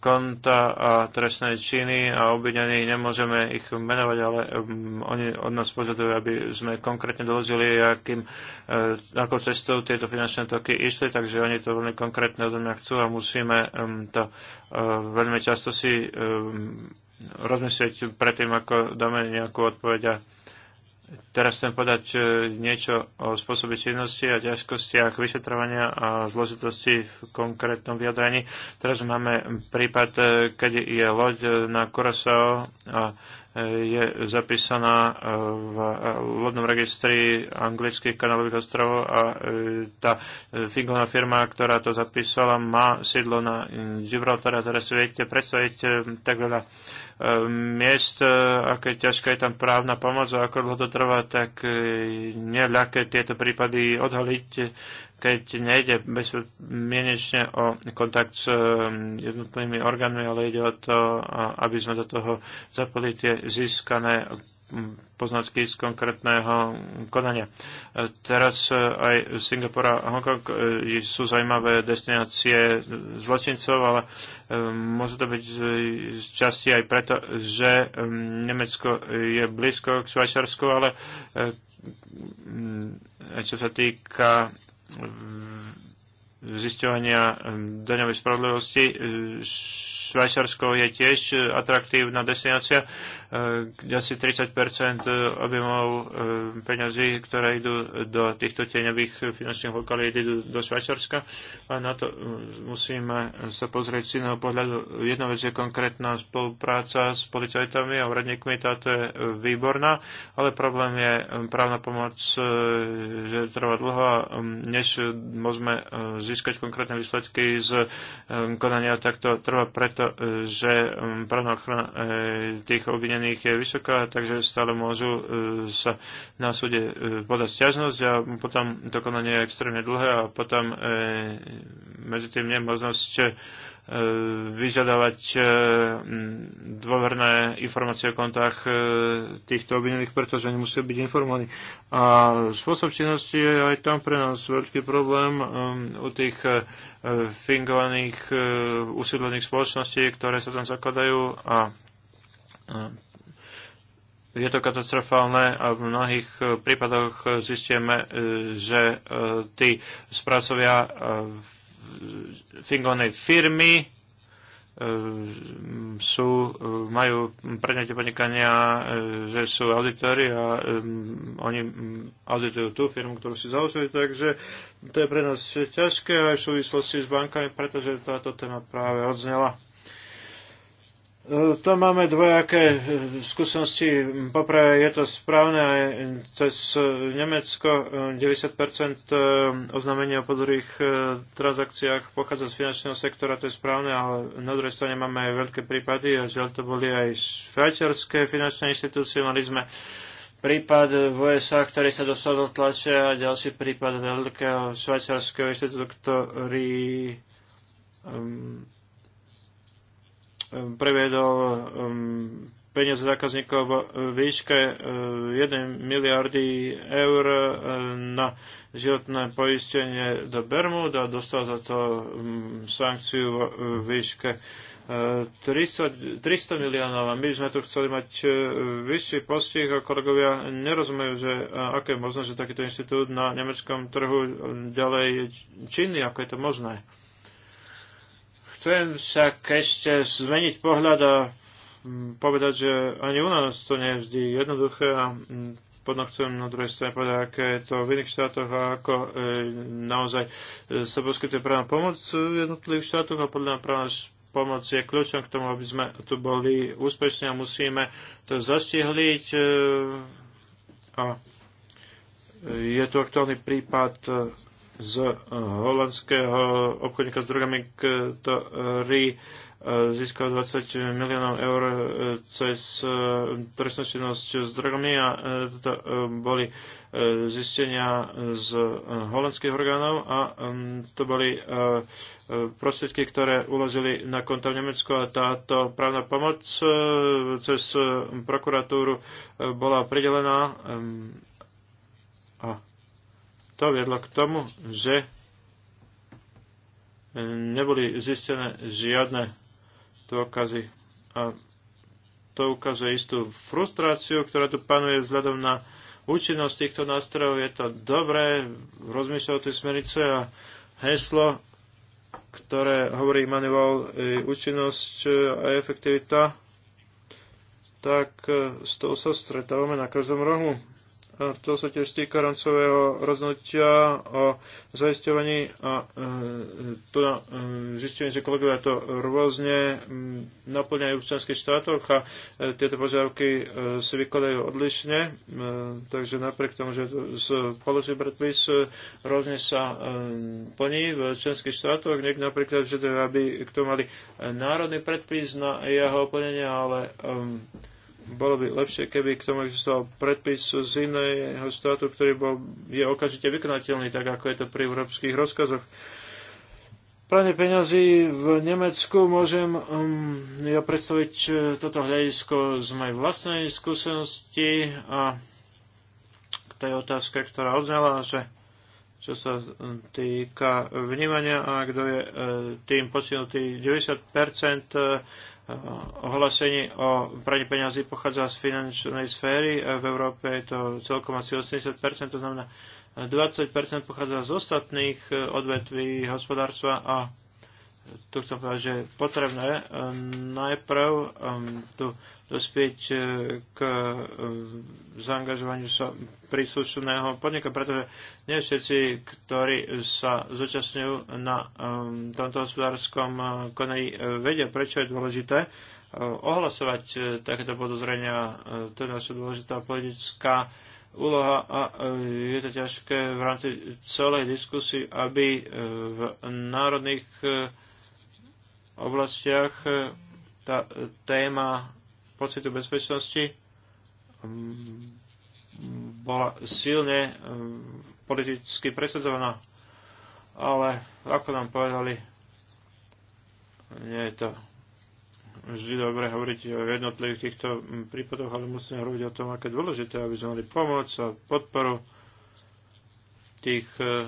konta a trestné činy a obvinení nemôžeme ich menovať, ale oni od nás požadujú, aby sme konkrétne doložili, akým, akou cestou tieto finančné toky išli, takže oni to veľmi konkrétne ostatní odo mňa chcú a musíme to e, veľmi často si rozmyslieť predtým, ako dáme nejakú odpoveď a Teraz chcem podať e, niečo o spôsobe činnosti a ťažkostiach vyšetrovania a zložitosti v konkrétnom vyjadrení. Teraz máme prípad, e, keď je loď na Curacao a je zapísaná e, v e, lodnom registri anglických kanálových ostrovov a e, tá figovná firma, ktorá to zapísala, má sídlo na Gibraltar a teraz si viete predstaviť tak veľa miest, aké ťažká je tam právna pomoc a ako dlho to trvá, tak neľaké tieto prípady odhaliť keď nejde bezmienečne o kontakt s um, jednotnými orgánmi, ale ide o to, aby sme do toho zapali tie získané um, poznatky z konkrétneho konania. E, teraz e, aj Singapur a Hongkong e, sú zaujímavé destinácie zločincov, ale môže to byť z časti aj preto, že um, Nemecko je blízko k Švajčarsku, ale čo sa týka v zisťovania daňovej spravodlivosti. E, Švajčarsko je tiež atraktívna destinácia, kde asi 30 e, objemov e, peňazí, ktoré idú do týchto tieňových finančných lokalít, idú do Švajčarska. A na to musíme sa pozrieť z iného pohľadu. Jedna vec je konkrétna spolupráca s policajtami a úradníkmi, táto je výborná, ale problém je právna pomoc, že trvá dlho a než môžeme získať konkrétne výsledky z um, konania takto trvá preto, uh, že um, právna ochrana uh, tých obvinených je vysoká, takže stále môžu uh, sa na súde podať stiažnosť a potom to konanie je extrémne dlhé a potom medzi tým nie možnosť E, vyžadovať e, dôverné informácie o kontách e, týchto obvinených, pretože oni musia byť informovaní. A spôsob činnosti je aj tam pre nás veľký problém u tých fingovaných usiedlených spoločností, ktoré sa tam zakladajú a je to katastrofálne a v mnohých prípadoch zistíme, že tí spracovia v fingovanej firmy e, sú, e, majú predmete podnikania, e, že sú auditori a oni auditujú tú firmu, ktorú si založili, takže to je pre nás ťažké aj v súvislosti s bankami, pretože táto téma práve odznela. E, to máme dvojaké e, skúsenosti. Poprvé je to správne aj cez Nemecko. 90% e, oznámenia o podrých transakciách pochádza z finančného sektora, to je správne, ale na druhej strane máme aj veľké prípady a žiaľ to boli aj švajčiarske finančné inštitúcie. Mali sme prípad v USA, ktorý sa dostal do tlače a ďalší prípad veľkého švajčiarského inštitútu, ktorý um, Ehm, previedol ehm, peniaze zákazníkov v výške 1 ehm, miliardy eur na životné poistenie do Bermud a dostal za to sankciu v výške 300, 300 miliónov a my sme tu chceli mať vyšší postih a kolegovia nerozumejú, že aké je možné, že takýto inštitút na nemeckom trhu ďalej činný, ako je to možné. Chcem však ešte zmeniť pohľad a mm, povedať, že ani u nás to nie je vždy jednoduché a mm, potom chcem na druhej strane povedať, aké je to v iných štátoch a ako e, naozaj e, sa poskytuje právna pomoc v jednotlivých štátoch a podľa mňa právna pomoc je kľúčom k tomu, aby sme tu boli úspešní a musíme to zaštihliť. E, a e, je to aktuálny prípad e, z eh, holandského obchodníka s drogami, ktorý eh, získal 20 miliónov eur eh, cez trestnú činnosť s drogami a to boli zistenia z holandských orgánov a mm, to boli prostriedky, ktoré uložili na konto v Nemecku a táto právna pomoc cez prokuratúru bola pridelená to vedlo k tomu, že e, neboli zistené žiadne dôkazy. A to ukazuje istú frustráciu, ktorá tu panuje vzhľadom na účinnosť týchto nástrojov. Je to dobré, o tie smerice a heslo, ktoré hovorí manuál e, účinnosť e, a efektivita, tak s tou sa stretávame na každom rohu to sa tiež týka rancového rozhodnutia o zaisťovaní a e, to e, zistenie, že kolegovia to rôzne naplňajú v členských štátoch a e, tieto požiadavky si vykladajú odlišne, takže napriek tomu, že položí predpis rôzne sa plní v členských štátoch, niekto napríklad, že to, teda, aby k tomu mali národný predpis na jeho plnenie, ale um, bolo by lepšie, keby k tomu existoval predpis z iného štátu, ktorý bol, je okamžite vykonateľný, tak ako je to pri európskych rozkazoch. Pranie peňazí v Nemecku môžem um, ja predstaviť e, toto hľadisko z mojej vlastnej skúsenosti a k tej otázke, ktorá odznala, že čo sa um, týka vnímania a kto je e, tým posunutý 90% ohlásení o praní peňazí pochádza z finančnej sféry. V Európe je to celkom asi 80%, to znamená 20% pochádza z ostatných eh, odvetví hospodárstva a tu chcem povedať, že je potrebné eh, najprv tu dospieť e, k e, zaangažovaniu sa príslušného podnika, pretože nie všetci, ktorí sa zúčastňujú na e, tomto hospodárskom konaní, vedia, prečo je dôležité ohlasovať takéto podozrenia. To je naša dôležitá politická úloha a je to ťažké v rámci celej diskusie, aby v národných oblastiach tá téma pocitu bezpečnosti bola silne politicky presadzovaná. Ale ako nám povedali, nie je to vždy dobre hovoriť o jednotlivých týchto prípadoch, ale musíme hovoriť o tom, aké dôležité, aby sme mali pomoc a podporu tých e,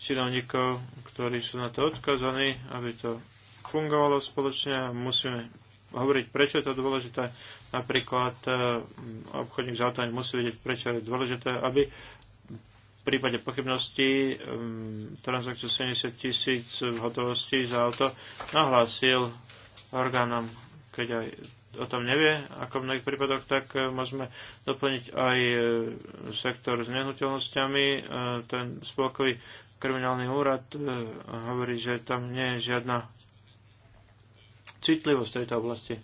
činovníkov, ktorí sú na to odkazaní, aby to fungovalo spoločne a musíme hovoriť, prečo je to dôležité. Napríklad e, obchodník s autami musí vedieť, prečo je dôležité, aby v prípade pochybnosti e, transakciu 70 tisíc v hotovosti za auto nahlásil orgánom, keď aj o tom nevie, ako v mnohých prípadoch, tak e, môžeme doplniť aj sektor s nehnuteľnosťami. Ten spolkový kriminálny úrad hovorí, že tam nie je žiadna citlivosť tejto oblasti.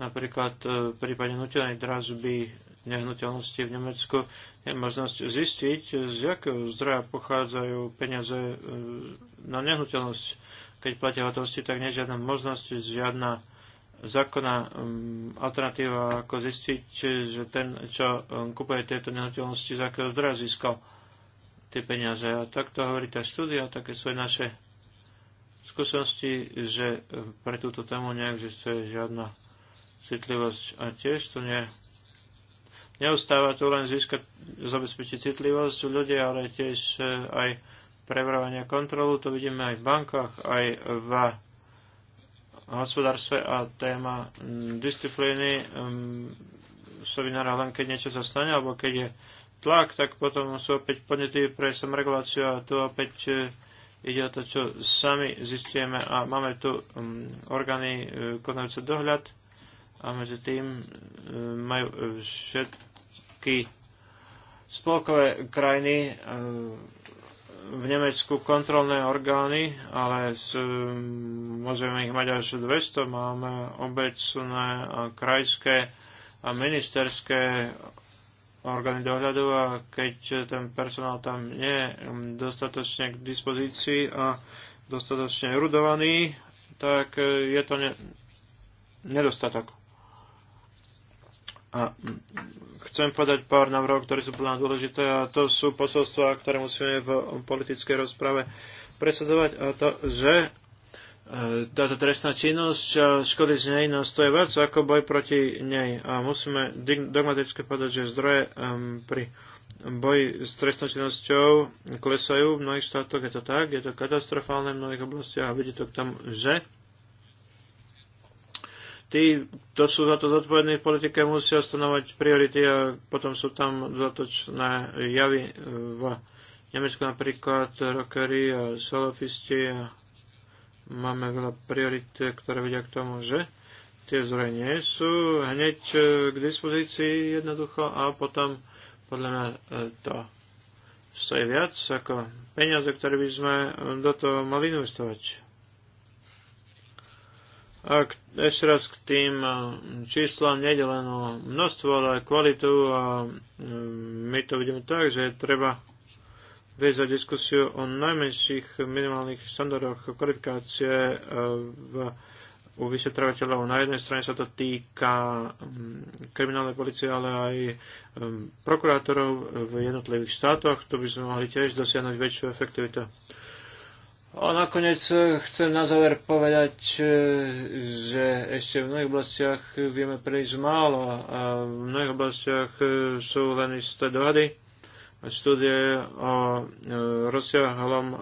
Napríklad e, v prípade nutenej dražby nehnuteľnosti v Nemecku je možnosť zistiť, z jakého zdroja pochádzajú peniaze e, na nehnuteľnosť. Keď platia hotovosti, tak nežiadna možnosť, žiadna zákona alternatíva, ako zistiť, že ten, čo e, kupuje tieto nehnuteľnosti, z akého zdroja získal tie peniaze. A takto hovorí tá štúdia, také sú aj naše skúsenosti, že eh, pre túto tému neexistuje žiadna citlivosť a tiež to nie neustáva to len získať, zabezpečiť citlivosť ľudí, ale tiež eh, aj prebrávanie kontrolu, to vidíme aj v bankách, aj v hospodárstve a téma mm, disciplíny mm, sa vynára len keď niečo sa stane, alebo keď je tlak, tak potom sú opäť podnety pre samreguláciu a tu opäť eh, Ide o to, čo sami zistujeme a máme tu mm, orgány e, konajúce dohľad a medzi tým e, majú všetky spolkové krajiny e, v Nemecku kontrolné orgány, ale s, môžeme ich mať až 200. Máme obecné a krajské a ministerské orgány dohľadu a keď ten personál tam nie je um, dostatočne k dispozícii a dostatočne erudovaný, tak e, je to ne- nedostatok. A mm, chcem povedať pár návrhov, ktoré sú plná dôležité a to sú posolstva, ktoré musíme v politickej rozprave presadzovať a to, že E, táto trestná činnosť škody z nej nás stojí viac ako boj proti nej. A musíme dogmaticky povedať, že zdroje pri boji s trestnou činnosťou klesajú v mnohých štátoch, je to tak, je to katastrofálne v mnohých oblastiach a vidíte to k tomu, že tí, kto sú za to zodpovední v politike, musia stanovať priority a potom sú tam dodatočné javy v Nemecku napríklad rockery a solofisti. a Máme veľa priorit, ktoré vedia k tomu, že tie zdroje nie sú hneď e, k dispozícii jednoducho a potom podľa mňa e, to stojí viac ako peniaze, ktoré by sme do toho mali investovať. A k, ešte raz k tým e, číslam, nejde len o množstvo, ale aj kvalitu a my to vidíme tak, že treba vieť za diskusiu o najmenších minimálnych štandardoch kvalifikácie e, v, u vyšetrovateľov. Na jednej strane sa to týka mm, kriminálnej policie, ale aj e, prokurátorov v jednotlivých štátoch. Tu by sme mohli tiež dosiahnuť väčšiu efektivitu. A nakoniec e, chcem na záver povedať, že ešte v mnohých oblastiach vieme prísť málo a v mnohých oblastiach sú len isté dohady štúdie o e, rozsiahlom e,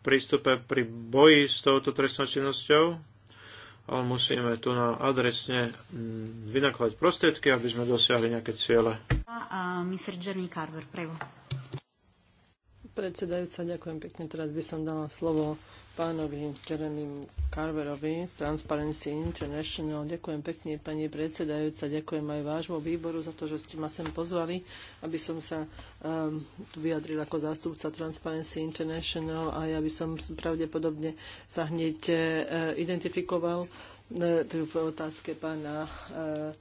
prístupe pri boji s touto trestnou činnosťou, ale musíme tu na adresne mm, vynakladať prostriedky, aby sme dosiahli nejaké ciele. A, Mr. Jeremy Carver, prego. Predsedajúca, ďakujem pekne. Teraz by som dala slovo pánovi Jeremy Carverovi z Transparency International. Ďakujem pekne, pani predsedajúca. Ďakujem aj vášmu výboru za to, že ste ma sem pozvali, aby som sa um, vyjadril ako zástupca Transparency International a ja by som pravdepodobne sa hneď uh, identifikoval uh, v otázke pána uh,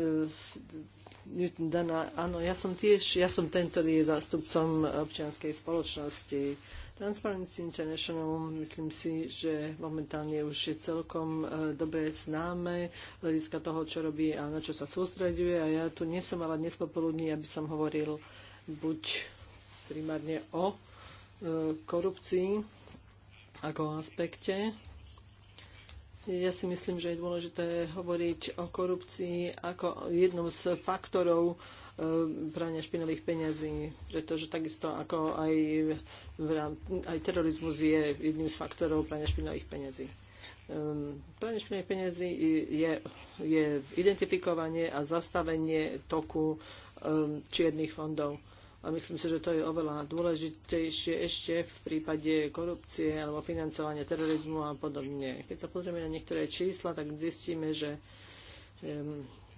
uh, Dana, áno, ja som tiež, ja som ten, ktorý je zástupcom občianskej spoločnosti Transparency International, myslím si, že momentálne už je celkom e, dobre známe hľadiska toho, čo robí a na čo sa sústreďuje. A ja tu nie som ale dnes popoludní, aby som hovoril buď primárne o e, korupcii ako o aspekte. Ja si myslím, že je dôležité hovoriť o korupcii ako jednom z faktorov, E, prania špinavých peňazí, pretože takisto ako aj, aj terorizmus je jedným z faktorov prania špinových peňazí. Pranie špinových peňazí je, je identifikovanie a zastavenie toku čiernych fondov. A myslím si, že to je oveľa dôležitejšie ešte v prípade korupcie alebo financovania terorizmu a podobne. Keď sa pozrieme na niektoré čísla, tak zistíme, že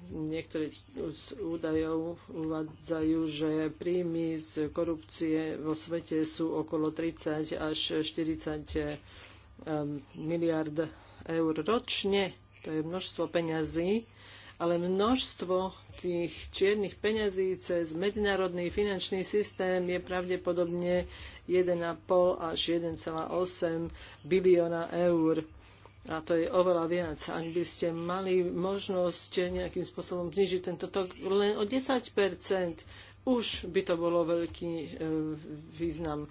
Niektorí z údajov uvádzajú, že príjmy z korupcie vo svete sú okolo 30 až 40 ehm, miliard eur ročne. To je množstvo peňazí, ale množstvo tých čiernych peňazí cez medzinárodný finančný systém je pravdepodobne 1,5 až 1,8 bilióna eur a to je oveľa viac. Ak by ste mali možnosť nejakým spôsobom znižiť tento tok len o 10 už by to bolo veľký e, význam.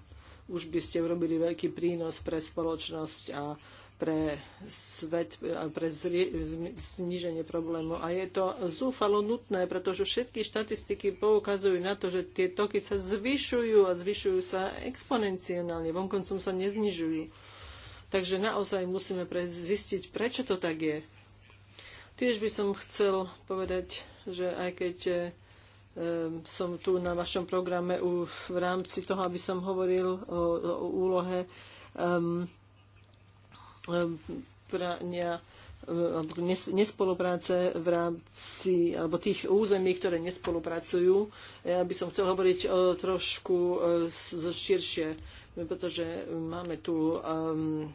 Už by ste urobili veľký prínos pre spoločnosť a pre svet, pre zníženie problému. A je to zúfalo nutné, pretože všetky štatistiky poukazujú na to, že tie toky sa zvyšujú a zvyšujú sa exponenciálne, vonkoncom sa neznižujú. Takže naozaj musíme pre, zistiť, prečo to tak je. Tiež by som chcel povedať, že aj keď e, som tu na vašom programe v rámci toho, aby som hovoril o, o úlohe um, prania nespolupráce v rámci, alebo tých území, ktoré nespolupracujú. Ja by som chcel hovoriť o trošku e, širšie pretože máme tu um,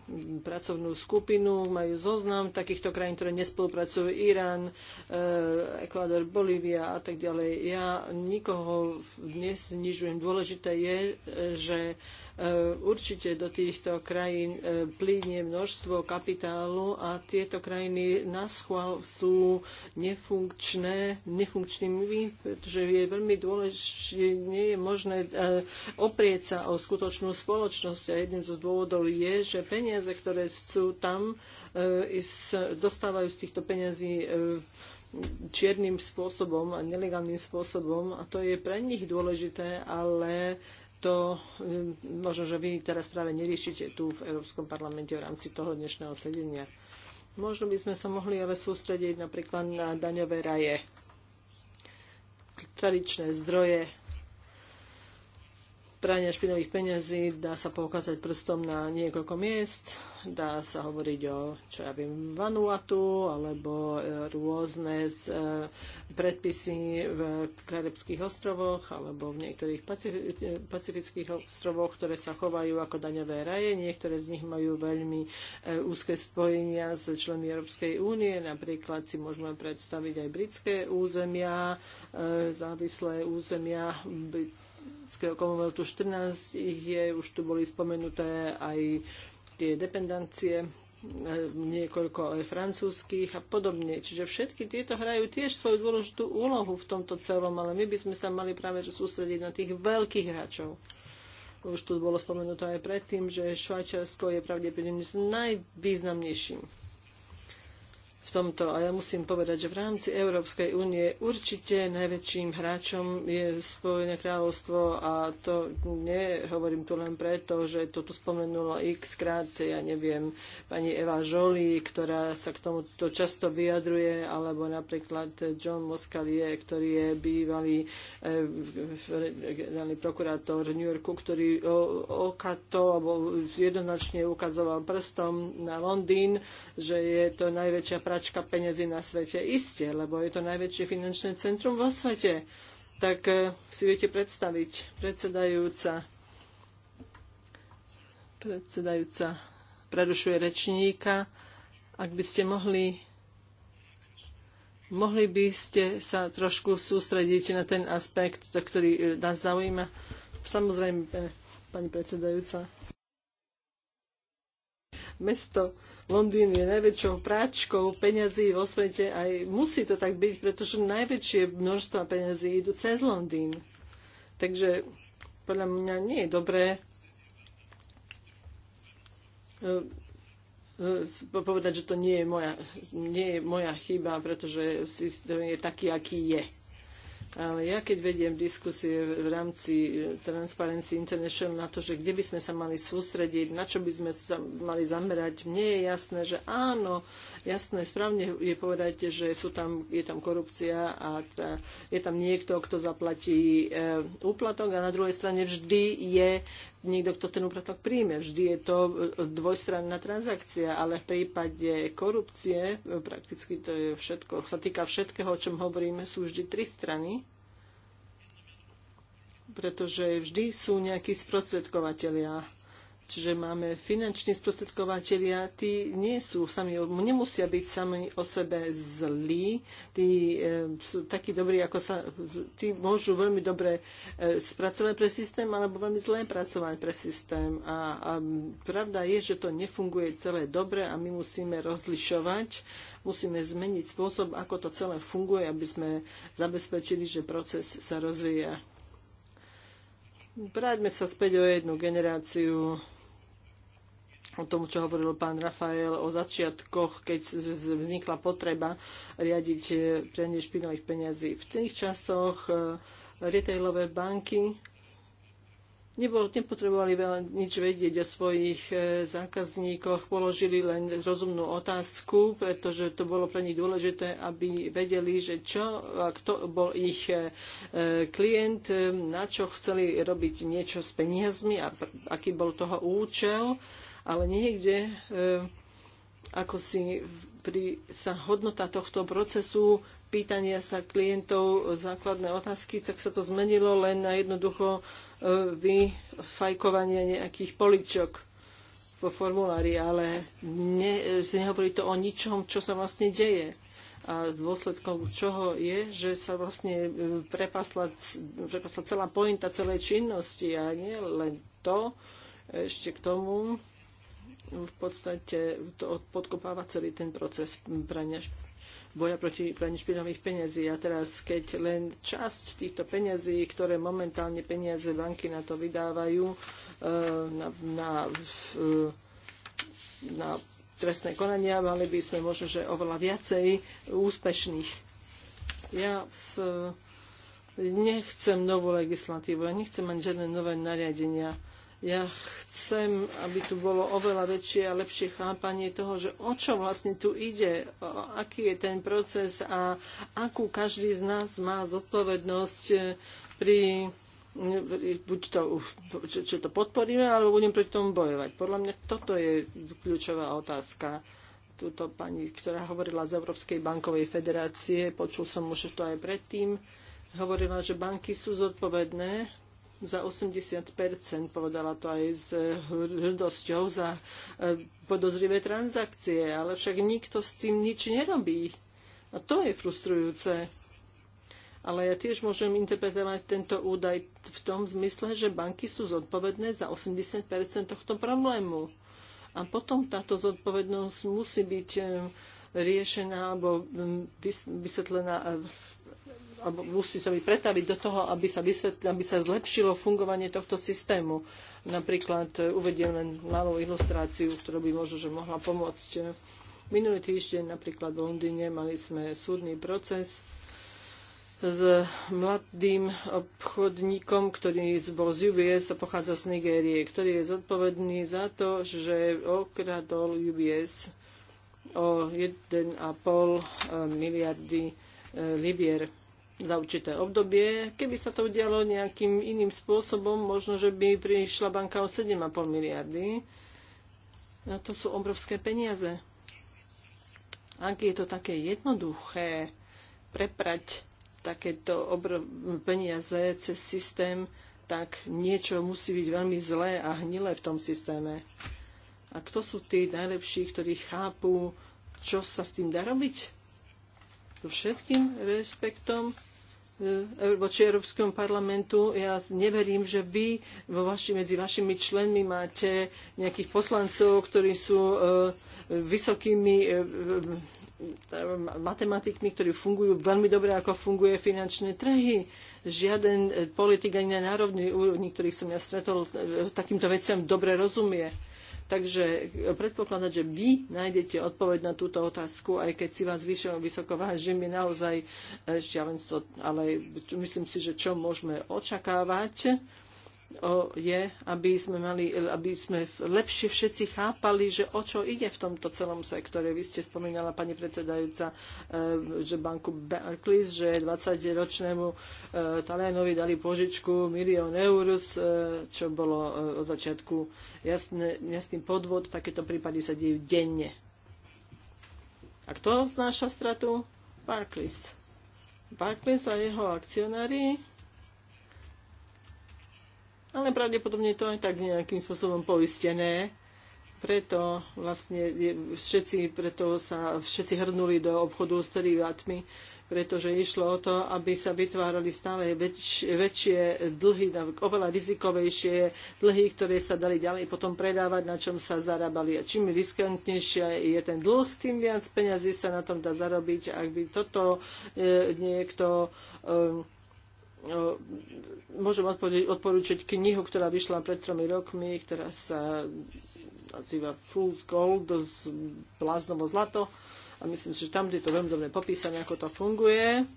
pracovnú skupinu, majú zoznam takýchto krajín, ktoré nespolupracujú, Irán, uh, Ekvádor, Bolívia a tak ďalej. Ja nikoho dnes znižujem. Dôležité je, že uh, Eh, určite do týchto krajín eh, plínie množstvo kapitálu a tieto krajiny na schvál sú nefunkčné, nefunkčnými, pretože je veľmi dôležité, nie je možné eh, oprieť sa o skutočnú spoločnosť a jedným zo dôvodov je, že peniaze, ktoré sú tam, dostávajú z týchto peňazí čiernym spôsobom a nelegálnym spôsobom a to je pre nich dôležité, ale to e, možno, že vy teraz práve neriešite tu v Európskom parlamente v rámci toho dnešného sedenia. Možno by sme sa mohli ale sústrediť napríklad na daňové raje, tradičné zdroje, prania špinových peňazí, dá sa poukázať prstom na niekoľko miest, Dá sa hovoriť o, čo ja viem, Vanuatu alebo e, rôzne z, e, predpisy v Karibských ostrovoch alebo v niektorých pacif- pacifických ostrovoch, ktoré sa chovajú ako daňové raje. Niektoré z nich majú veľmi e, úzke spojenia s členmi Európskej únie. Napríklad si môžeme predstaviť aj britské územia, závislé územia Britského Commonwealthu 14 ich je, už tu boli spomenuté aj tie dependencie e, niekoľko aj francúzských a podobne. Čiže všetky tieto hrajú tiež svoju dôležitú úlohu v tomto celom, ale my by sme sa mali práve že sústrediť na tých veľkých hráčov. Už tu bolo spomenuté aj predtým, že Švajčiarsko je pravdepodobne s najvýznamnejším v tomto. A ja musím povedať, že v rámci Európskej únie určite najväčším hráčom je Spojené kráľovstvo a to nehovorím tu len preto, že to tu spomenulo x krát, ja neviem, pani Eva Žoli, ktorá sa k tomuto často vyjadruje, alebo napríklad John Moscalier, ktorý je bývalý eh, generálny prokurátor New Yorku, ktorý okato alebo jednoznačne ukazoval prstom na Londýn, že je to najväčšia práca prehrávačka peniazy na svete. Isté, lebo je to najväčšie finančné centrum vo svete. Tak e, si viete predstaviť, predsedajúca, predsedajúca prerušuje rečníka. Ak by ste mohli mohli by ste sa trošku sústrediť na ten aspekt, ktorý e, nás zaujíma. Samozrejme, e, pani predsedajúca. Mesto Londýn je najväčšou práčkou peňazí vo svete a musí to tak byť, pretože najväčšie množstva peňazí idú cez Londýn. Takže podľa mňa nie je dobré eh, eh, povedať, že to nie je moja, nie je moja chyba, pretože systém je taký, aký je. Ale ja keď vediem diskusie v rámci eh, Transparency International na to, že kde by sme sa mali sústrediť, na čo by sme sa mali zamerať, mne je jasné, že áno, jasné, správne je povedať, že sú tam, je tam korupcia a tá, je tam niekto, kto zaplatí e, úplatok a na druhej strane vždy je niekto, kto ten úplatok príjme. Vždy je to e, dvojstranná transakcia, ale v prípade korupcie, e, prakticky to je všetko, sa týka všetkého, o čom hovoríme, sú vždy tri strany, pretože vždy sú nejakí sprostredkovateľia Čiže máme finanční sprostredkovateľia, tí nie sú sami, nemusia byť sami o sebe zlí, tí e, sú takí dobrí, ako sa, tí môžu veľmi dobre e, spracovať pre systém, alebo veľmi zlé pracovať pre systém. A, a pravda je, že to nefunguje celé dobre a my musíme rozlišovať, musíme zmeniť spôsob, ako to celé funguje, aby sme zabezpečili, že proces sa rozvíja. Vráťme sa späť o jednu generáciu o tom, čo hovoril pán Rafael o začiatkoch, keď vznikla potreba riadiť eh, prianie špinových peniazí. V tých časoch eh, retailové banky nepotrebovali veľa nič vedieť o svojich eh, zákazníkoch, položili len rozumnú otázku, pretože to bolo pre nich dôležité, aby vedeli, že čo, kto bol ich klient, na čo chceli robiť niečo s peniazmi a aký bol toho účel ale niekde e, ako si pri sa hodnota tohto procesu pýtania sa klientov základné otázky, tak sa to zmenilo len na jednoducho e, vyfajkovanie nejakých poličok vo formulári, ale ne, nehovorí to o ničom, čo sa vlastne deje a dôsledkom čoho je, že sa vlastne e, prepasla, prepasla celá pointa celej činnosti a nie len to, ešte k tomu, v podstate to podkopáva celý ten proces prania boja proti praní špinavých peniazí. A teraz, keď len časť týchto peniazí, ktoré momentálne peniaze banky na to vydávajú, e, na, na, e, na trestné konania, mali by sme možno, že oveľa viacej úspešných. Ja v, e, nechcem novú legislatívu, ja nechcem ani žiadne nové nariadenia ja chcem, aby tu bolo oveľa väčšie a lepšie chápanie toho, že o čo vlastne tu ide, aký je ten proces a akú každý z nás má zodpovednosť pri buď to, čo to podporíme, alebo budem proti tomu bojovať. Podľa mňa toto je kľúčová otázka túto pani, ktorá hovorila z Európskej bankovej federácie, počul som už to aj predtým, hovorila, že banky sú zodpovedné za 80%, povedala to aj s hrdosťou za e, podozrivé transakcie, ale však nikto s tým nič nerobí. A to je frustrujúce. Ale ja tiež môžem interpretovať tento údaj v tom zmysle, že banky sú zodpovedné za 80 tohto problému. A potom táto zodpovednosť musí byť e, riešená alebo vysvetlená e, alebo musí sa mi pretaviť do toho, aby sa, vysvetl, aby sa zlepšilo fungovanie tohto systému. Napríklad e, uvediem len malú ilustráciu, ktorú by možno, že mohla pomôcť. Minulý týždeň napríklad v Londýne mali sme súdny proces s mladým obchodníkom, ktorý bol z UBS a pochádza z Nigérie, ktorý je zodpovedný za to, že okradol UBS o 1,5 e, miliardy e, libier za určité obdobie. Keby sa to udialo nejakým iným spôsobom, možno, že by prišla banka o 7,5 miliardy. A to sú obrovské peniaze. Ak je to také jednoduché preprať takéto peniaze cez systém, tak niečo musí byť veľmi zlé a hnilé v tom systéme. A kto sú tí najlepší, ktorí chápu, čo sa s tým dá robiť? ku všetkým respektom e, voči Európskom parlamentu. Ja neverím, že vy vo vaši, medzi vašimi členmi máte nejakých poslancov, ktorí sú e, vysokými e, matematikmi, ktorí fungujú veľmi dobre, ako funguje finančné trhy. Žiaden politik ani na národnej úrovni, ktorých som ja stretol, takýmto veciam dobre rozumie. Takže predpokladať, že vy nájdete odpoveď na túto otázku, aj keď si vás vyšiel vysoko vážim, je naozaj eh, šialenstvo, ale myslím si, že čo môžeme očakávať je, aby sme, mali, aby sme lepšie všetci chápali, že o čo ide v tomto celom sektore. Vy ste spomínala, pani predsedajúca, e, že banku Barclays, že 20-ročnému e, talénovi dali požičku milión eur, e, čo bolo od začiatku jasný, jasný podvod. Takéto prípady sa dejú denne. A kto znáša stratu? Barclays. Barclays a jeho akcionári ale pravdepodobne to aj tak nejakým spôsobom poistené. Preto vlastne všetci, preto sa všetci hrnuli do obchodu s derivátmi, pretože išlo o to, aby sa vytvárali stále väč, väčšie dlhy, oveľa rizikovejšie dlhy, ktoré sa dali ďalej potom predávať, na čom sa zarábali. A čím riskantnejšia je ten dlh, tým viac peňazí sa na tom dá zarobiť. Ak by toto e, niekto e, Ehm, môžem odporúčiť knihu, ktorá vyšla pred tromi rokmi, ktorá sa nazýva Fool's Gold, z bláznovo zlato. A myslím, si, že tam je to veľmi dobre popísané, ako to funguje.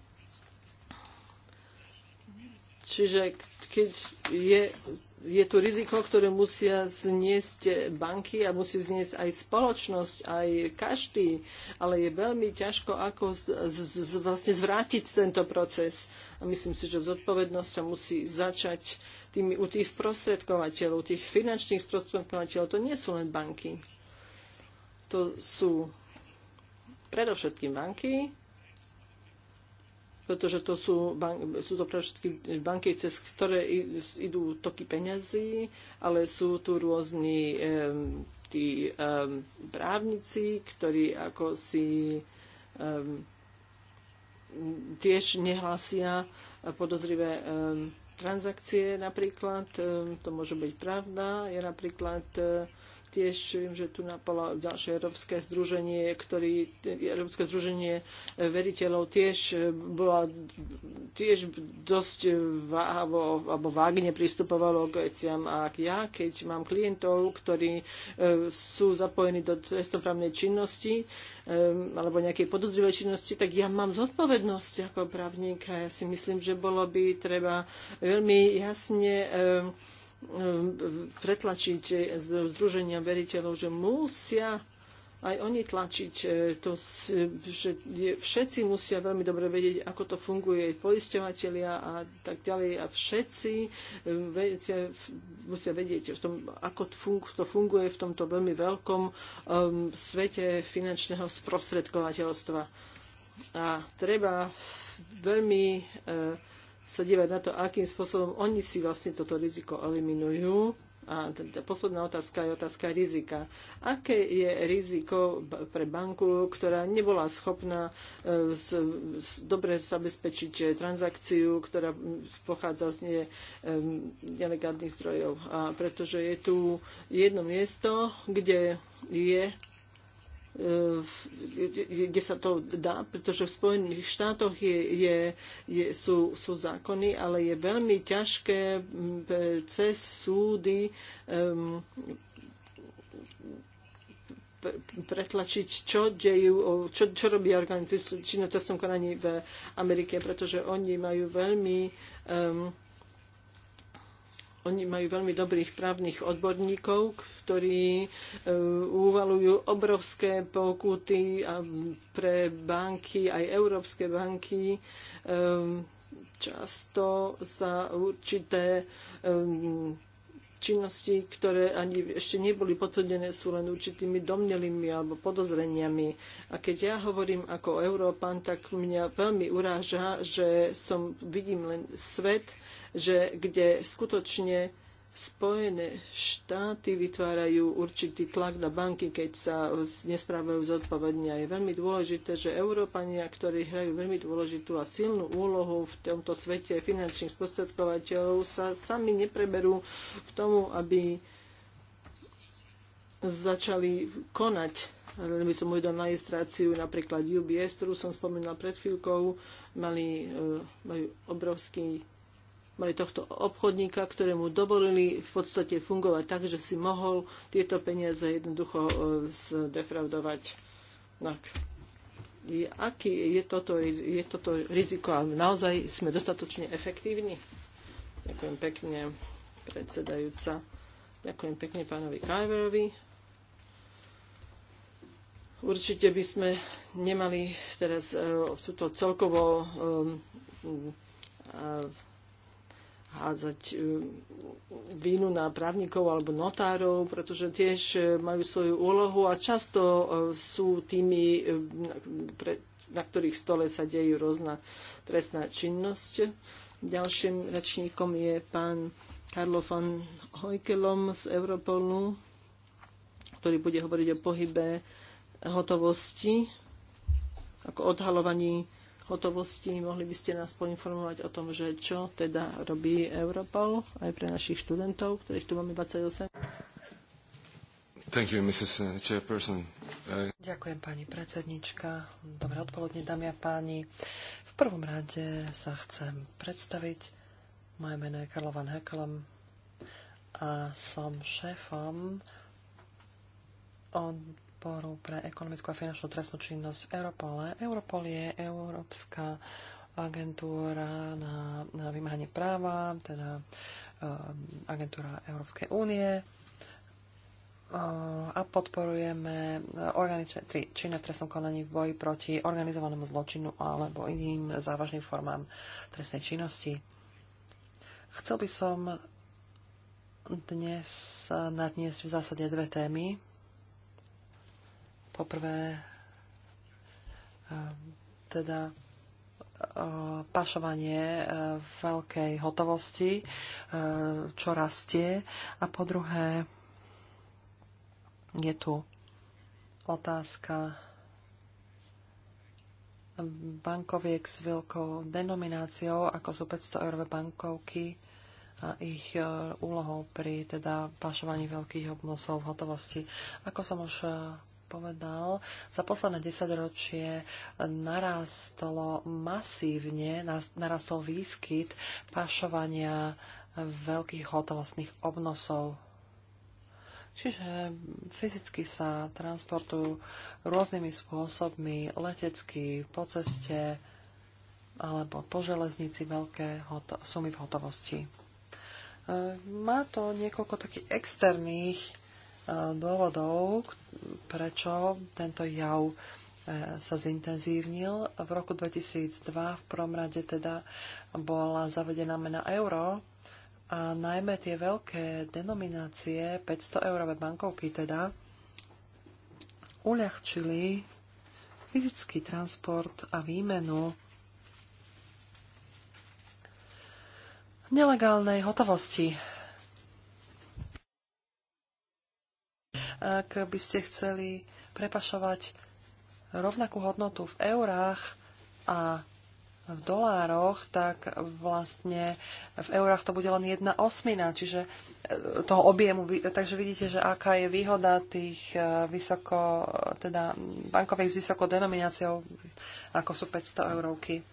Čiže keď je je tu riziko, ktoré musia zniesť banky a musí zniesť aj spoločnosť, aj každý, ale je veľmi ťažko, ako z, z, z, vlastne zvrátiť tento proces. A myslím si, že zodpovednosť sa musí začať tými, u tých sprostredkovateľov, tých finančných sprostredkovateľov. To nie sú len banky. To sú predovšetkým banky, pretože to sú, bank, sú to pre všetky banky, cez ktoré idú toky peňazí, ale sú tu rôzni um, tí um, právnici, ktorí ako si um, tiež nehlásia podozrivé um, transakcie napríklad, um, to môže byť pravda, je napríklad um, Tiež viem, že tu napala ďalšie Európske združenie, ktorý, Európske združenie veriteľov tiež e, bola tiež dosť váhavo alebo vágne pristupovalo k veciam. A ja, keď mám klientov, ktorí e, sú zapojení do trestnoprávnej činnosti, e, alebo nejakej podozrivej činnosti, tak ja mám zodpovednosť ako a Ja si myslím, že bolo by treba veľmi jasne E, pretlačiť e, združenia veriteľov, že musia aj oni tlačiť, e, to, že všetci musia veľmi dobre vedieť, ako to funguje, poisťovateľia a tak ďalej. A všetci vedia, musia vedieť, v tom, ako to funguje v tomto veľmi veľkom um, svete finančného sprostredkovateľstva. A treba veľmi uh, sa dívať na to, akým spôsobom oni si vlastne toto riziko eliminujú. A tá teda posledná otázka je otázka rizika. Aké je riziko pre banku, ktorá nebola schopná e, z, z, dobre zabezpečiť e, transakciu, ktorá pochádza z ne, nelegálnych zdrojov? A pretože je tu jedno miesto, kde je E, kde sa to dá, pretože v Spojených štátoch je, je, je, sú, sú zákony, ale je veľmi ťažké cez súdy um, pretlačiť, čo, dejú, čo, čo robí orgány činnotestom konaní v Amerike, pretože oni majú veľmi um, oni majú veľmi dobrých právnych odborníkov, ktorí e, uvalujú obrovské pokuty a pre banky, aj európske banky. E, často za určité e, činnosti, ktoré ani ešte neboli potvrdené, sú len určitými domnelými alebo podozreniami. A keď ja hovorím ako Európan, tak mňa veľmi uráža, že som, vidím len svet, že kde skutočne Spojené štáty vytvárajú určitý tlak na banky, keď sa nesprávajú zodpovedne. A je veľmi dôležité, že Európania, ktorí hrajú veľmi dôležitú a silnú úlohu v tomto svete finančných sprostredkovateľov, sa sami nepreberú k tomu, aby začali konať. Len by som uvedal na registráciu napríklad UBS, ktorú som spomínal pred chvíľkou, mali, e, majú obrovský mali tohto obchodníka, ktorému dovolili v podstate fungovať tak, že si mohol tieto peniaze jednoducho e, zdefraudovať. Tak. Aký je toto, je toto riziko a naozaj sme dostatočne efektívni? Ďakujem pekne, predsedajúca. Ďakujem pekne pánovi Kajverovi. Určite by sme nemali teraz e, túto celkovo e, hádzať e, vínu na právnikov alebo notárov, pretože tiež e, majú svoju úlohu a často e, sú tými, na ktorých stole sa dejú rôzna trestná činnosť. Ďalším rečníkom je pán Karlo van Hojkelom z Europolu, ktorý bude hovoriť o pohybe hotovosti, ako odhalovaní hotovosti. Mohli by ste nás poinformovať o tom, že čo teda robí Europol aj pre našich študentov, ktorých tu máme 28? Thank you, Mrs. Uh, Chairperson. Uh, Ďakujem, pani predsednička. Dobré odpoludne, dámy a páni. V prvom rade sa chcem predstaviť. Moje meno je Karlo Van Heklom a som šéfom od podporu pre ekonomickú a finančnú trestnú činnosť v Europole. Europol je Európska agentúra na, na vymáhanie práva, teda eh, agentúra Európskej únie eh, a podporujeme činné v trestnom konaní v boji proti organizovanému zločinu alebo iným závažným formám trestnej činnosti. Chcel by som dnes eh, nadniesť v zásade dve témy. Poprvé, eh, teda eh, pašovanie eh, veľkej hotovosti, čo rastie. A po druhé, je tu otázka bankoviek s veľkou denomináciou, ako sú 500 eurové bankovky a ich úlohou pri teda pašovaní veľkých obnosov v hotovosti. Ako som už povedal, za posledné desaťročie narastlo masívne, narastol výskyt pašovania veľkých hotovostných obnosov. Čiže fyzicky sa transportujú rôznymi spôsobmi, letecky, po ceste alebo po železnici veľké sumy v hotovosti. Má to niekoľko takých externých dôvodov, prečo tento jav e, sa zintenzívnil. V roku 2002 v prvom rade teda bola zavedená mena euro a najmä tie veľké denominácie, 500 eurové bankovky teda, uľahčili fyzický transport a výmenu nelegálnej hotovosti ak by ste chceli prepašovať rovnakú hodnotu v eurách a v dolároch, tak vlastne v eurách to bude len jedna osmina, čiže e, toho objemu. Takže vidíte, že aká je výhoda tých e, vysoko, teda bankových s vysokou denomináciou, ako sú 500 eurovky. E,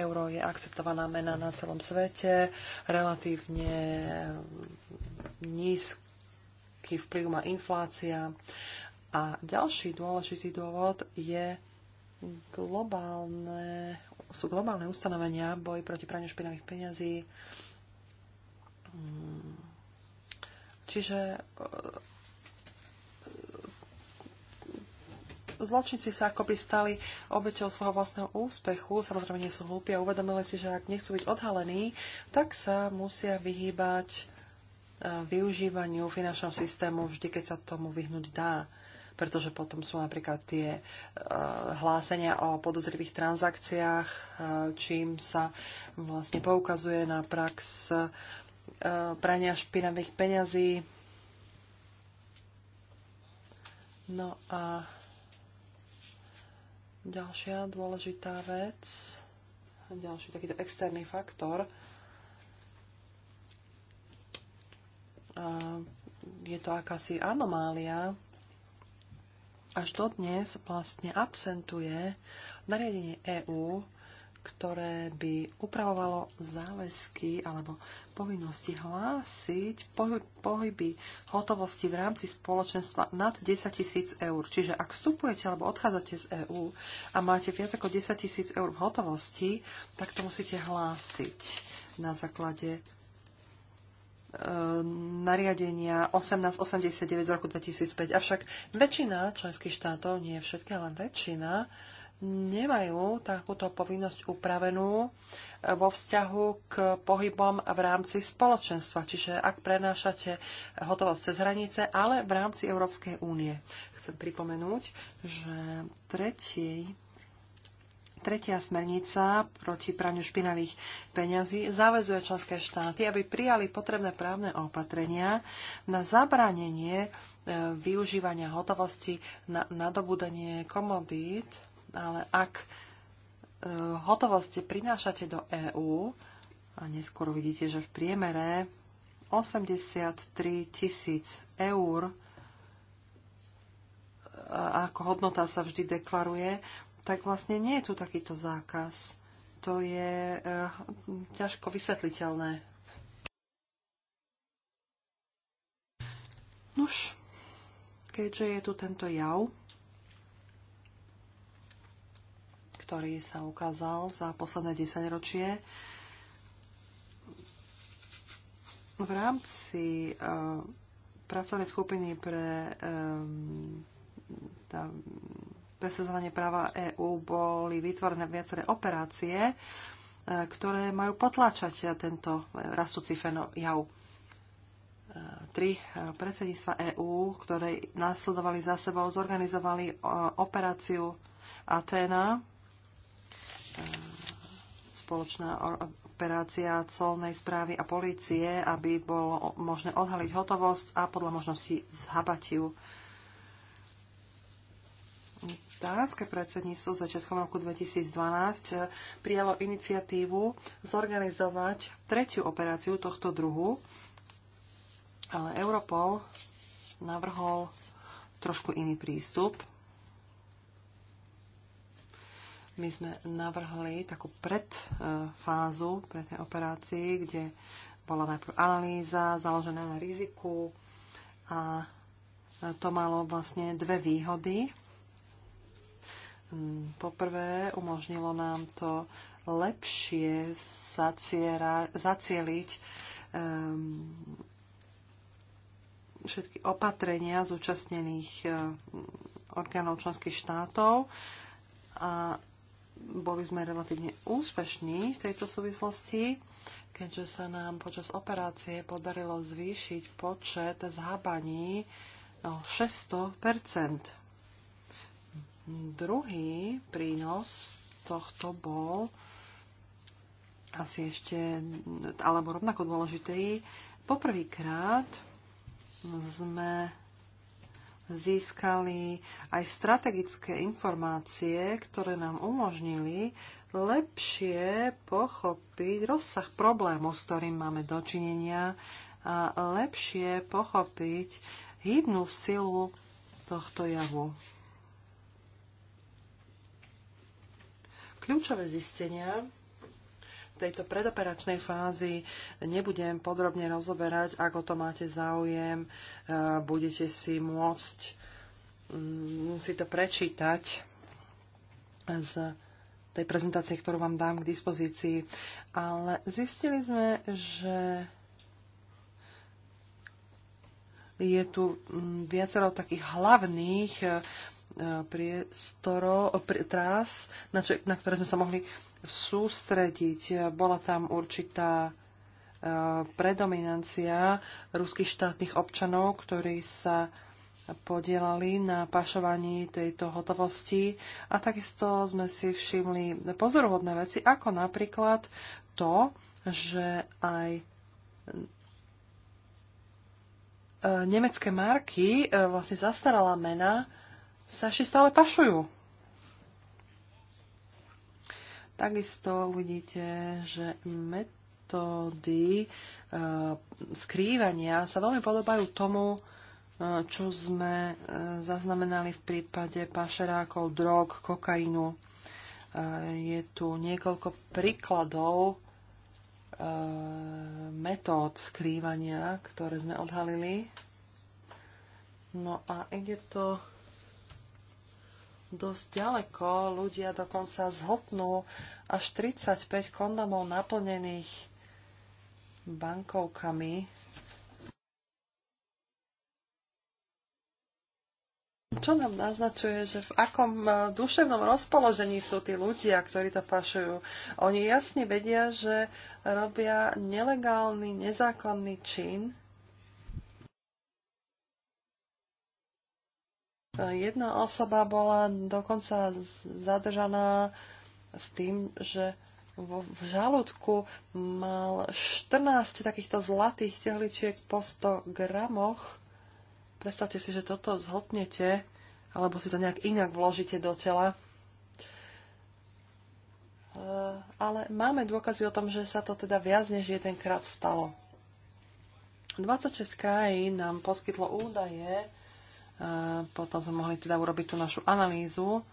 euro je akceptovaná mena na celom svete, relatívne nízko aký vplyv má inflácia. A ďalší dôležitý dôvod je globálne, sú globálne ustanovenia boj proti praniu špinavých peňazí. Mm. Čiže e, zločinci sa akoby stali obeťou svojho vlastného úspechu. Samozrejme nie sú hlúpi a uvedomili si, že ak nechcú byť odhalení, tak sa musia vyhýbať E, využívaniu finančného systému vždy, keď sa tomu vyhnúť dá pretože potom sú napríklad tie e, hlásenia o podozrivých transakciách, e, čím sa vlastne poukazuje na prax prania špinavých peňazí. No a ďalšia dôležitá vec, ďalší takýto externý faktor, je to akási anomália. Až dodnes vlastne absentuje nariadenie EÚ, ktoré by upravovalo záväzky alebo povinnosti hlásiť pohyby hotovosti v rámci spoločenstva nad 10 tisíc eur. Čiže ak vstupujete alebo odchádzate z EÚ a máte viac ako 10 tisíc eur v hotovosti, tak to musíte hlásiť na základe nariadenia 1889 z roku 2005. Avšak väčšina členských štátov, nie všetky, ale väčšina, nemajú takúto povinnosť upravenú eh, vo vzťahu k pohybom v rámci spoločenstva, čiže ak prenášate hotovosť cez hranice, ale v rámci Európskej únie. Chcem pripomenúť, že tretí Tretia smernica proti praniu špinavých peňazí záväzuje členské štáty, aby prijali potrebné právne opatrenia na zabránenie e, využívania hotovosti na nadobudanie komodít, ale ak e, hotovosť prinášate do EÚ, a neskôr vidíte, že v priemere 83 tisíc eur e, ako hodnota sa vždy deklaruje, tak vlastne nie je tu takýto zákaz. To je uh, ťažko vysvetliteľné. Nuž, keďže je tu tento jav, ktorý sa ukázal za posledné desaťročie, v rámci uh, pracovnej skupiny pre um, tá, presadzovanie práva EÚ boli vytvorené viaceré operácie, e, ktoré majú potláčať tento rastúci jav. E, tri e, predsedníctva EÚ, ktoré následovali za sebou, zorganizovali operáciu Atena, spoločná operácia colnej správy a polície, aby bolo možné odhaliť hotovosť a podľa možnosti zhabať ju dánske predsedníctvo začiatkom roku 2012 eh, prijalo iniciatívu zorganizovať tretiu operáciu tohto druhu, ale Europol navrhol trošku iný prístup. My sme navrhli takú predfázu eh, pre tej operácii, kde bola najprv analýza založená na riziku a eh, to malo vlastne dve výhody Poprvé umožnilo nám to lepšie zaciera, zacieliť um, všetky opatrenia zúčastnených e, orgánov členských štátov a boli sme relatívne úspešní v tejto súvislosti, keďže sa nám počas operácie podarilo zvýšiť počet zhabaní o 600 Druhý prínos tohto bol asi ešte, alebo rovnako dôležitý, poprvýkrát sme získali aj strategické informácie, ktoré nám umožnili lepšie pochopiť rozsah problému, s ktorým máme dočinenia a lepšie pochopiť hybnú silu tohto javu. Kľúčové zistenia tejto predoperačnej fázy nebudem podrobne rozoberať. Ak o to máte záujem, e, budete si môcť mm, si to prečítať z tej prezentácie, ktorú vám dám k dispozícii. Ale zistili sme, že je tu mm, viacero takých hlavných e, priestorov, trás, na, čo, na ktoré sme sa mohli sústrediť. Bola tam určitá e, predominancia ruských štátnych občanov, ktorí sa podielali na pašovaní tejto hotovosti a takisto sme si všimli pozoruhodné veci, ako napríklad to, že aj e, nemecké marky, e, vlastne zastaralá mena, Saši stále pašujú. Takisto uvidíte, že metódy e, skrývania sa veľmi podobajú tomu, e, čo sme e, zaznamenali v prípade pašerákov, drog, kokainu. E, je tu niekoľko príkladov e, metód skrývania, ktoré sme odhalili. No a ide to dosť ďaleko. Ľudia dokonca zhotnú až 35 kondomov naplnených bankovkami. Čo nám naznačuje, že v akom e, duševnom rozpoložení sú tí ľudia, ktorí to fašujú? Oni jasne vedia, že robia nelegálny, nezákonný čin, Jedna osoba bola dokonca zadržaná s tým, že vo, v žalúdku mal 14 takýchto zlatých tehličiek po 100 gramoch. Predstavte si, že toto zhotnete, alebo si to nejak inak vložíte do tela. Eh, ale máme dôkazy o tom, že sa to teda viac než jedenkrát stalo. 26 krajín nám poskytlo údaje, Eh, potom sme mohli teda urobiť tú našu analýzu.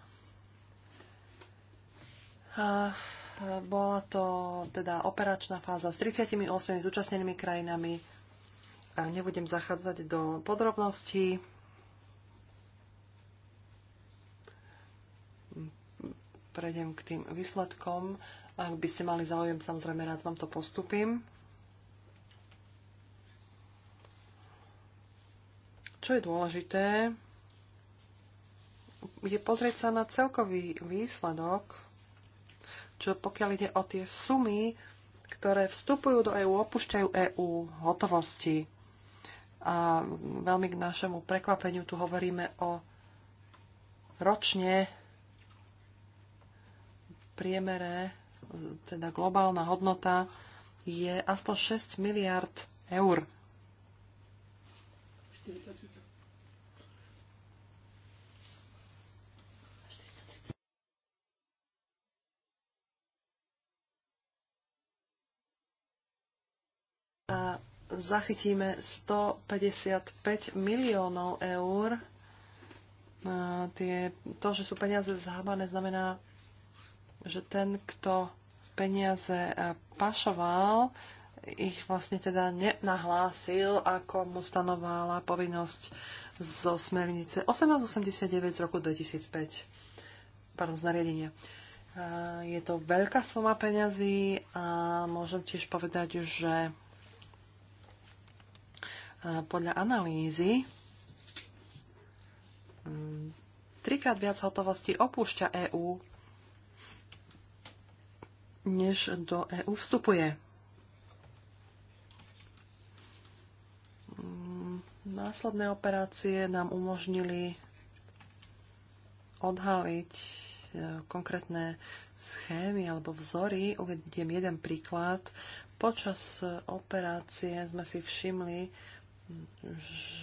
A eh, bola to teda operačná fáza s 38 zúčastnenými krajinami. A nebudem zachádzať do podrobností. Prejdem k tým výsledkom. Ak by ste mali záujem, samozrejme rád vám to postupím. Čo je dôležité, je pozrieť sa na celkový výsledok, čo pokiaľ ide o tie sumy, ktoré vstupujú do EÚ, opúšťajú EÚ hotovosti. A veľmi k našemu prekvapeniu tu hovoríme o ročne priemere, teda globálna hodnota je aspoň 6 miliard eur. 40 a zachytíme 155 miliónov eur. A tie, to, že sú peniaze zhábané, znamená, že ten, kto peniaze e, pašoval, ich vlastne teda nenahlásil, ako mu stanovala povinnosť zo smernice 1889 z roku 2005, pardon, z nariadenia. E, je to veľká suma peňazí a môžem tiež povedať, že podľa analýzy mm, trikrát viac hotovosti opúšťa EÚ, než do EÚ vstupuje. Mm, následné operácie nám umožnili odhaliť e, konkrétne schémy alebo vzory. Uvediem jeden príklad. Počas e, operácie sme si všimli,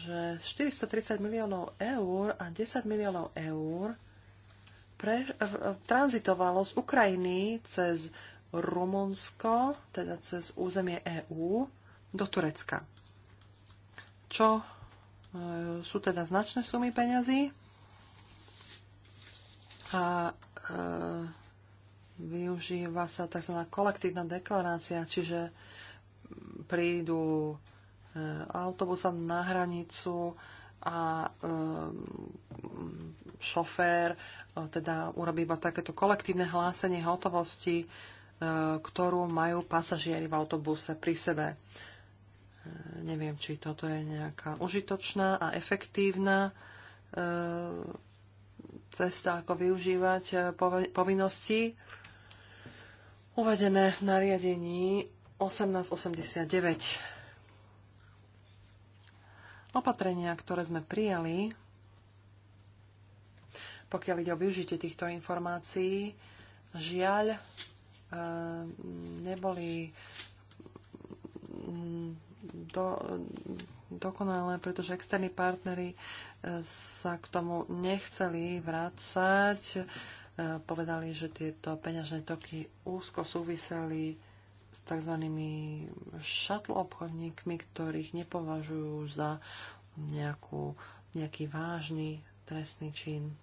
že 430 miliónov eur a 10 miliónov eur pre, eh, tranzitovalo z Ukrajiny cez Rumunsko, teda cez územie EÚ, do Turecka. Čo eh, sú teda značné sumy peňazí a e, využíva sa tzv. kolektívna deklarácia, čiže prídu E, autobusom na hranicu a e, šofér e, teda urobí iba takéto kolektívne hlásenie hotovosti, ktorú majú pasažieri v autobuse pri sebe. Neviem, či toto je nejaká užitočná a efektívna cesta, ako využívať povinnosti uvedené v nariadení 1889. Opatrenia, ktoré sme prijali, pokiaľ ide o využitie týchto informácií, žiaľ e, neboli mm, do, dokonalé, pretože externí partnery e, sa k tomu nechceli vrácať. E, povedali, že tieto peňažné toky úzko súviseli s tzv. šatl obchodníkmi, ktorých nepovažujú za nejakú, nejaký vážny trestný čin.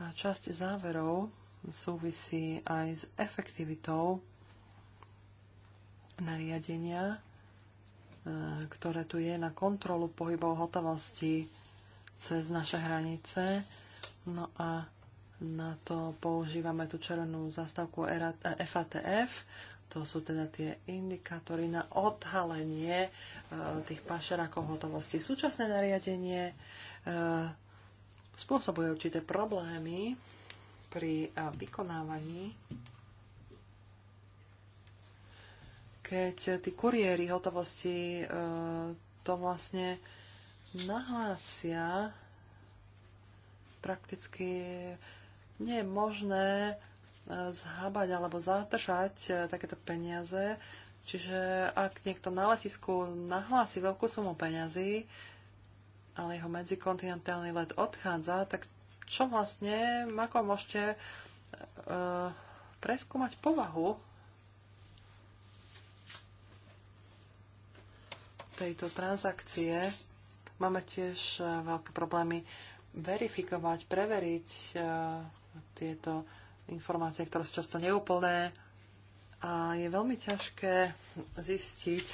A časť záverov súvisí aj s efektivitou nariadenia, e, ktoré tu je na kontrolu pohybov hotovosti cez naše hranice. No a na to používame tú červenú zastavku FATF, e e, to sú teda tie indikátory na odhalenie e, tých pašerákov hotovosti. Súčasné nariadenie spôsobuje určité problémy pri vykonávaní, keď tí kuriéry hotovosti e, to vlastne nahlásia prakticky e, nie je možné e, zhábať alebo zadržať e, takéto peniaze. Čiže ak niekto na letisku nahlási veľkú sumu peňazí, ale jeho medzikontinentálny let odchádza, tak čo vlastne, ako môžete e, preskúmať povahu tejto transakcie. Máme tiež e, veľké problémy verifikovať, preveriť e, tieto informácie, ktoré sú často neúplné a je veľmi ťažké zistiť,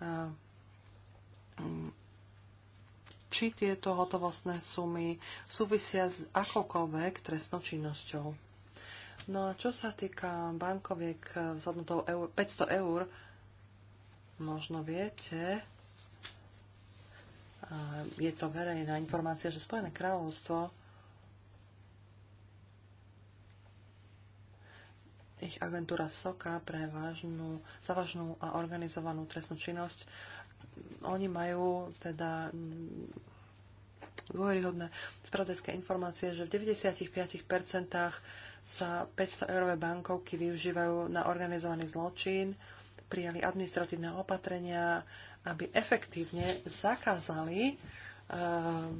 eh, či tieto hotovostné sumy súvisia s akokoľvek trestnou činnosťou. No a čo sa týka bankoviek s hodnotou 500 eur, možno viete, eh, je to verejná informácia, že Spojené kráľovstvo ich agentúra SOKA pre vážnu, závažnú a organizovanú trestnú činnosť. Oni majú teda dôveryhodné spravodajské informácie, že v 95% sa 500-eurové bankovky využívajú na organizovaný zločin, prijali administratívne opatrenia, aby efektívne zakázali um,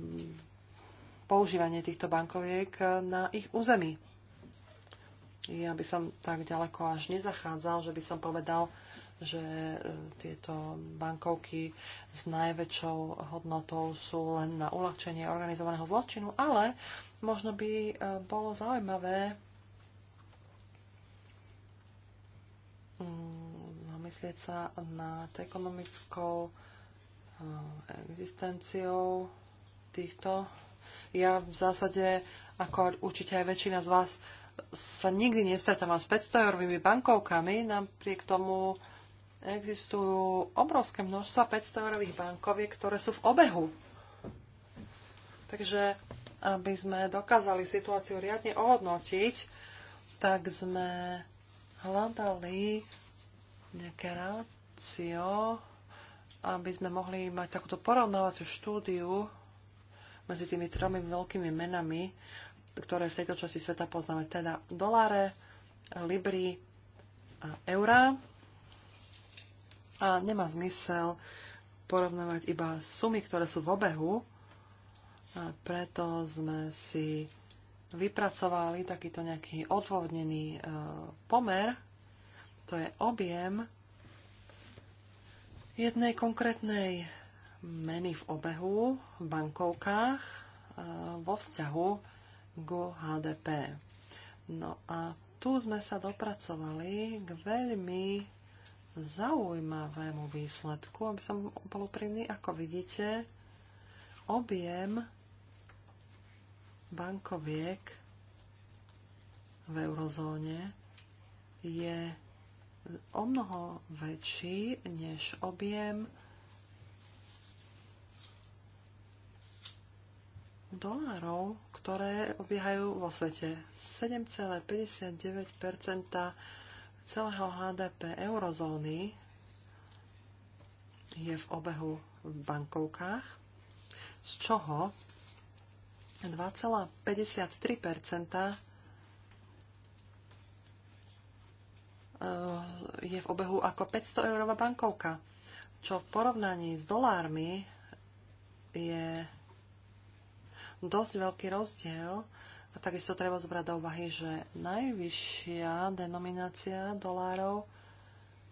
používanie týchto bankoviek na ich území. Ja by som tak ďaleko až nezachádzal, že by som povedal, že e, tieto bankovky s najväčšou hodnotou sú len na uľahčenie organizovaného zločinu, ale možno by e, bolo zaujímavé mm, zamyslieť sa nad ekonomickou e, existenciou týchto. Ja v zásade, ako určite aj väčšina z vás, sa nikdy nestretávam s 500-eurovými bankovkami, napriek tomu existujú obrovské množstva 500-eurových bankoviek, ktoré sú v obehu. Takže aby sme dokázali situáciu riadne ohodnotiť, tak sme hľadali nejaké rácio, aby sme mohli mať takúto porovnávaciu štúdiu medzi tými tromi veľkými menami, ktoré v tejto časti sveta poznáme, teda doláre, libry a eurá. A nemá zmysel porovnávať iba sumy, ktoré sú v obehu. A preto sme si vypracovali takýto nejaký odvodnený e, pomer. To je objem jednej konkrétnej meny v obehu v bankovkách e, vo vzťahu go HDP. No a tu sme sa dopracovali k veľmi zaujímavému výsledku, aby som bol úprimný, ako vidíte, objem bankoviek v eurozóne je o mnoho väčší než objem dolárov ktoré obiehajú vo svete. 7,59 celého HDP eurozóny je v obehu v bankovkách, z čoho 2,53 e, je v obehu ako 500 eurová bankovka, čo v porovnaní s dolármi je dosť veľký rozdiel. A takisto treba zobrať do úvahy, že najvyššia denominácia dolárov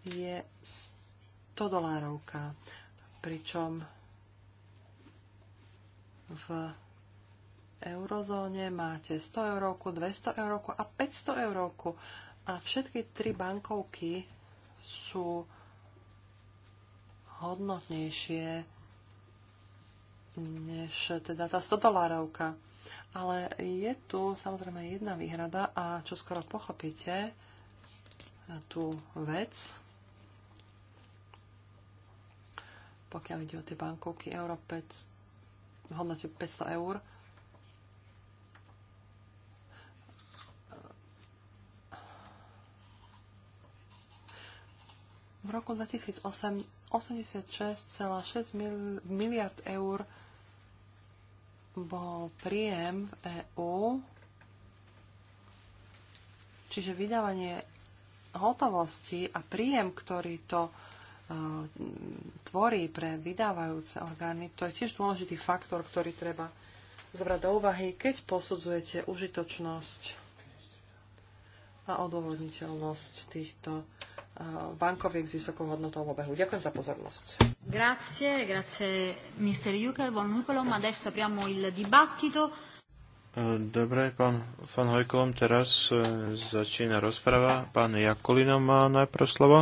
je 100 dolárovka. Pričom v eurozóne máte 100 euróku, 200 euróku a 500 euróku. A všetky tri bankovky sú hodnotnejšie než teda tá 100 dolárovka. Ale je tu samozrejme jedna výhrada a čo skoro pochopíte tú vec, pokiaľ ide o tie bankovky euro 5, v hodnote 500 eur, V roku 2008 86,6 miliard eur bol príjem v EÚ, čiže vydávanie hotovosti a príjem, ktorý to e, tvorí pre vydávajúce orgány, to je tiež dôležitý faktor, ktorý treba zvrať do úvahy, keď posudzujete užitočnosť a odôvodniteľnosť týchto bankoviek s vysokou hodnotou v obehu. Ďakujem za pozornosť. Grazie, grazie Mr. Juker, von Nikolom. Adesso apriamo il dibattito. Eh, dobre, pán van Hojkolom, teraz eh, začína rozprava. Pán Jakolino má najprv slovo.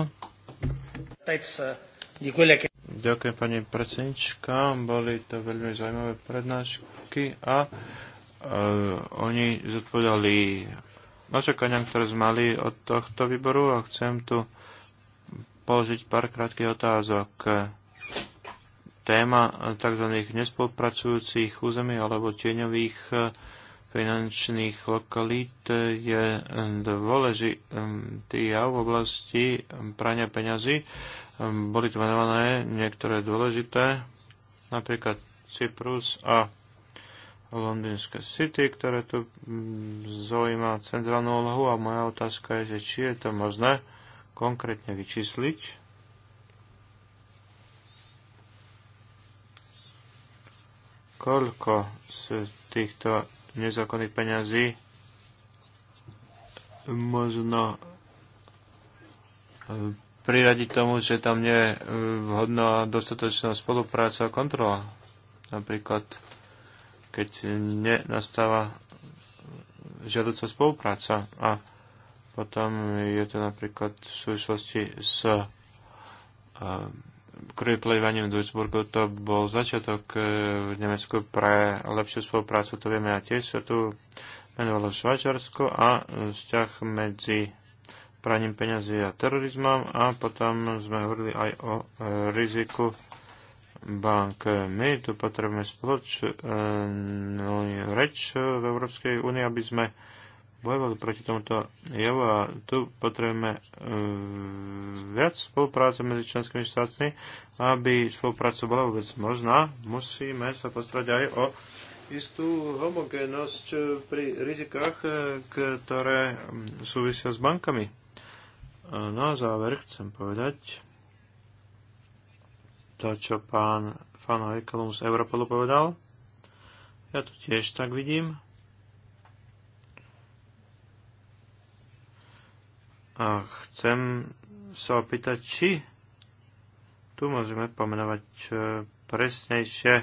Ďakujem, pani predsednička. Boli to veľmi zaujímavé prednášky a uh, oni zodpovedali očakaniam, ktoré sme mali od tohto výboru a chcem tu položiť pár krátkých otázok. Téma tzv. nespolupracujúcich území alebo tieňových eh, finančných lokalít eh, je eh, dôležitý a v oblasti prania peňazí. Boli tu venované niektoré dôležité, napríklad Cyprus a Londýnske City, ktoré tu hm, zaujíma centrálnu úlohu a moja otázka je, že či je to možné konkrétne vyčísliť, koľko z týchto nezákonných peňazí možno e, priradiť tomu, že tam nie je e, vhodná dostatočná spolupráca a kontrola. Napríklad, keď nenastáva e, žiaduca spolupráca a potom je to napríklad v súvislosti s eh, v Duisburgu. To bol začiatok eh, v Nemecku pre lepšiu spoluprácu, to vieme, a tiež sa tu menovalo Švajčarsko a eh, vzťah medzi praním peňazí a terorizmom a potom sme hovorili aj o riziku bank. My tu potrebujeme spoločnú reč v Európskej únii, aby sme bojovali proti tomuto javu a tu potrebujeme e, viac spolupráce medzi členskými štátmi. Aby spolupráca bola vôbec možná, musíme sa postarať aj o istú homogénnosť e, pri rizikách, e, ktoré súvisia s bankami. Na no záver chcem povedať to, čo pán Fan Hojkolum z Europolu povedal. Ja to tiež tak vidím A chcem sa opýtať, či tu môžeme pomenovať e, presnejšie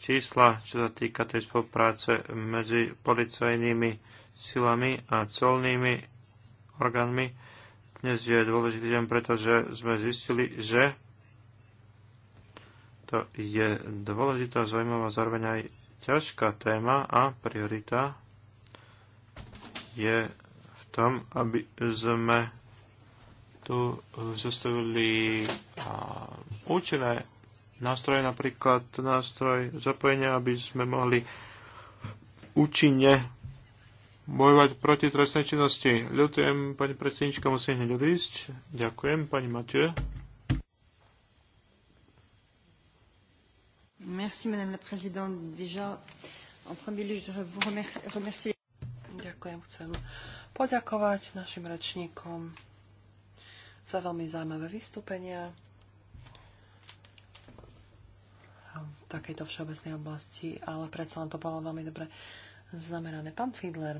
čísla, čo sa týka tej spolupráce medzi policajnými silami a colnými orgánmi. Dnes je dôležitý deň, pretože sme zistili, že to je dôležitá, zaujímavá, zároveň aj ťažká téma a priorita je tom, aby sme tu zostavili účinné nástroje, napríklad nástroj zapojenia, aby sme mohli účinne bojovať proti trestnej činnosti. Ľutujem, pani predsednička, musím hneď odísť. Ďakujem, pani Matie. Merci, madame la présidente. Déjà, en premier lieu, je voudrais vous remercier. Ďakujem, chcem poďakovať našim rečníkom za veľmi zaujímavé vystúpenia v takejto všeobecnej oblasti, ale predsa len to bolo veľmi dobre zamerané. Pán Fidler,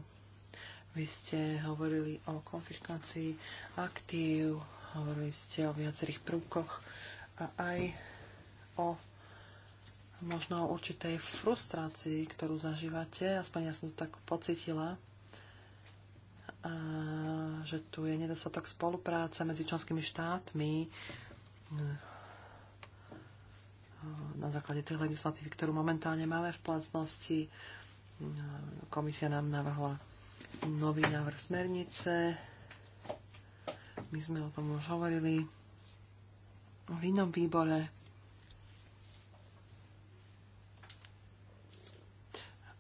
vy ste hovorili o konfiškácii aktív, hovorili ste o viacerých prúkoch a aj o možno o určitej frustrácii, ktorú zažívate, aspoň ja som to tak pocitila, že tu je nedostatok spolupráce medzi členskými štátmi eh, na základe tej legislatívy, ktorú momentálne máme v platnosti. Komisia nám navrhla nový návrh smernice. My sme o tom už hovorili v inom výbore.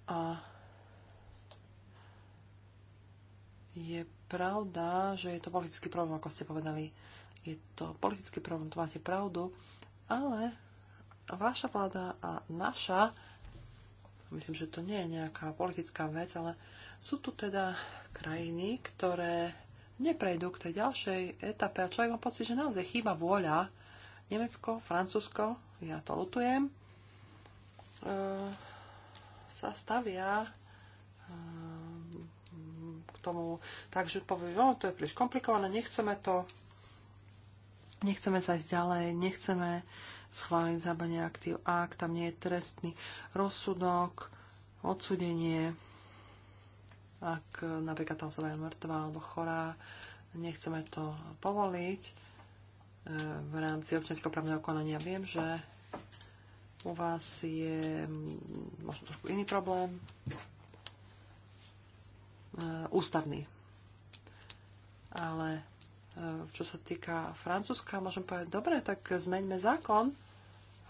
A Je pravda, že je to politický problém, ako ste povedali. Je to politický problém, to máte pravdu, ale vaša vláda a naša, myslím, že to nie je nejaká politická vec, ale sú tu teda krajiny, ktoré neprejdú k tej ďalšej etape a človek má pocit, že naozaj chýba vôľa. Nemecko, Francúzsko, ja to lutujem, e, sa stavia e, tomu. Takže povie, že no, to je príliš komplikované, nechceme to, nechceme sa ísť ďalej, nechceme schváliť zábanie aktív, ak tam nie je trestný rozsudok, odsudenie, ak napríklad tam osoba je mŕtva alebo chorá, nechceme to povoliť e, v rámci právneho konania. Viem, že u vás je možno trošku iný problém, E, ústavný. Ale e, čo sa týka Francúzska, môžem povedať, dobre, tak zmeňme zákon.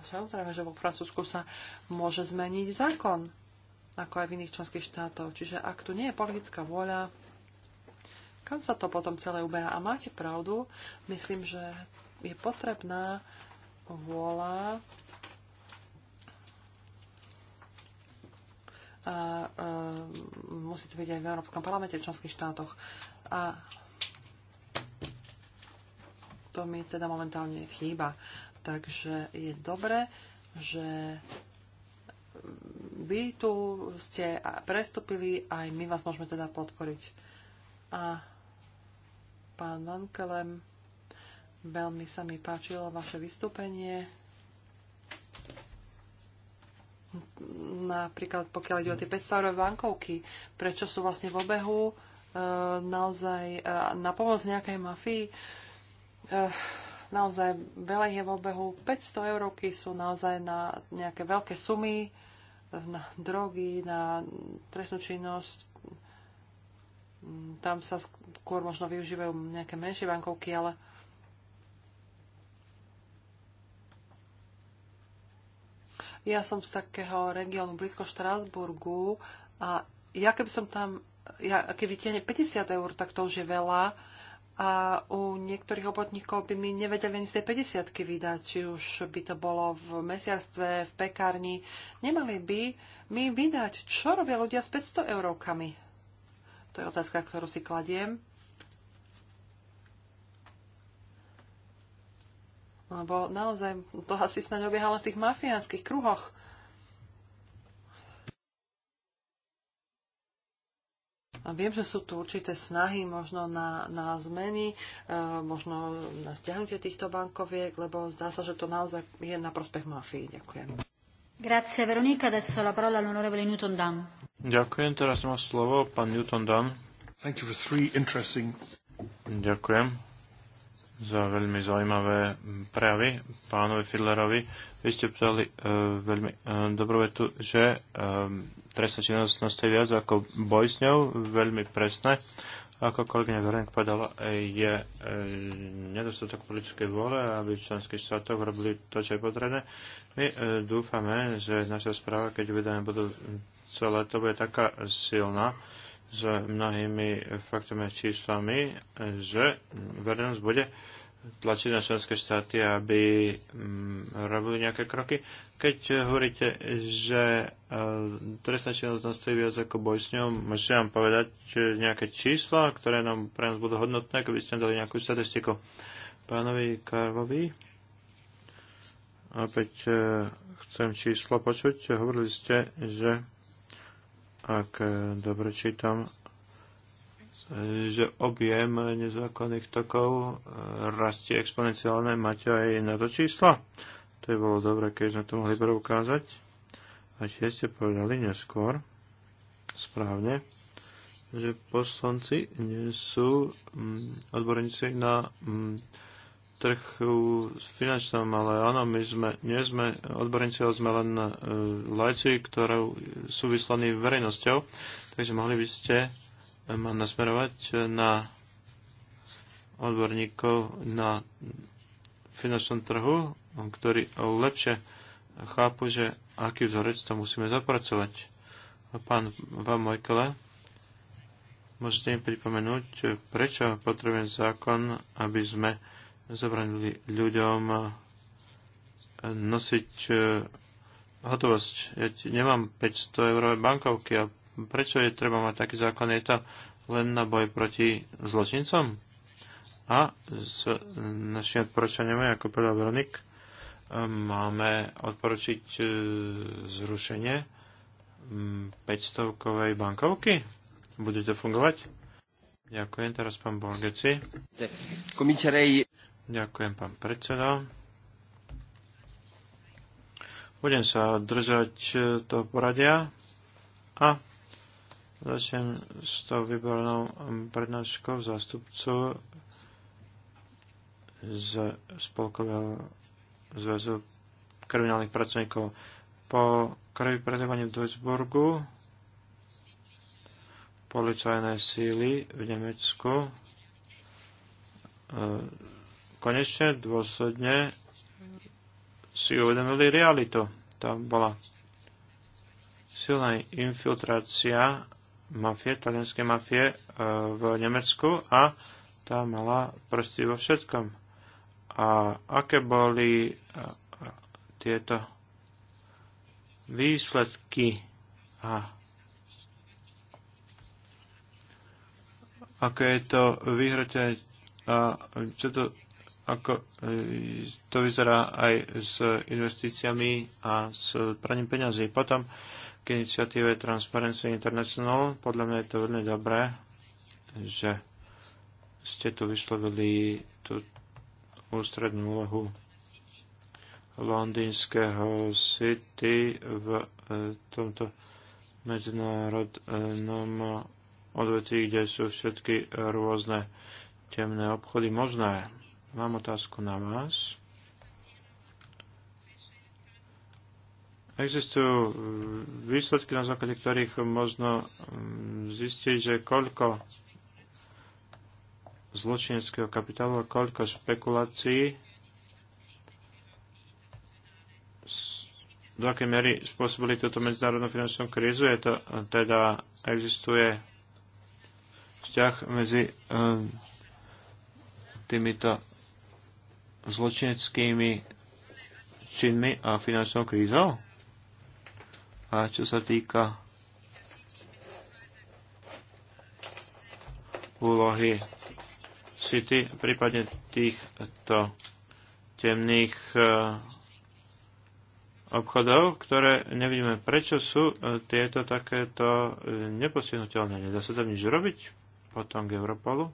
Samozrejme, že vo Francúzsku sa môže zmeniť zákon, ako aj v iných členských štátoch. Čiže ak tu nie je politická vôľa, kam sa to potom celé uberá? A máte pravdu, myslím, že je potrebná vôľa a, a musí to byť aj v Európskom parlamente, v členských štátoch. A to mi teda momentálne chýba. Takže je dobré, že vy tu ste prestúpili, aj my vás môžeme teda podporiť. A pán Lankelem, veľmi sa mi páčilo vaše vystúpenie napríklad pokiaľ ide o tie 500-eurové bankovky, prečo sú vlastne v obehu e, naozaj e, na pomoc nejakej mafii. E, naozaj veľa je v obehu. 500 eurovky sú naozaj na nejaké veľké sumy, e, na drogy, na trestnú činnosť. Mm, tam sa skôr možno využívajú nejaké menšie bankovky, ale Ja som z takého regiónu blízko Štrásburgu a ja keby som tam, ja, keď vytiahne 50 eur, tak to už je veľa a u niektorých obotníkov by mi nevedeli ani z tej 50 vydať, či už by to bolo v mesiarstve, v pekárni. Nemali by mi vydať, čo robia ľudia s 500 eurókami. To je otázka, ktorú si kladiem. Lebo naozaj to asi snáď obiehala v tých mafiánskych kruhoch. A viem, že sú tu určité snahy možno na, na zmeny, e, možno na stiahnutie týchto bankoviek, lebo zdá sa, že to naozaj je na prospech mafii. Ďakujem. Grazie, Veronika. Adesso la parola all'onorevole Newton Dunn. Ďakujem, teraz má slovo pán Newton Dunn. Thank you for three interesting... Ďakujem za veľmi zaujímavé mm, prejavy pánovi Fidlerovi. Vy ste ptali e, veľmi e, dobrú vetu, že e, trestná činnosť nastaví viac ako boj s ňou, veľmi presné. Ako kolegyňa Verenk povedala, je e, nedostatok politickej vôle, aby členské štátoch robili to, čo je potrebné. My e, dúfame, že naša správa, keď vydáme budú celé, to bude taká silná, s mnohými faktami a číslami, že verejnosť bude tlačiť na členské štáty, aby mm, robili nejaké kroky. Keď hovoríte, že e, trestná činnosť nás stojí viac ako boj s ňou, môžete vám povedať e, nejaké čísla, ktoré nám pre nás budú hodnotné, keby ste dali nejakú štatistiku pánovi Karlovi. Opäť e, chcem číslo počuť. Hovorili ste, že ak eh, dobre čítam, eh, že objem nezákonných tokov eh, rastie exponenciálne. Máte aj na to čísla? To je bolo dobre, keď sme to mohli preukázať. A tiež ste povedali neskôr, správne, že poslanci nie sú mm, odborníci na mm, trhu s finančnom, ale áno, my sme, nie sme odborníci, ale sme len uh, lajci, ktoré sú vyslaní verejnosťou, takže mohli by ste ma nasmerovať na odborníkov na finančnom trhu, ktorí lepšie chápu, že aký vzorec to musíme zapracovať. Pán vám Mojkele, môžete mi pripomenúť, prečo potrebujem zákon, aby sme zabranili ľuďom eh, nosiť eh, hotovosť. Ja nemám 500 eurové bankovky a prečo je treba mať taký zákon? Je to len na boj proti zločincom? A s našimi odporúčaniami, ako povedal Veronik, eh, máme odporučiť zrušenie 500-kovej hm, bankovky. Bude to fungovať? Ďakujem, teraz pán Borgeci. Komičerej Ďakujem, pán predseda. Budem sa držať e, toho poradia a začnem s tou výbornou prednáškou zástupcu z Spolkového zväzu kriminálnych pracovníkov. Po krvi predávaní v Duisburgu policajné síly v Nemecku e, konečne dôsledne si uvedomili realitu. Tam bola silná infiltrácia mafie, talianskej mafie e, v Nemecku a tá mala prsty vo všetkom. A aké boli e, tieto výsledky a Aké je to vyhrote a čo to ako e, to vyzerá aj s investíciami a s praním peňazí. Potom k iniciatíve Transparency International, podľa mňa je to veľmi dobré, že ste tu vyslovili tú ústrednú úlohu londýnskeho City v e, tomto medzinárodnom odvetví, kde sú všetky rôzne temné obchody možné. Mám otázku na vás. Existujú e, výsledky, na základe ktorých možno zistiť, že koľko zločineckého kapitálu a koľko špekulácií do akej miery spôsobili túto medzinárodnú finančnú krízu. Je to, e, teda existuje vzťah medzi e, týmito zločineckými činmi a finančnou krízou? A čo sa týka úlohy City, prípadne týchto temných e, obchodov, ktoré nevidíme. Prečo sú e, tieto takéto e, nepostihnutelné? Nedá sa tam nič robiť potom k Europolu?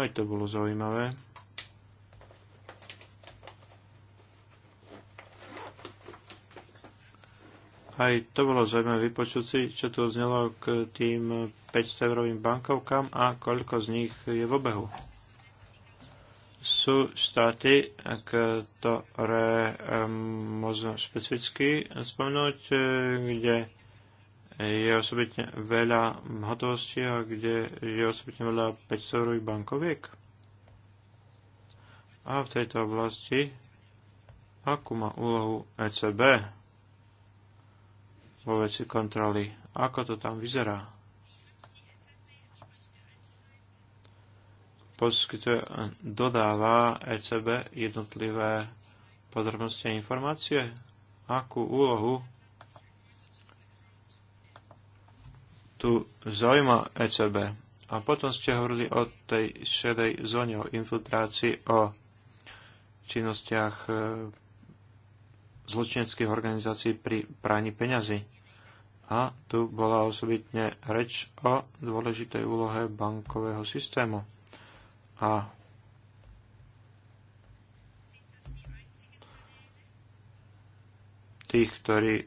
Aj to bolo zaujímavé. Aj to bolo zaujímavé vypočuť si, čo tu znelo k tým 500-eurovým bankovkám a koľko z nich je v obehu. Sú štáty, ktoré možno špecificky spomenúť, eh, kde je osobitne veľa hotovosti a kde je osobitne veľa 500-eurových bankoviek. A v tejto oblasti akú má úlohu ECB? vo veci kontroly. Ako to tam vyzerá? Poskytuje, dodáva ECB jednotlivé podrobnosti a informácie? Akú úlohu tu zaujíma ECB? A potom ste hovorili o tej šedej zóne, o infiltrácii, o činnostiach e, zločineckých organizácií pri práni peňazí. A tu bola osobitne reč o dôležitej úlohe bankového systému. A tých, ktorí e,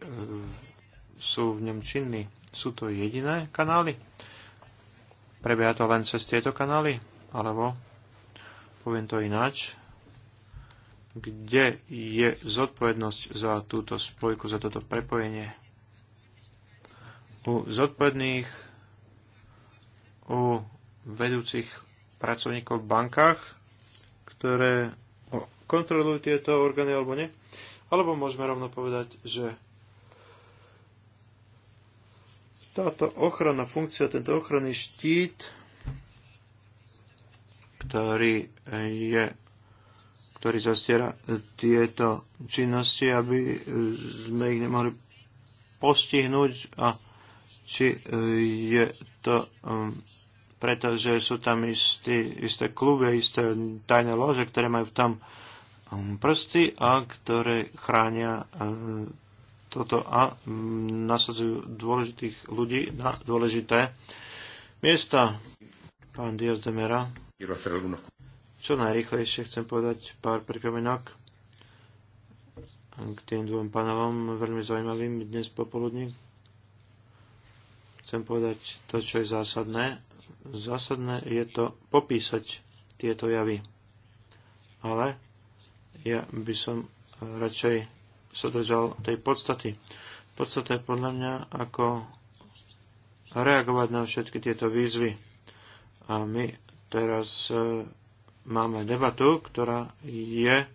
sú v ňom činní. Sú to jediné kanály? Prebieha to len cez tieto kanály? Alebo, poviem to ináč, kde je zodpovednosť za túto spojku, za toto prepojenie? u zodpovedných, u vedúcich pracovníkov v bankách, ktoré kontrolujú tieto orgány alebo nie. Alebo môžeme rovno povedať, že táto ochranná funkcia, tento ochranný štít, ktorý je ktorý zastiera tieto činnosti, aby sme ich nemohli postihnúť a či e, je to um, pretože sú tam isté isté kluby, isté tajné lože, ktoré majú v tom um, prsty a ktoré chránia e, toto a mm, nasadzujú dôležitých ľudí na dôležité miesta. Pán Diaz de Mera. Čo najrychlejšie chcem povedať pár pripomienok k tým dvom panelom veľmi zaujímavým dnes popoludní chcem povedať to, čo je zásadné. Zásadné je to popísať tieto javy. Ale ja by som radšej sa držal tej podstaty. Podstata je podľa mňa, ako reagovať na všetky tieto výzvy. A my teraz e, máme debatu, ktorá je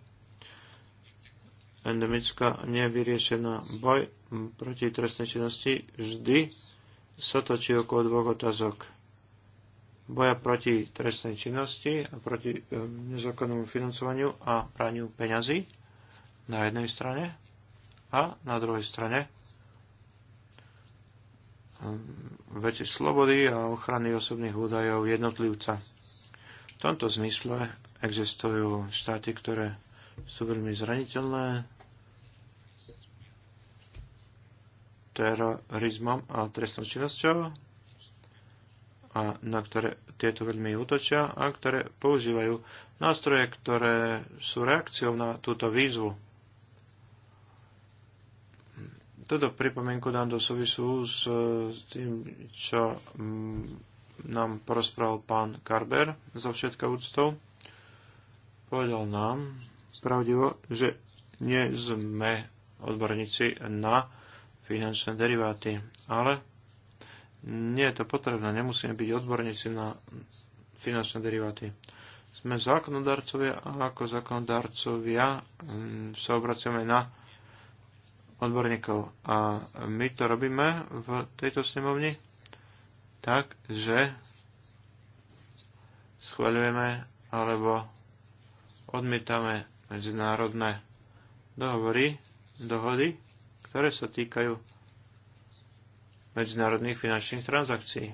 endemická, nevyriešená. Boj proti trestnej činnosti vždy sa točí okolo dvoch otázok. Boja proti trestnej činnosti a proti e, nezákonnému financovaniu a praniu peňazí na jednej strane a na druhej strane e, veci slobody a ochrany osobných údajov jednotlivca. V tomto zmysle existujú štáty, ktoré sú veľmi zraniteľné terorizmom a trestnou činnosťou, a na ktoré tieto veľmi útočia a ktoré používajú nástroje, ktoré sú reakciou na túto výzvu. Toto pripomienku dám do súvisu s tým, čo mm, nám porozprával pán Karber zo všetka úctou. Povedal nám pravdivo, že nie sme odborníci na finančné deriváty. Ale nie je to potrebné, nemusíme byť odborníci na finančné deriváty. Sme zákonodarcovia a ako zákonodarcovia mm, sa obraciame na odborníkov. A my to robíme v tejto snemovni tak, že schváľujeme alebo odmietame medzinárodné dohovory, dohody, ktoré sa týkajú medzinárodných finančných transakcií.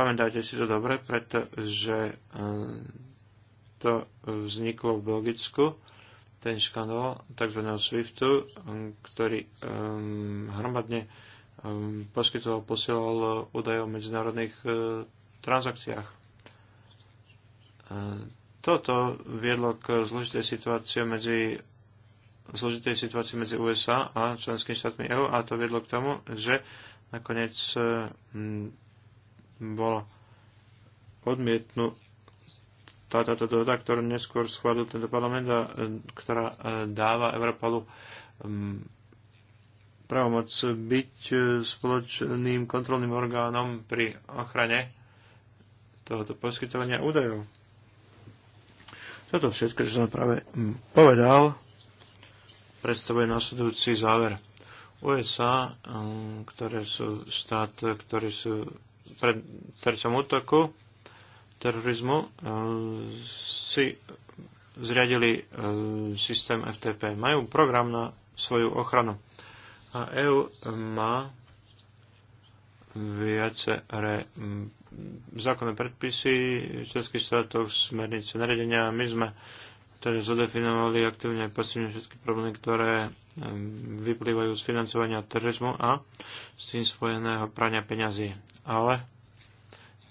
Pamätajte si to dobre, pretože eh, to vzniklo v Belgicku, ten škandál tzv. SWIFTu, eh, ktorý eh, hromadne poskytoval, posielal údaje o medzinárodných transakciách. Toto viedlo k zložitej situácii medzi zložitej situácii medzi USA a členskými štátmi EÚ a to viedlo k tomu, že nakoniec mm, bola odmietnutá táto dohoda, ktorú neskôr schválil tento parlament a e, ktorá e, dáva Európalu mm, pravomoc byť e, spoločným kontrolným orgánom pri ochrane tohoto poskytovania údajov. Toto všetko, čo som práve mm, povedal, predstavuje nasledujúci záver. USA, um, ktoré sú štát, ktorý sú pred terčom útoku terorizmu, um, si zriadili um, systém FTP. Majú program na svoju ochranu. A EU má viaceré zákonné predpisy v českých štátoch, smernice, nariadenia. My sme ktoré zadefinovali aktívne a pasívne všetky problémy, ktoré vyplývajú z financovania terorizmu a s tým spojeného prania peňazí. Ale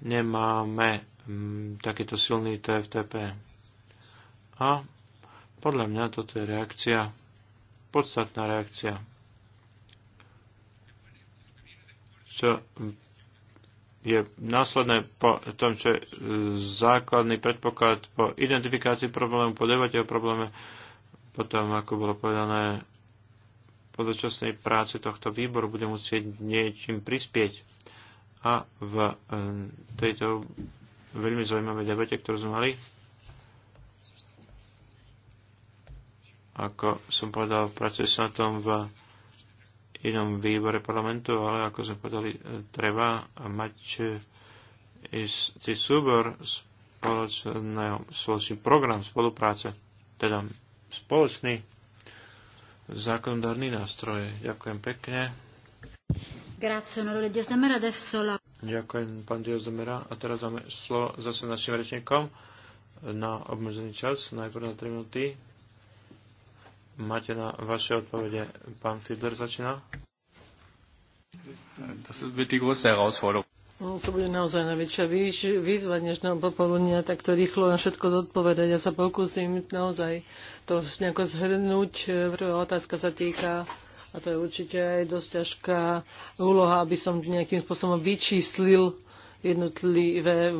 nemáme takýto silný TFTP. A podľa mňa toto je reakcia, podstatná reakcia, čo je následné po tom, čo je základný predpoklad po identifikácii problému, po debate o probléme, potom, ako bolo povedané, po začasnej práci tohto výboru bude musieť niečím prispieť. A v e, tejto veľmi zaujímavej debate, ktorú sme mali, ako som povedal, pracuje sa na tom v inom výbore parlamentu, ale ako sme povedali, e, treba mať e, istý súbor spoločného, spoločný program spolupráce, teda spoločný zákonodárny nástroj. Ďakujem pekne. Grazie, onorevole Diasdemera. Adesso la... Ďakujem, pán Diasdemera. A teraz dáme slovo zase našim rečníkom na obmedzený čas, najprv na 3 minúty máte na vaše odpovede. Pán Fidler začína. No, to bude naozaj najväčšia výzva dnešného popoludnia, takto rýchlo na všetko zodpovedať. Ja sa pokúsim naozaj to nejako zhrnúť. Prvá otázka sa týka, a to je určite aj dosť ťažká úloha, aby som nejakým spôsobom vyčíslil jednotlivé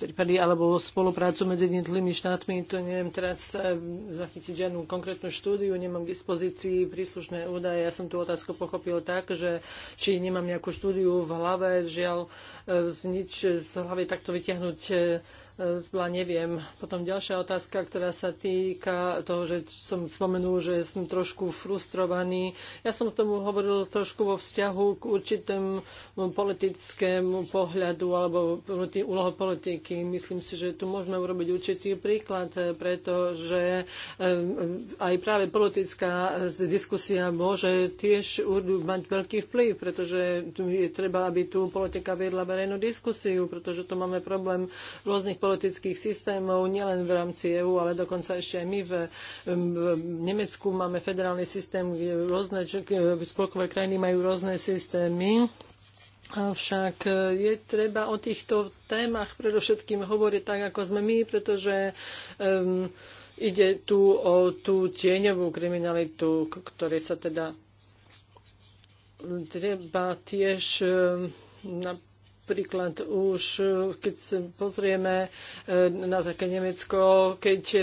prípady alebo spoluprácu medzi jednotlivými štátmi. To neviem teraz e, zachytiť žiadnu konkrétnu štúdiu, nemám k dispozícii príslušné údaje. Ja som tú otázku pochopil tak, že či nemám nejakú štúdiu v hlave, žiaľ e, z nič z hlavy takto vytiahnuť e, zla neviem. Potom ďalšia otázka, ktorá sa týka toho, že som spomenul, že som trošku frustrovaný. Ja som k tomu hovoril trošku vo vzťahu k určitému politickému pohľadu alebo úloho politiky. Myslím si, že tu môžeme urobiť určitý príklad, pretože eh, aj práve politická diskusia môže tiež mať veľký vplyv, pretože tu je treba, aby tu politika viedla verejnú diskusiu, pretože tu máme problém rôznych politických politických systémov nielen v rámci EÚ, ale dokonca ešte aj my v, v Nemecku máme federálny systém, kde rôzne spolkové krajiny majú rôzne systémy. Avšak e, je treba o týchto témach predovšetkým hovoriť tak, ako sme my, pretože um, ide tu o tú tieňovú kriminalitu, ktorej sa teda treba tiež um, na, Napríklad už, e, keď sa pozrieme e, na také Nemecko, keď e,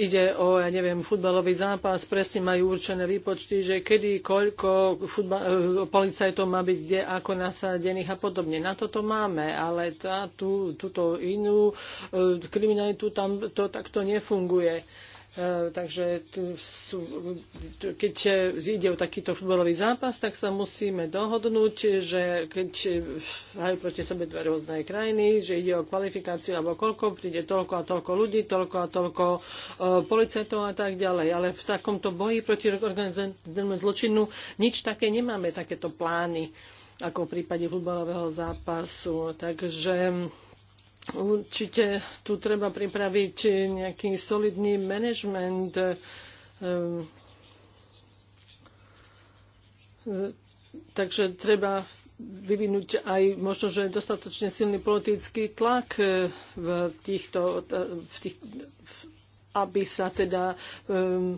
ide o, ja neviem, futbalový zápas, presne majú určené výpočty, že kedy, koľko policajtov má byť kde, ako nasadených a podobne. Na toto máme, ale tá, tú, túto inú kriminalitu tam to takto nefunguje. E, takže sú, keď ide o takýto futbalový zápas, tak sa musíme dohodnúť, že keď hrajú proti sebe dve rôzne krajiny, že ide o kvalifikáciu alebo koľko, príde toľko a toľko ľudí, toľko a toľko e, policajtov a tak ďalej. Ale v takomto boji proti organizovanému zločinu nič také nemáme, takéto plány ako v prípade futbalového zápasu. Takže Určite tu treba pripraviť nejaký solidný manažment ehm, takže treba vyvinúť aj možno, že dostatočne silný politický tlak eh, v týchto, eh, v tých, aby sa teda um,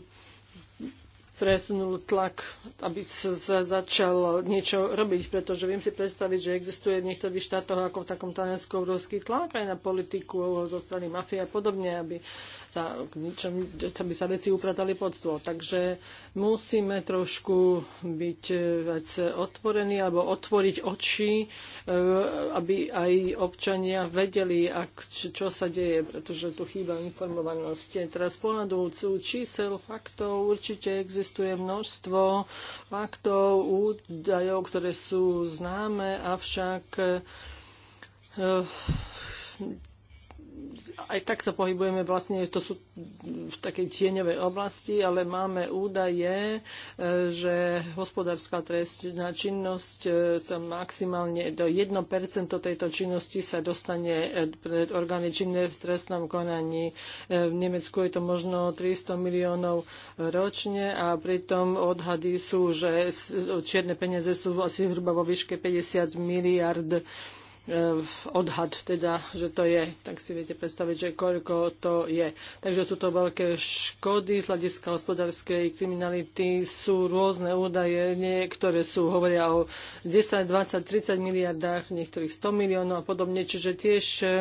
presunul tlak, aby sa začalo niečo robiť, pretože viem si predstaviť, že existuje v niektorých štátoch ako v takom Taliansku obrovský tlak aj na politiku zo strany mafie a podobne, aby sa, čom, čo by sa veci upratali pod stôl. Takže musíme trošku byť e, vec otvorení alebo otvoriť oči, e, aby aj občania vedeli, ak, čo sa deje, pretože tu chýba informovanosť. Teraz ponadujúcu čísel, faktov určite existuje množstvo faktov, údajov, ktoré sú známe, avšak e, aj tak sa pohybujeme vlastne, to sú v takej tieňovej oblasti, ale máme údaje, e, že hospodárska trestná činnosť e, sa maximálne do 1% tejto činnosti sa dostane e, pred orgány činné v trestnom konaní. V Nemecku je to možno 300 miliónov ročne a pritom odhady sú, že čierne peniaze sú asi hruba vo výške 50 miliard Eh, odhad, teda, že to je, tak si viete predstaviť, že koľko to je. Takže sú to veľké škody z hľadiska hospodárskej kriminality, sú rôzne údaje, niektoré sú, hovoria o 10, 20, 30 miliardách, niektorých 100 miliónov a podobne, čiže tiež eh,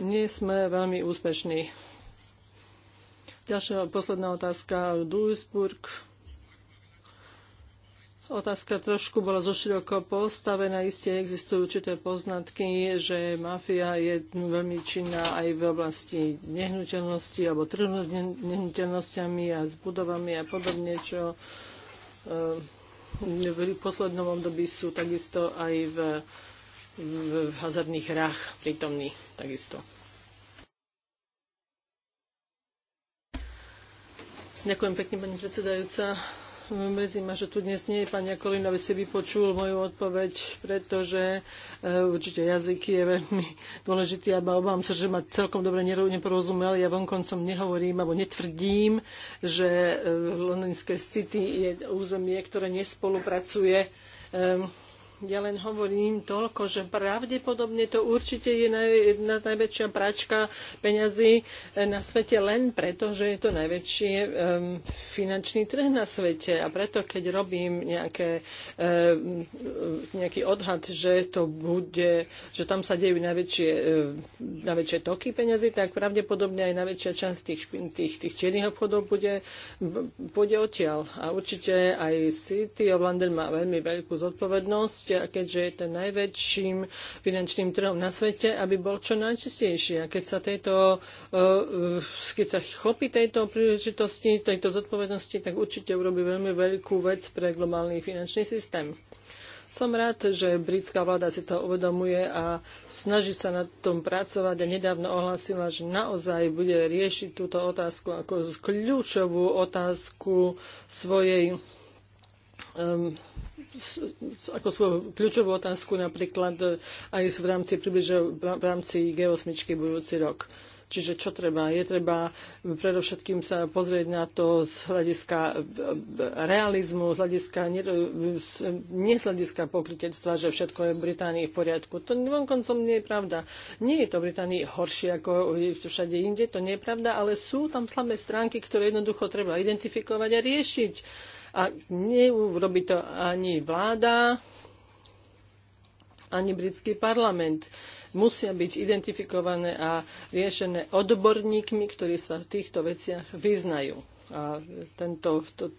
nie sme veľmi úspešní. Ďalšia posledná otázka, Duisburg otázka trošku bola zoširoko postavená. Isté existujú určité poznatky, že mafia je veľmi činná aj v oblasti nehnuteľnosti alebo trhu s nehnuteľnosťami a s budovami a podobne, čo eh, v poslednom období sú takisto aj v, v hazardných hrách prítomní takisto. Ďakujem pekne, pani predsedajúca. Mrzí ma, že tu dnes nie je pani Kolín, aby si vypočul moju odpoveď, pretože e, určite jazyk je veľmi dôležitý a obávam sa, že ma celkom dobre neporozumel. Ja vonkoncom nehovorím alebo netvrdím, že uh, Londýnske city je územie, ktoré nespolupracuje um, ja len hovorím toľko, že pravdepodobne to určite je jedna najväčšia práčka peňazí eh, na svete len preto, že je to najväčší um, finančný trh na svete. A preto, keď robím nejaké, um, nejaký odhad, že to bude, že tam sa dejú najväčšie, um, najväčšie toky peňazí, tak pravdepodobne aj najväčšia časť tých, tých, tých čiernych obchodov bude, bude odtiaľ. A určite aj City of London má veľmi veľkú zodpovednosť a keďže je to najväčším finančným trhom na svete, aby bol čo najčistejší. A keď sa, tejto, eh, keď sa chopí tejto príležitosti, tejto zodpovednosti, tak určite urobí veľmi veľkú vec pre globálny finančný systém. Som rád, že britská vláda si to uvedomuje a snaží sa na tom pracovať a nedávno ohlásila, že naozaj bude riešiť túto otázku ako kľúčovú otázku svojej um, ako svoju kľúčovú otázku napríklad e, aj v rámci, približe, v rámci G8 budúci rok. Čiže čo treba? Je treba predovšetkým sa pozrieť na to z hľadiska e, e, realizmu, z hľadiska, nie z hľadiska pokrytectva, že všetko je v Británii v poriadku. To vonkoncom nie je pravda. Nie je to v Británii horšie ako všade inde, to nie je pravda, ale sú tam slabé stránky, ktoré jednoducho treba identifikovať a riešiť a neurobi to ani vláda, ani britský parlament. Musia byť identifikované a riešené odborníkmi, ktorí sa v týchto veciach vyznajú. A tento, to,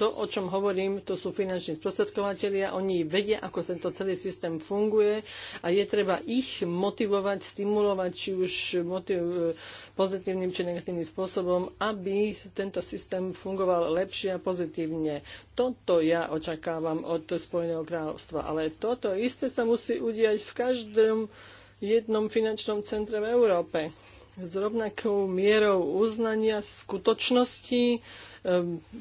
to, o čom hovorím, to sú finanční sprostredkovateľia. Oni vedia, ako tento celý systém funguje a je treba ich motivovať, stimulovať, či už motiv, pozitívnym či negatívnym spôsobom, aby tento systém fungoval lepšie a pozitívne. Toto ja očakávam od Spojeného kráľovstva. Ale toto isté sa musí udiať v každom jednom finančnom centre v Európe. S rovnakou mierou uznania skutočnosti,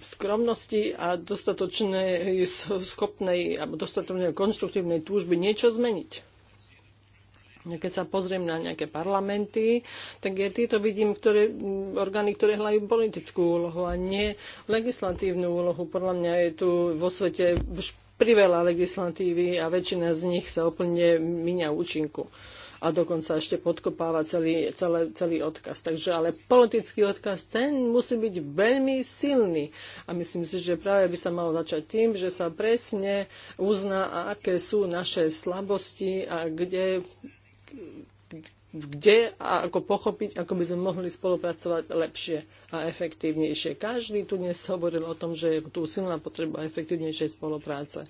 skromnosti a dostatočnej schopnej alebo dostatočnej konštruktívnej túžby niečo zmeniť. Keď sa pozriem na nejaké parlamenty, tak ja tieto vidím ktoré, orgány, ktoré hľadajú politickú úlohu a nie legislatívnu úlohu. Podľa mňa je tu vo svete už priveľa legislatívy a väčšina z nich sa úplne minia účinku a dokonca ešte podkopáva celý, celé, celý odkaz. Takže ale politický odkaz ten musí byť veľmi silný. A myslím si, že práve by sa malo začať tým, že sa presne uzná, aké sú naše slabosti a kde kde a ako pochopiť, ako by sme mohli spolupracovať lepšie a efektívnejšie. Každý tu dnes hovoril o tom, že je tu silná potreba efektívnejšej spolupráce.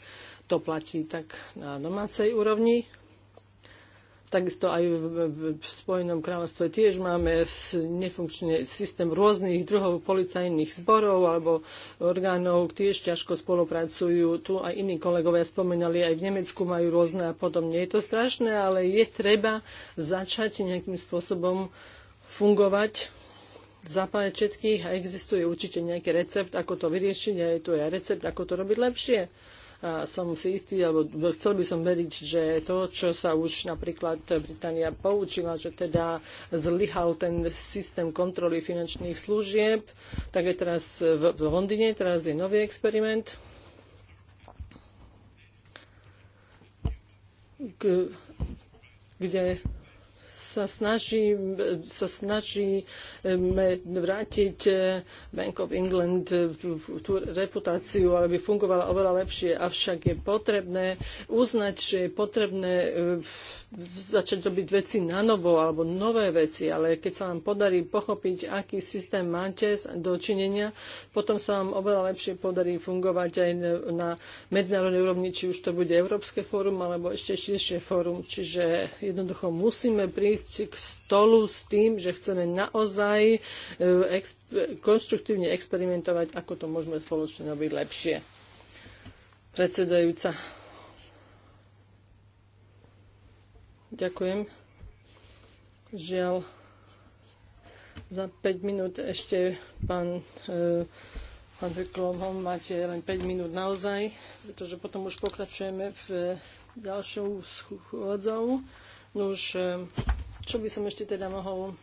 To platí tak na domácej úrovni, Takisto aj v, Spojenom kráľovstve tiež máme nefunkčný systém rôznych druhov policajných zborov alebo orgánov, tiež ťažko spolupracujú. Tu aj iní kolegovia spomínali, aj v Nemecku majú rôzne a podobne. Je to strašné, ale je treba začať nejakým spôsobom fungovať zapájať všetkých a existuje určite nejaký recept, ako to vyriešiť a je tu aj recept, ako to robiť lepšie. A som si istý, alebo chcel by som veriť, že to, čo sa už napríklad Británia poučila, že teda zlyhal ten systém kontroly finančných služieb, tak je teraz v Londýne, teraz je nový experiment. K, kde sa, snaží, sa snaží vrátiť eh, Bank of England tú, eh, tú reputáciu, aby fungovala oveľa lepšie. Avšak je potrebné uznať, že je potrebné eh, v začať robiť veci na novo alebo nové veci, ale keď sa vám podarí pochopiť, aký systém máte do činenia, potom sa vám oveľa lepšie podarí fungovať aj na medzinárodnej úrovni, či už to bude Európske fórum alebo ešte širšie fórum. Čiže jednoducho musíme prísť k stolu s tým, že chceme naozaj e, ex- konštruktívne experimentovať, ako to môžeme spoločne robiť lepšie. Predsedajúca Ďakujem. Žiaľ, za 5 minút ešte pán, e, pán Vyklom, máte len 5 minút naozaj, pretože potom už pokračujeme v ďalšou schôdzou. No už, e, čo by som ešte teda mohol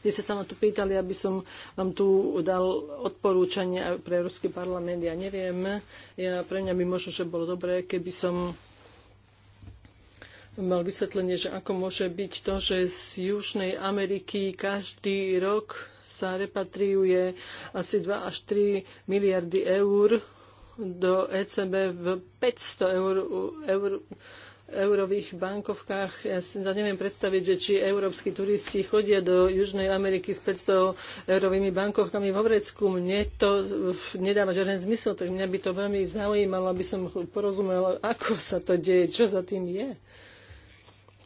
vy ste sa ma tu pýtali, aby som vám tu dal odporúčania pre Európsky parlament. Ja neviem, ja, pre mňa by možno, že bolo dobré, keby som mal vysvetlenie, že ako môže byť to, že z Južnej Ameriky každý rok sa repatriuje asi 2 až 3 miliardy eur do ECB v 500 eur, eur eurových bankovkách. Ja si neviem predstaviť, že či európsky turisti chodia do Južnej Ameriky s 500 eurovými bankovkami vo Vrecku. Mne to nedáva žiaden zmysel, tak mňa by to veľmi zaujímalo, aby som porozumela, ako sa to deje, čo za tým je.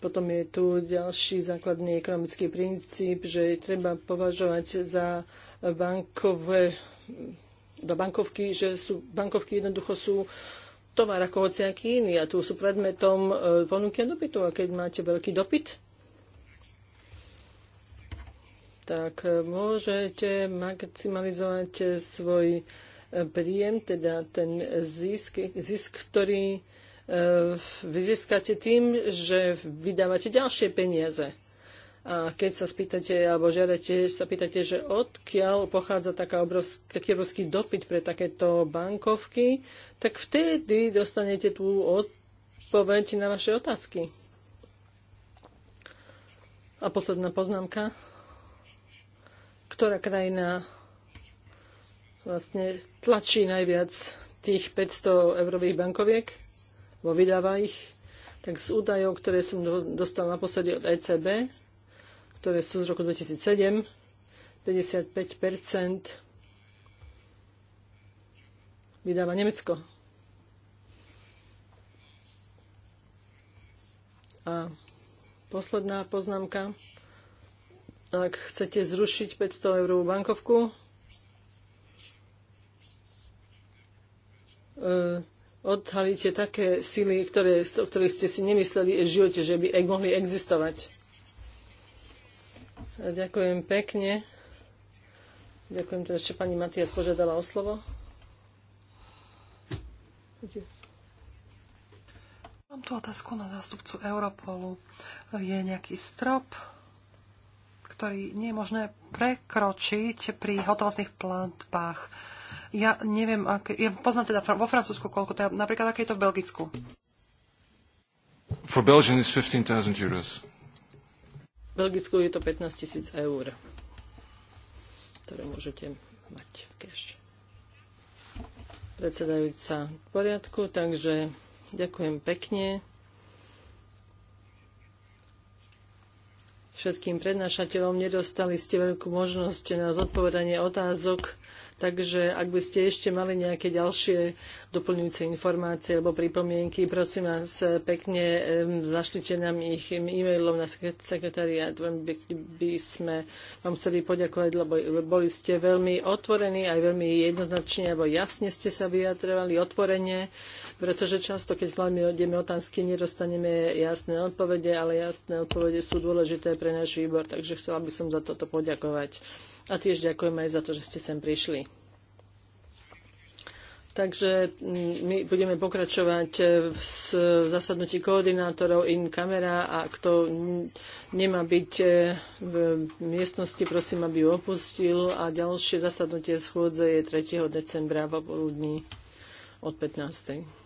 Potom je tu ďalší základný ekonomický princíp, že treba považovať za bankové, do bankovky, že sú, bankovky jednoducho sú tovar ako hociaký iný a tu sú predmetom e, ponuky a dopytu. A keď máte veľký dopyt, tak e, môžete maximalizovať svoj príjem, teda ten zisk, zisk ktorý E, vy získate tým, že vydávate ďalšie peniaze. A keď sa spýtate, alebo žiadate, sa pýtate, že odkiaľ pochádza taká obrovský, taký obrovský dopyt pre takéto bankovky, tak vtedy dostanete tú odpoveď na vaše otázky. A posledná poznámka. Ktorá krajina vlastne tlačí najviac tých 500 eurových bankoviek? vo vydáva ich, tak z údajov, ktoré som dostal naposledy od ECB, ktoré sú z roku 2007, 55 vydáva Nemecko. A posledná poznámka. Ak chcete zrušiť 500 eurovú bankovku, e, odhalíte také sily, ktoré, o ktorých ste si nemysleli v živote, že by e- mohli existovať. A ďakujem pekne. Ďakujem to ešte pani Matias požiadala o slovo. Mám tu otázku na zástupcu Europolu. Je nejaký strop, ktorý nie je možné prekročiť pri hotovostných plantbách? Ja neviem, aké... ja poznám teda vo Francúzsku koľko, teda napríklad aké je to v Belgicku. For Belgium is 15,000 euros. V Belgicku je to 15 tisíc eur, ktoré môžete mať cash. Predsedajúca v poriadku, takže ďakujem pekne. všetkým prednášateľom. Nedostali ste veľkú možnosť na zodpovedanie otázok, Takže ak by ste ešte mali nejaké ďalšie doplňujúce informácie alebo pripomienky, prosím vás pekne, zašlite nám ich e-mailom na sekretariat. By, by sme vám chceli poďakovať, lebo boli ste veľmi otvorení, aj veľmi jednoznačne, alebo jasne ste sa vyjadrovali otvorene, pretože často, keď hlavne odjeme otázky, nedostaneme jasné odpovede, ale jasné odpovede sú dôležité pre náš výbor, takže chcela by som za toto poďakovať a tiež ďakujem aj za to, že ste sem prišli. Takže mm, my budeme pokračovať v e, zasadnutí koordinátorov in kamera a kto nemá byť e, v miestnosti, prosím, aby ju opustil a ďalšie zasadnutie schôdze je 3. decembra v poludní od 15.